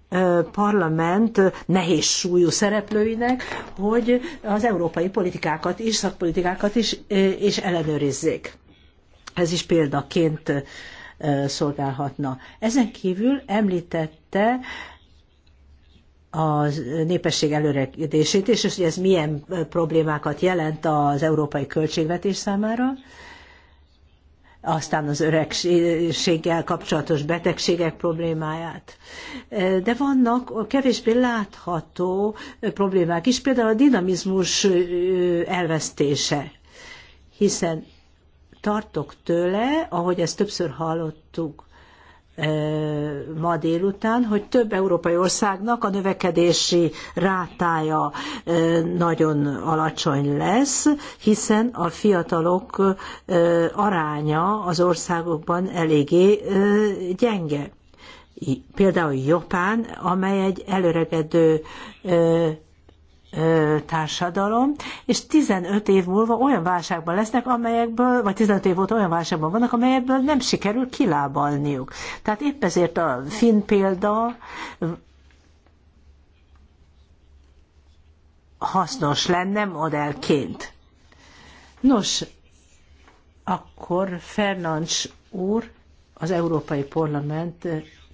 e, parlament nehéz súlyú szereplőinek, hogy az európai politikákat is, szakpolitikákat is, e, és ellenőrizzék. Ez is példaként szolgálhatna. Ezen kívül említette a népesség előregedését, és hogy ez milyen problémákat jelent az európai költségvetés számára aztán az öregséggel kapcsolatos betegségek problémáját. De vannak kevésbé látható problémák is, például a dinamizmus elvesztése, hiszen tartok tőle, ahogy ezt többször hallottuk, ma délután, hogy több európai országnak a növekedési rátája nagyon alacsony lesz, hiszen a fiatalok aránya az országokban eléggé gyenge. Például Japán, amely egy előregedő társadalom, és 15 év múlva olyan válságban lesznek, amelyekből, vagy 15 év óta olyan válságban vannak, amelyekből nem sikerül kilábalniuk. Tehát épp ezért a finn példa hasznos lenne modellként. Nos, akkor Fernancs úr, az Európai Parlament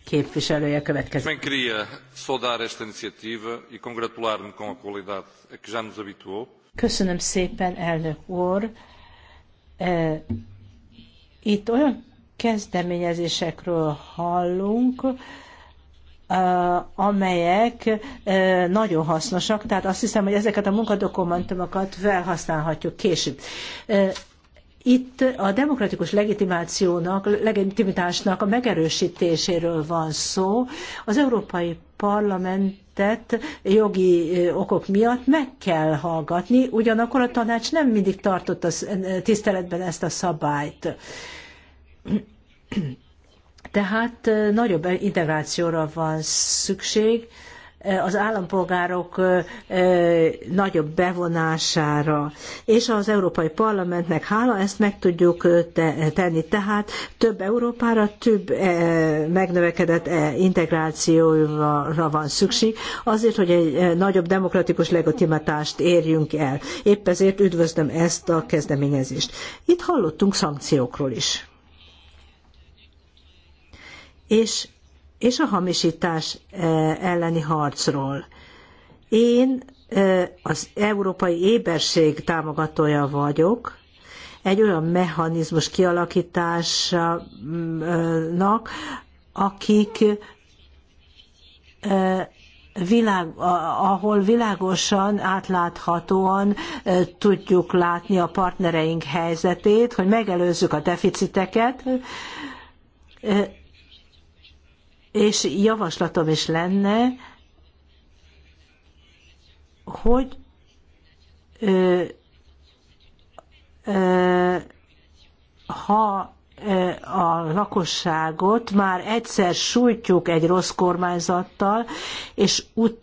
képviselője következik. Também queria saudar esta iniciativa e congratular-me com a qualidade a que já nos habituou. Köszönöm szépen, elnök úr. E, itt olyan kezdeményezésekről hallunk, e, amelyek e, nagyon hasznosak, tehát azt hiszem, hogy ezeket a munkadokumentumokat felhasználhatjuk később. Itt a demokratikus legitimációnak, legitimitásnak a megerősítéséről van szó. Az Európai Parlamentet jogi okok miatt meg kell hallgatni, ugyanakkor a tanács nem mindig tartotta tiszteletben ezt a szabályt. Tehát nagyobb integrációra van szükség, az állampolgárok nagyobb bevonására. És az Európai Parlamentnek hála ezt meg tudjuk tenni. Tehát több Európára, több megnövekedett integrációra van szükség, azért, hogy egy nagyobb demokratikus legitimatást érjünk el. Épp ezért üdvözlöm ezt a kezdeményezést. Itt hallottunk szankciókról is. És és a hamisítás e, elleni harcról. Én e, az európai éberség támogatója vagyok, egy olyan mechanizmus kialakításának, akik e, világ, ahol világosan, átláthatóan tudjuk látni a partnereink helyzetét, hogy megelőzzük a deficiteket, és javaslatom is lenne, hogy ö, ö, ha a lakosságot már egyszer sújtjuk egy rossz kormányzattal, és ut-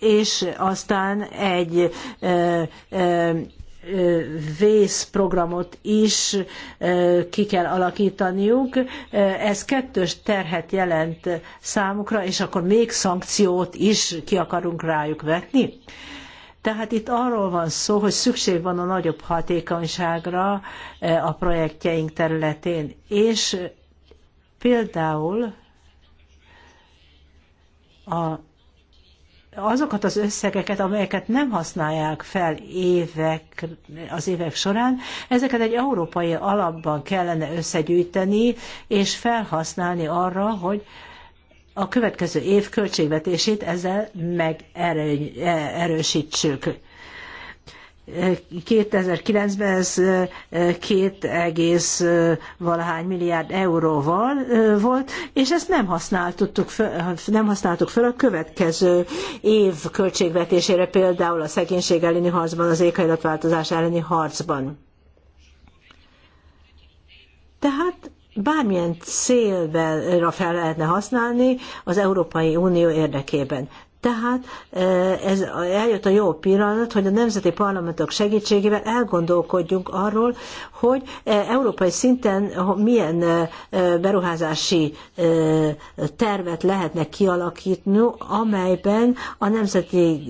és aztán egy ö, ö, vészprogramot is ki kell alakítaniuk. Ez kettős terhet jelent számukra, és akkor még szankciót is ki akarunk rájuk vetni. Tehát itt arról van szó, hogy szükség van a nagyobb hatékonyságra a projektjeink területén. És például a azokat az összegeket, amelyeket nem használják fel évek, az évek során, ezeket egy európai alapban kellene összegyűjteni, és felhasználni arra, hogy a következő év költségvetését ezzel megerősítsük. 2009-ben ez két egész valahány milliárd euróval volt, és ezt nem használtuk, fel nem használtuk föl a következő év költségvetésére, például a szegénység elleni harcban, az éghajlatváltozás elleni harcban. Tehát bármilyen célra fel lehetne használni az Európai Unió érdekében. Tehát e, ez eljött a jó pillanat, hogy a nemzeti parlamentok segítségével elgondolkodjunk arról, hogy e, európai szinten milyen e, beruházási tervet lehetne kialakítni, amelyben a nemzeti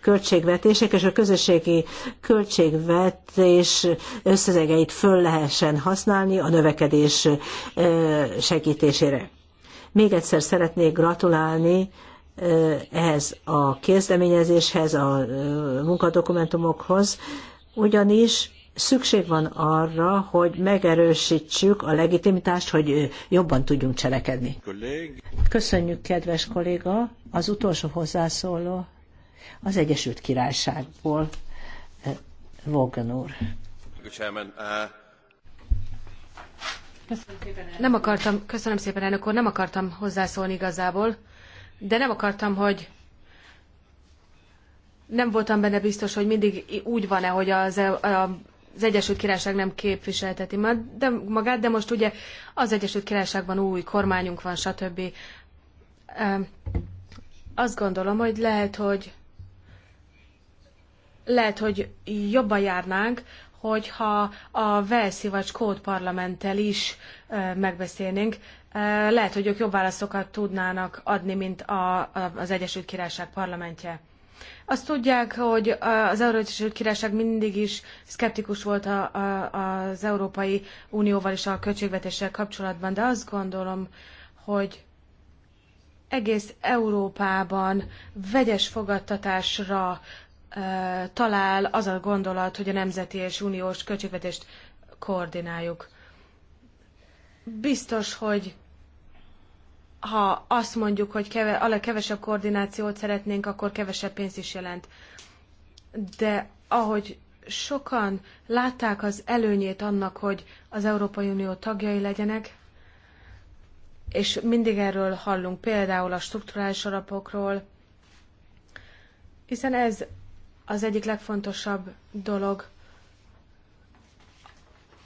költségvetések és a közösségi költségvetés összegeit föl lehessen használni a növekedés segítésére. Még egyszer szeretnék gratulálni ehhez a kezdeményezéshez, a munkadokumentumokhoz, ugyanis szükség van arra, hogy megerősítsük a legitimitást, hogy jobban tudjunk cselekedni. Köszönjük, kedves kolléga! Az utolsó hozzászóló az Egyesült Királyságból, Vogan úr. Nem akartam, köszönöm szépen, elnök úr, nem akartam hozzászólni igazából de nem akartam, hogy nem voltam benne biztos, hogy mindig úgy van-e, hogy az, e- az Egyesült Királyság nem képviselteti de, magát, de most ugye az Egyesült Királyságban új kormányunk van, stb. Azt gondolom, hogy lehet, hogy lehet, hogy jobban járnánk, hogyha a Velszivacs kód parlamenttel is megbeszélnénk, lehet, hogy ők jobb válaszokat tudnának adni, mint a, a, az Egyesült Királyság parlamentje. Azt tudják, hogy az Egyesült Királyság mindig is szkeptikus volt a, a, az Európai Unióval és a költségvetéssel kapcsolatban, de azt gondolom, hogy egész Európában vegyes fogadtatásra e, talál az a gondolat, hogy a nemzeti és uniós költségvetést koordináljuk. Biztos, hogy ha azt mondjuk, hogy keve, a kevesebb koordinációt szeretnénk, akkor kevesebb pénz is jelent. De ahogy sokan látták az előnyét annak, hogy az Európai Unió tagjai legyenek, és mindig erről hallunk, például a strukturális alapokról, hiszen ez az egyik legfontosabb dolog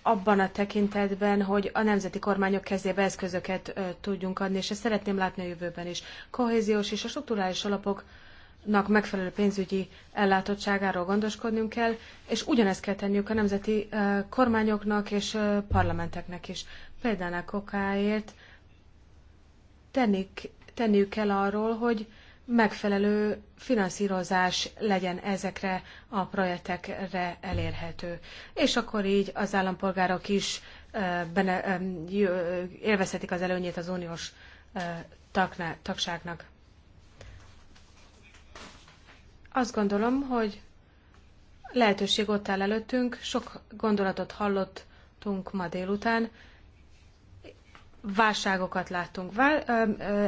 abban a tekintetben, hogy a nemzeti kormányok kezébe eszközöket ö, tudjunk adni, és ezt szeretném látni a jövőben is. Kohéziós és a strukturális alapoknak megfelelő pénzügyi ellátottságáról gondoskodnunk kell, és ugyanezt kell tenniük a nemzeti ö, kormányoknak és ö, parlamenteknek is. Például a kokáért tenni, tenniük kell arról, hogy megfelelő finanszírozás legyen ezekre a projektekre elérhető. És akkor így az állampolgárok is bene, élvezhetik az előnyét az uniós tagná, tagságnak. Azt gondolom, hogy lehetőség ott áll előttünk, sok gondolatot hallottunk ma délután, válságokat látunk,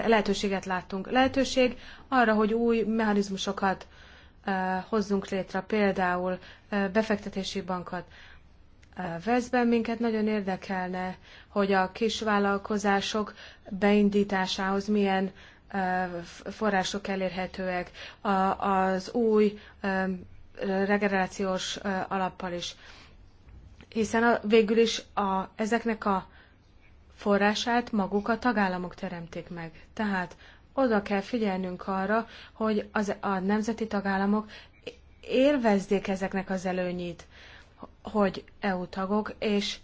lehetőséget látunk. Lehetőség arra, hogy új mechanizmusokat hozzunk létre, például befektetési bankot. Veszben minket nagyon érdekelne, hogy a kisvállalkozások beindításához milyen források elérhetőek a, az új regenerációs alappal is. Hiszen a, végül is a, ezeknek a forrását maguk a tagállamok teremtik meg. Tehát oda kell figyelnünk arra, hogy az, a nemzeti tagállamok élvezzék ezeknek az előnyit, hogy EU tagok, és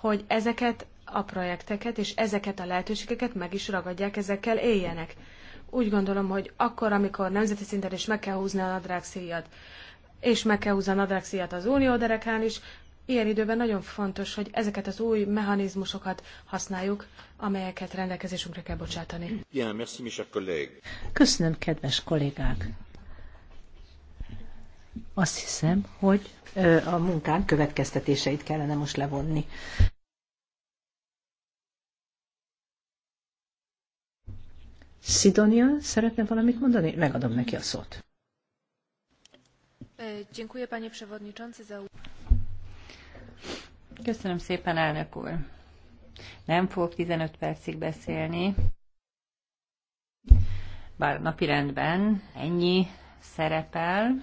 hogy ezeket a projekteket és ezeket a lehetőségeket meg is ragadják, ezekkel éljenek. Úgy gondolom, hogy akkor, amikor nemzeti szinten is meg kell húzni a nadrágszíjat, és meg kell húzni a nadrágszíjat az unió derekán is, ilyen időben nagyon fontos, hogy ezeket az új mechanizmusokat használjuk, amelyeket rendelkezésünkre kell bocsátani. Köszönöm, kedves kollégák! Azt hiszem, hogy a munkán következtetéseit kellene most levonni. Szidonia szeretne valamit mondani? Megadom neki a szót. panie przewodniczący, za Köszönöm szépen, elnök úr. Nem fogok 15 percig beszélni, bár napirendben ennyi szerepel.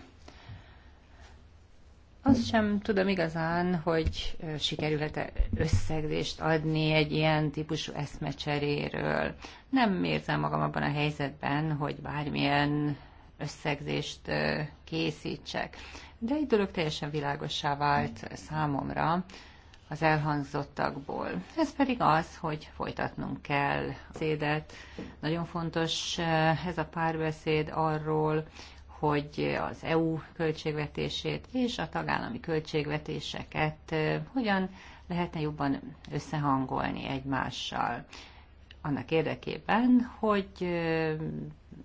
Azt sem tudom igazán, hogy sikerülhet-e összegzést adni egy ilyen típusú eszmecseréről. Nem érzem magam abban a helyzetben, hogy bármilyen összegzést készítsek. De egy dolog teljesen világossá vált számomra az elhangzottakból. Ez pedig az, hogy folytatnunk kell a szédet. Nagyon fontos eh, ez a párbeszéd arról, hogy az EU költségvetését és a tagállami költségvetéseket eh, hogyan lehetne jobban összehangolni egymással annak érdekében, hogy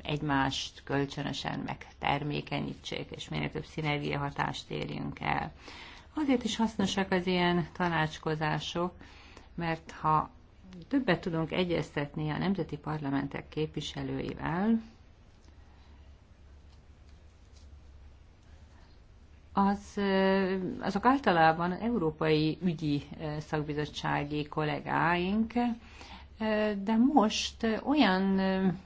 egymást kölcsönösen megtermékenyítsék, és minél több szinergia hatást érjünk el. Azért is hasznosak az ilyen tanácskozások, mert ha többet tudunk egyeztetni a nemzeti parlamentek képviselőivel, az, azok általában európai ügyi szakbizottsági kollégáink, de most olyan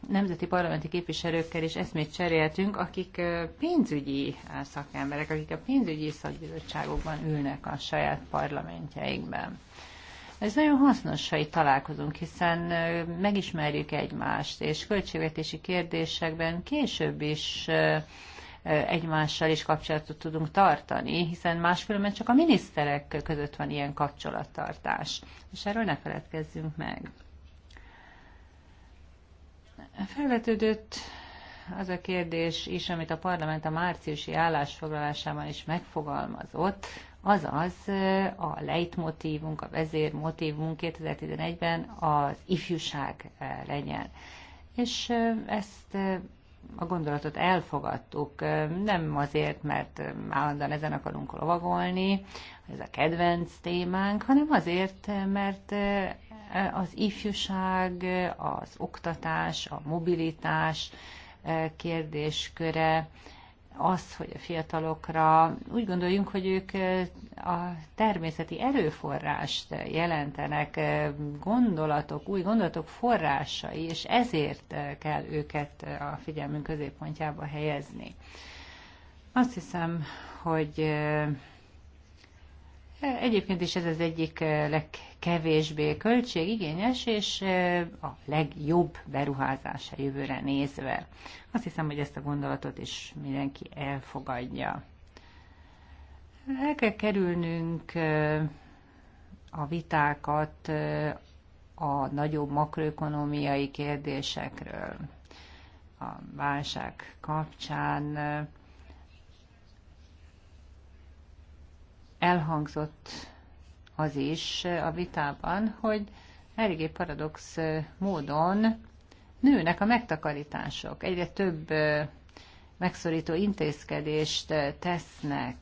nemzeti parlamenti képviselőkkel is eszmét cseréltünk, akik pénzügyi szakemberek, akik a pénzügyi szakbizottságokban ülnek a saját parlamentjeikben. Ez nagyon hasznos, ha itt találkozunk, hiszen megismerjük egymást, és költségvetési kérdésekben később is egymással is kapcsolatot tudunk tartani, hiszen máskülönben csak a miniszterek között van ilyen kapcsolattartás. És erről ne feledkezzünk meg. Felvetődött az a kérdés is, amit a parlament a márciusi állásfoglalásában is megfogalmazott, azaz a lejtmotívunk, a vezérmotívunk 2011-ben az ifjúság legyen. És ezt a gondolatot elfogadtuk, nem azért, mert állandóan ezen akarunk lovagolni, ez a kedvenc témánk, hanem azért, mert az ifjúság, az oktatás, a mobilitás eh, kérdésköre, az, hogy a fiatalokra úgy gondoljunk, hogy ők eh, a természeti erőforrást jelentenek, eh, gondolatok, új gondolatok forrásai, és ezért kell őket a figyelmünk középpontjába helyezni. Azt hiszem, hogy Egyébként is ez az egyik eh, legkevésbé költségigényes és eh, a legjobb beruházás a jövőre nézve. Azt hiszem, hogy ezt a gondolatot is mindenki elfogadja. El kell kerülnünk eh, a vitákat a nagyobb makroökonomiai kérdésekről a válság kapcsán elhangzott az is a vitában, hogy eléggé paradox módon nőnek a megtakarítások. Egyre több megszorító intézkedést tesznek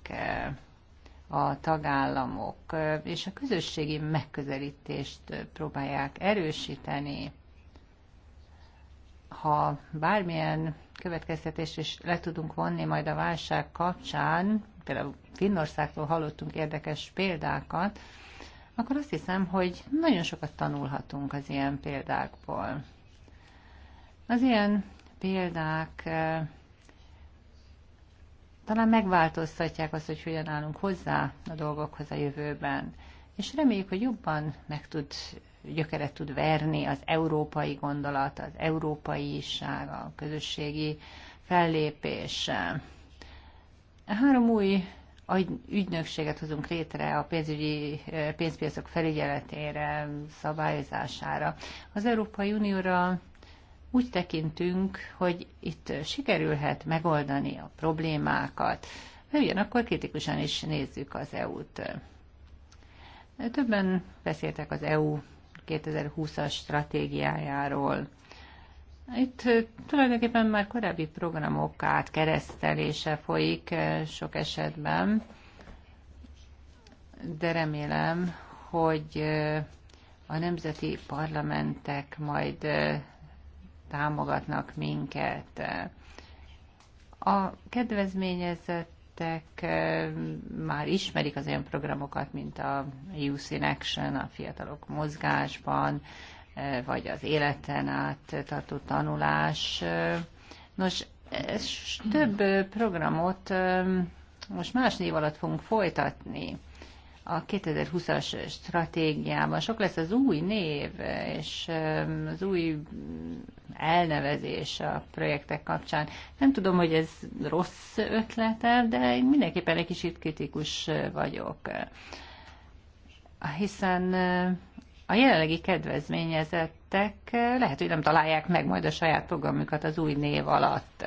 a tagállamok, és a közösségi megközelítést próbálják erősíteni. Ha bármilyen következtetést is le tudunk vonni majd a válság kapcsán, például Finnországtól hallottunk érdekes példákat, akkor azt hiszem, hogy nagyon sokat tanulhatunk az ilyen példákból. Az ilyen példák eh, talán megváltoztatják azt, hogy hogyan állunk hozzá a dolgokhoz a jövőben. És reméljük, hogy jobban meg tud, gyökeret tud verni az európai gondolat, az európaiság, a közösségi fellépése. Három új ügynökséget hozunk létre a pénzügyi eh, pénzpiacok felügyeletére, szabályozására. Az Európai Unióra úgy tekintünk, hogy itt sikerülhet megoldani a problémákat, de ugyanakkor kritikusan is nézzük az EU-t. Többen beszéltek az EU 2020-as stratégiájáról. Itt tulajdonképpen már korábbi programok átkeresztelése folyik sok esetben, de remélem, hogy a nemzeti parlamentek majd támogatnak minket. A kedvezményezettek már ismerik az olyan programokat, mint a Youth in Action, a fiatalok mozgásban, vagy az életen át tartó tanulás. Nos, ez több programot most más név alatt fogunk folytatni. A 2020-as stratégiában sok lesz az új név és az új elnevezés a projektek kapcsán. Nem tudom, hogy ez rossz ötlete, de én mindenképpen egy kicsit kritikus vagyok. Hiszen a jelenlegi kedvezményezettek eh, lehet, hogy nem találják meg majd a saját programjukat az új név alatt.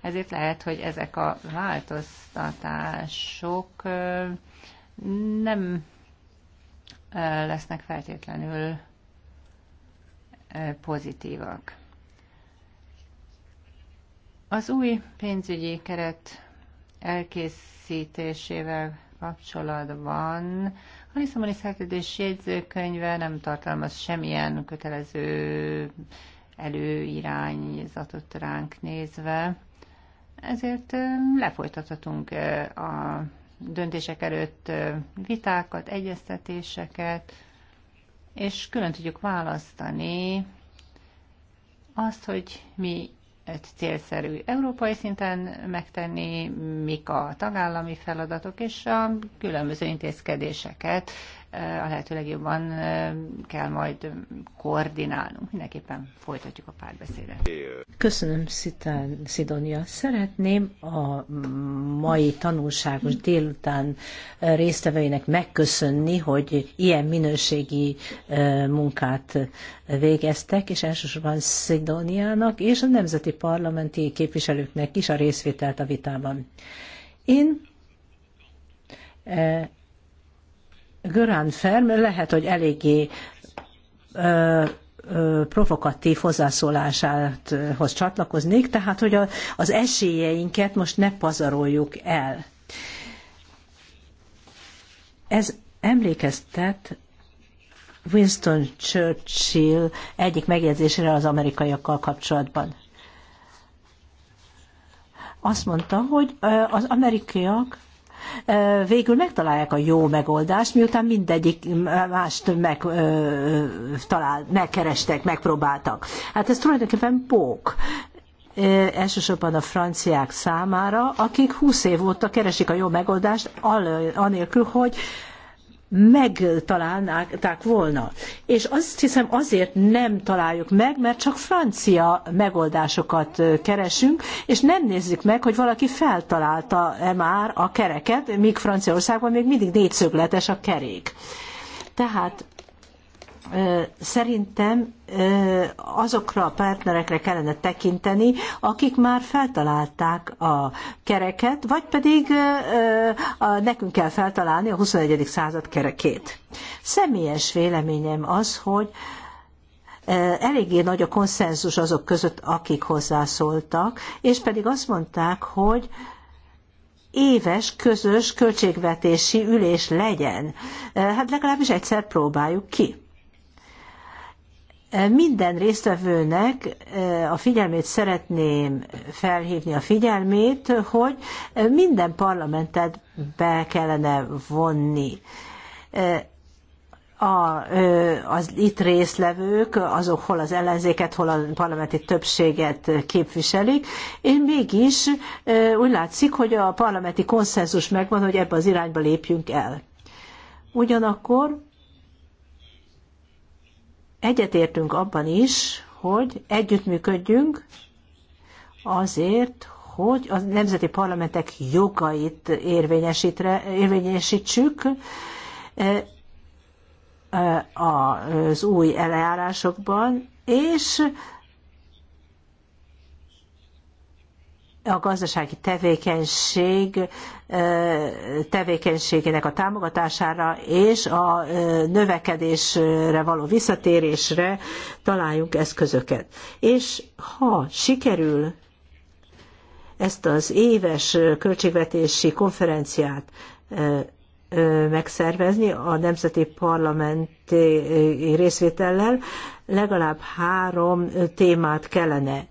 Ezért lehet, hogy ezek a változtatások eh, nem eh, lesznek feltétlenül pozitívak. Az új pénzügyi keret elkészítésével kapcsolatban a Lisszaboni szerződés jegyzőkönyve nem tartalmaz semmilyen kötelező előirányzatot ránk nézve, ezért lefolytathatunk a döntések előtt vitákat, egyeztetéseket, és külön tudjuk választani azt, hogy mi célszerű európai szinten megtenni, mik a tagállami feladatok, és a különböző intézkedéseket a lehető legjobban kell majd koordinálnunk. Mindenképpen folytatjuk a párbeszédet. Köszönöm, Szitán, Szidonia. Szeretném a mai tanulságos délután résztvevőinek megköszönni, hogy ilyen minőségi munkát végeztek, és elsősorban Szidoniának és a nemzeti parlamenti képviselőknek is a részvételt a vitában. Én Görán Ferm lehet, hogy eléggé ö, provokatív hozzászólásához csatlakoznék, tehát hogy a, az esélyeinket most ne pazaroljuk el. Ez emlékeztet Winston Churchill egyik megjegyzésére az amerikaiakkal kapcsolatban. Azt mondta, hogy az amerikaiak végül megtalálják a jó megoldást, miután mindegyik mást meg, talál, megkerestek, megpróbáltak. Hát ez tulajdonképpen pók elsősorban a franciák számára, akik 20 év óta keresik a jó megoldást, anélkül, hogy megtalálnák volna. És azt hiszem azért nem találjuk meg, mert csak francia megoldásokat keresünk, és nem nézzük meg, hogy valaki feltalálta-e már a kereket, míg Franciaországban még mindig négyszögletes a kerék. Tehát Szerintem azokra a partnerekre kellene tekinteni, akik már feltalálták a kereket, vagy pedig nekünk kell feltalálni a 21. század kerekét. Személyes véleményem az, hogy eléggé nagy a konszenzus azok között, akik hozzászóltak, és pedig azt mondták, hogy éves közös költségvetési ülés legyen. Hát legalábbis egyszer próbáljuk ki. Minden résztvevőnek a figyelmét szeretném felhívni a figyelmét, hogy minden parlamentet be kellene vonni. A, az itt részlevők, azok hol az ellenzéket, hol a parlamenti többséget képviselik, és mégis úgy látszik, hogy a parlamenti konszenzus megvan, hogy ebbe az irányba lépjünk el. Ugyanakkor egyetértünk abban is, hogy együttműködjünk azért, hogy a nemzeti parlamentek jogait érvényesítsük e, e, az új eljárásokban, és a gazdasági tevékenység tevékenységének a támogatására és a növekedésre való visszatérésre találjunk eszközöket. És ha sikerül ezt az éves költségvetési konferenciát megszervezni a nemzeti parlamenti részvétellel, legalább három témát kellene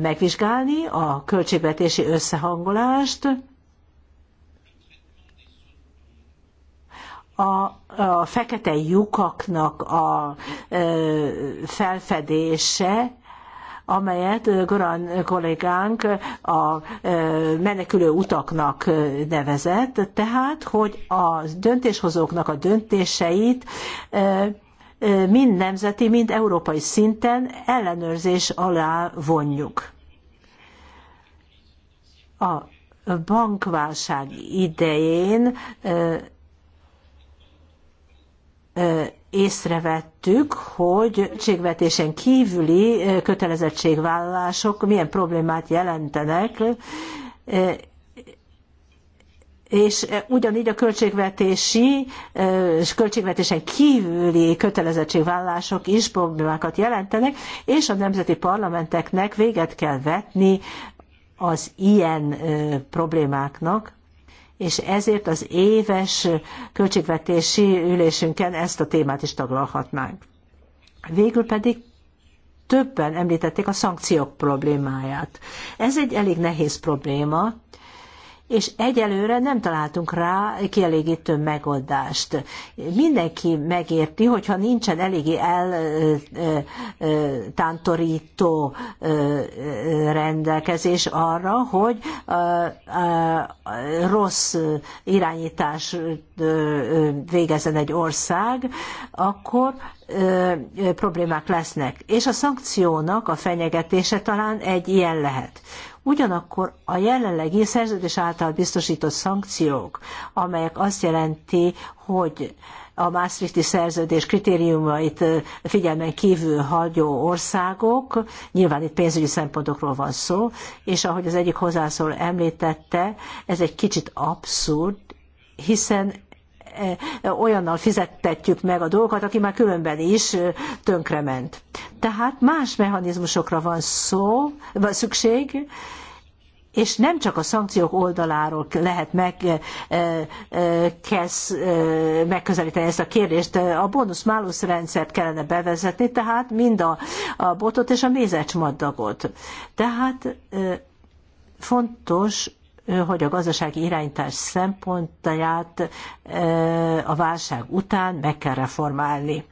megvizsgálni a költségvetési összehangolást, a, a fekete lyukaknak a ö, felfedése, amelyet Goran kollégánk a menekülő utaknak nevezett, tehát, hogy a döntéshozóknak a döntéseit mind nemzeti, mind európai szinten ellenőrzés alá vonjuk. A bankválság idején észrevettük, hogy költségvetésen kívüli kötelezettségvállalások milyen problémát jelentenek, és eh, ugyanígy a költségvetési, eh, költségvetésen kívüli kötelezettségvállások is problémákat jelentenek, és a nemzeti parlamenteknek véget kell vetni az ilyen eh, problémáknak, és ezért az éves költségvetési ülésünken ezt a témát is taglalhatnánk. Végül pedig többen említették a szankciók problémáját. Ez egy elég nehéz probléma, és egyelőre nem találtunk rá kielégítő megoldást. Mindenki megérti, hogyha nincsen eléggé eltántorító rendelkezés arra, hogy rossz irányítás végezzen egy ország, akkor problémák lesznek. És a szankciónak a fenyegetése talán egy ilyen lehet. Ugyanakkor a jelenlegi szerződés által biztosított szankciók, amelyek azt jelenti, hogy a Maastrichti szerződés kritériumait figyelmen kívül hagyó országok, nyilván itt pénzügyi szempontokról van szó, és ahogy az egyik hozzászól említette, ez egy kicsit abszurd, hiszen olyannal fizettetjük meg a dolgokat, aki már különben is tönkrement. Tehát más mechanizmusokra van szó, van szükség, és nem csak a szankciók oldaláról lehet meg, kezd, megközelíteni ezt a kérdést. A bónusz-málusz rendszert kellene bevezetni, tehát mind a, a botot és a mézecsmaddagot. Tehát fontos hogy a gazdasági iránytás szempontját a válság után meg kell reformálni.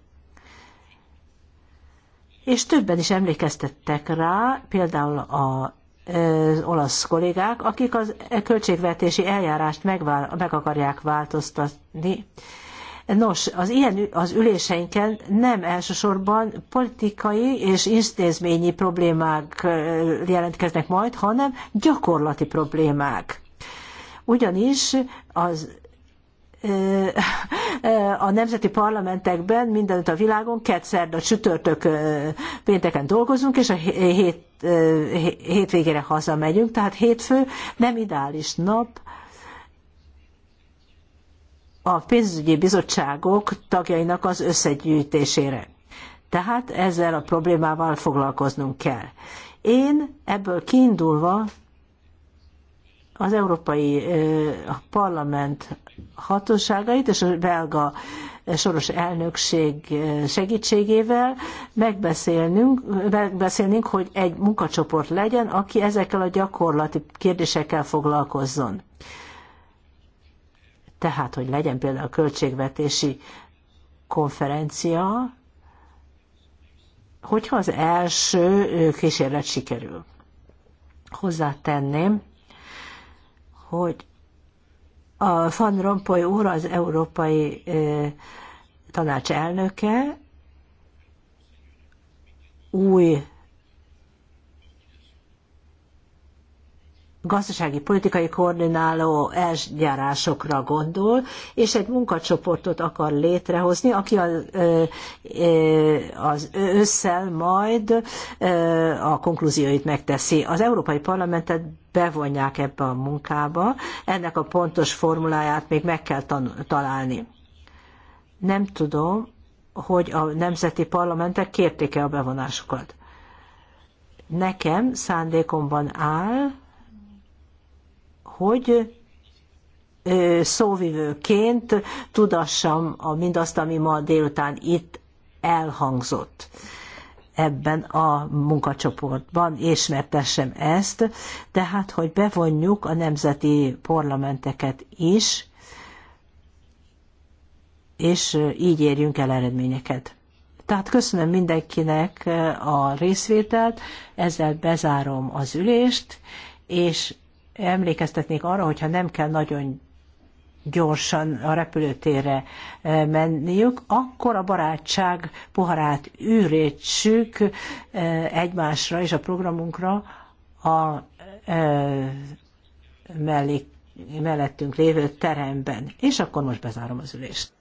És többen is emlékeztettek rá, például a az olasz kollégák, akik az költségvetési eljárást meg akarják változtatni, Nos, az ilyen az üléseinken nem elsősorban politikai és intézményi problémák jelentkeznek majd, hanem gyakorlati problémák. Ugyanis az a nemzeti parlamentekben mindenütt a világon a csütörtök pénteken dolgozunk, és a hét, hétvégére hazamegyünk, tehát hétfő nem ideális nap, a pénzügyi bizottságok tagjainak az összegyűjtésére. Tehát ezzel a problémával foglalkoznunk kell. Én ebből kiindulva az Európai Parlament hatóságait és a belga soros elnökség segítségével megbeszélnünk, megbeszélnünk, hogy egy munkacsoport legyen, aki ezekkel a gyakorlati kérdésekkel foglalkozzon. Tehát, hogy legyen például a költségvetési konferencia, hogyha az első kísérlet sikerül. Hozzátenném, hogy a Van Rompuy úr az Európai Tanács elnöke új gazdasági politikai koordináló eljárásokra gondol, és egy munkacsoportot akar létrehozni, aki az ősszel majd a konklúzióit megteszi. Az Európai Parlamentet bevonják ebbe a munkába, ennek a pontos formuláját még meg kell találni. Nem tudom, hogy a nemzeti parlamentek kérték-e a bevonásukat. Nekem szándékomban áll, hogy szóvivőként tudassam a mindazt, ami ma délután itt elhangzott ebben a munkacsoportban, és mertessem ezt, tehát hogy bevonjuk a nemzeti parlamenteket is, és így érjünk el eredményeket. Tehát köszönöm mindenkinek a részvételt, ezzel bezárom az ülést, és emlékeztetnék arra, hogyha nem kell nagyon gyorsan a repülőtérre eh, menniük, akkor a barátság poharát űrétsük eh, egymásra és a programunkra a eh, mellé, mellettünk lévő teremben. És akkor most bezárom az ülést.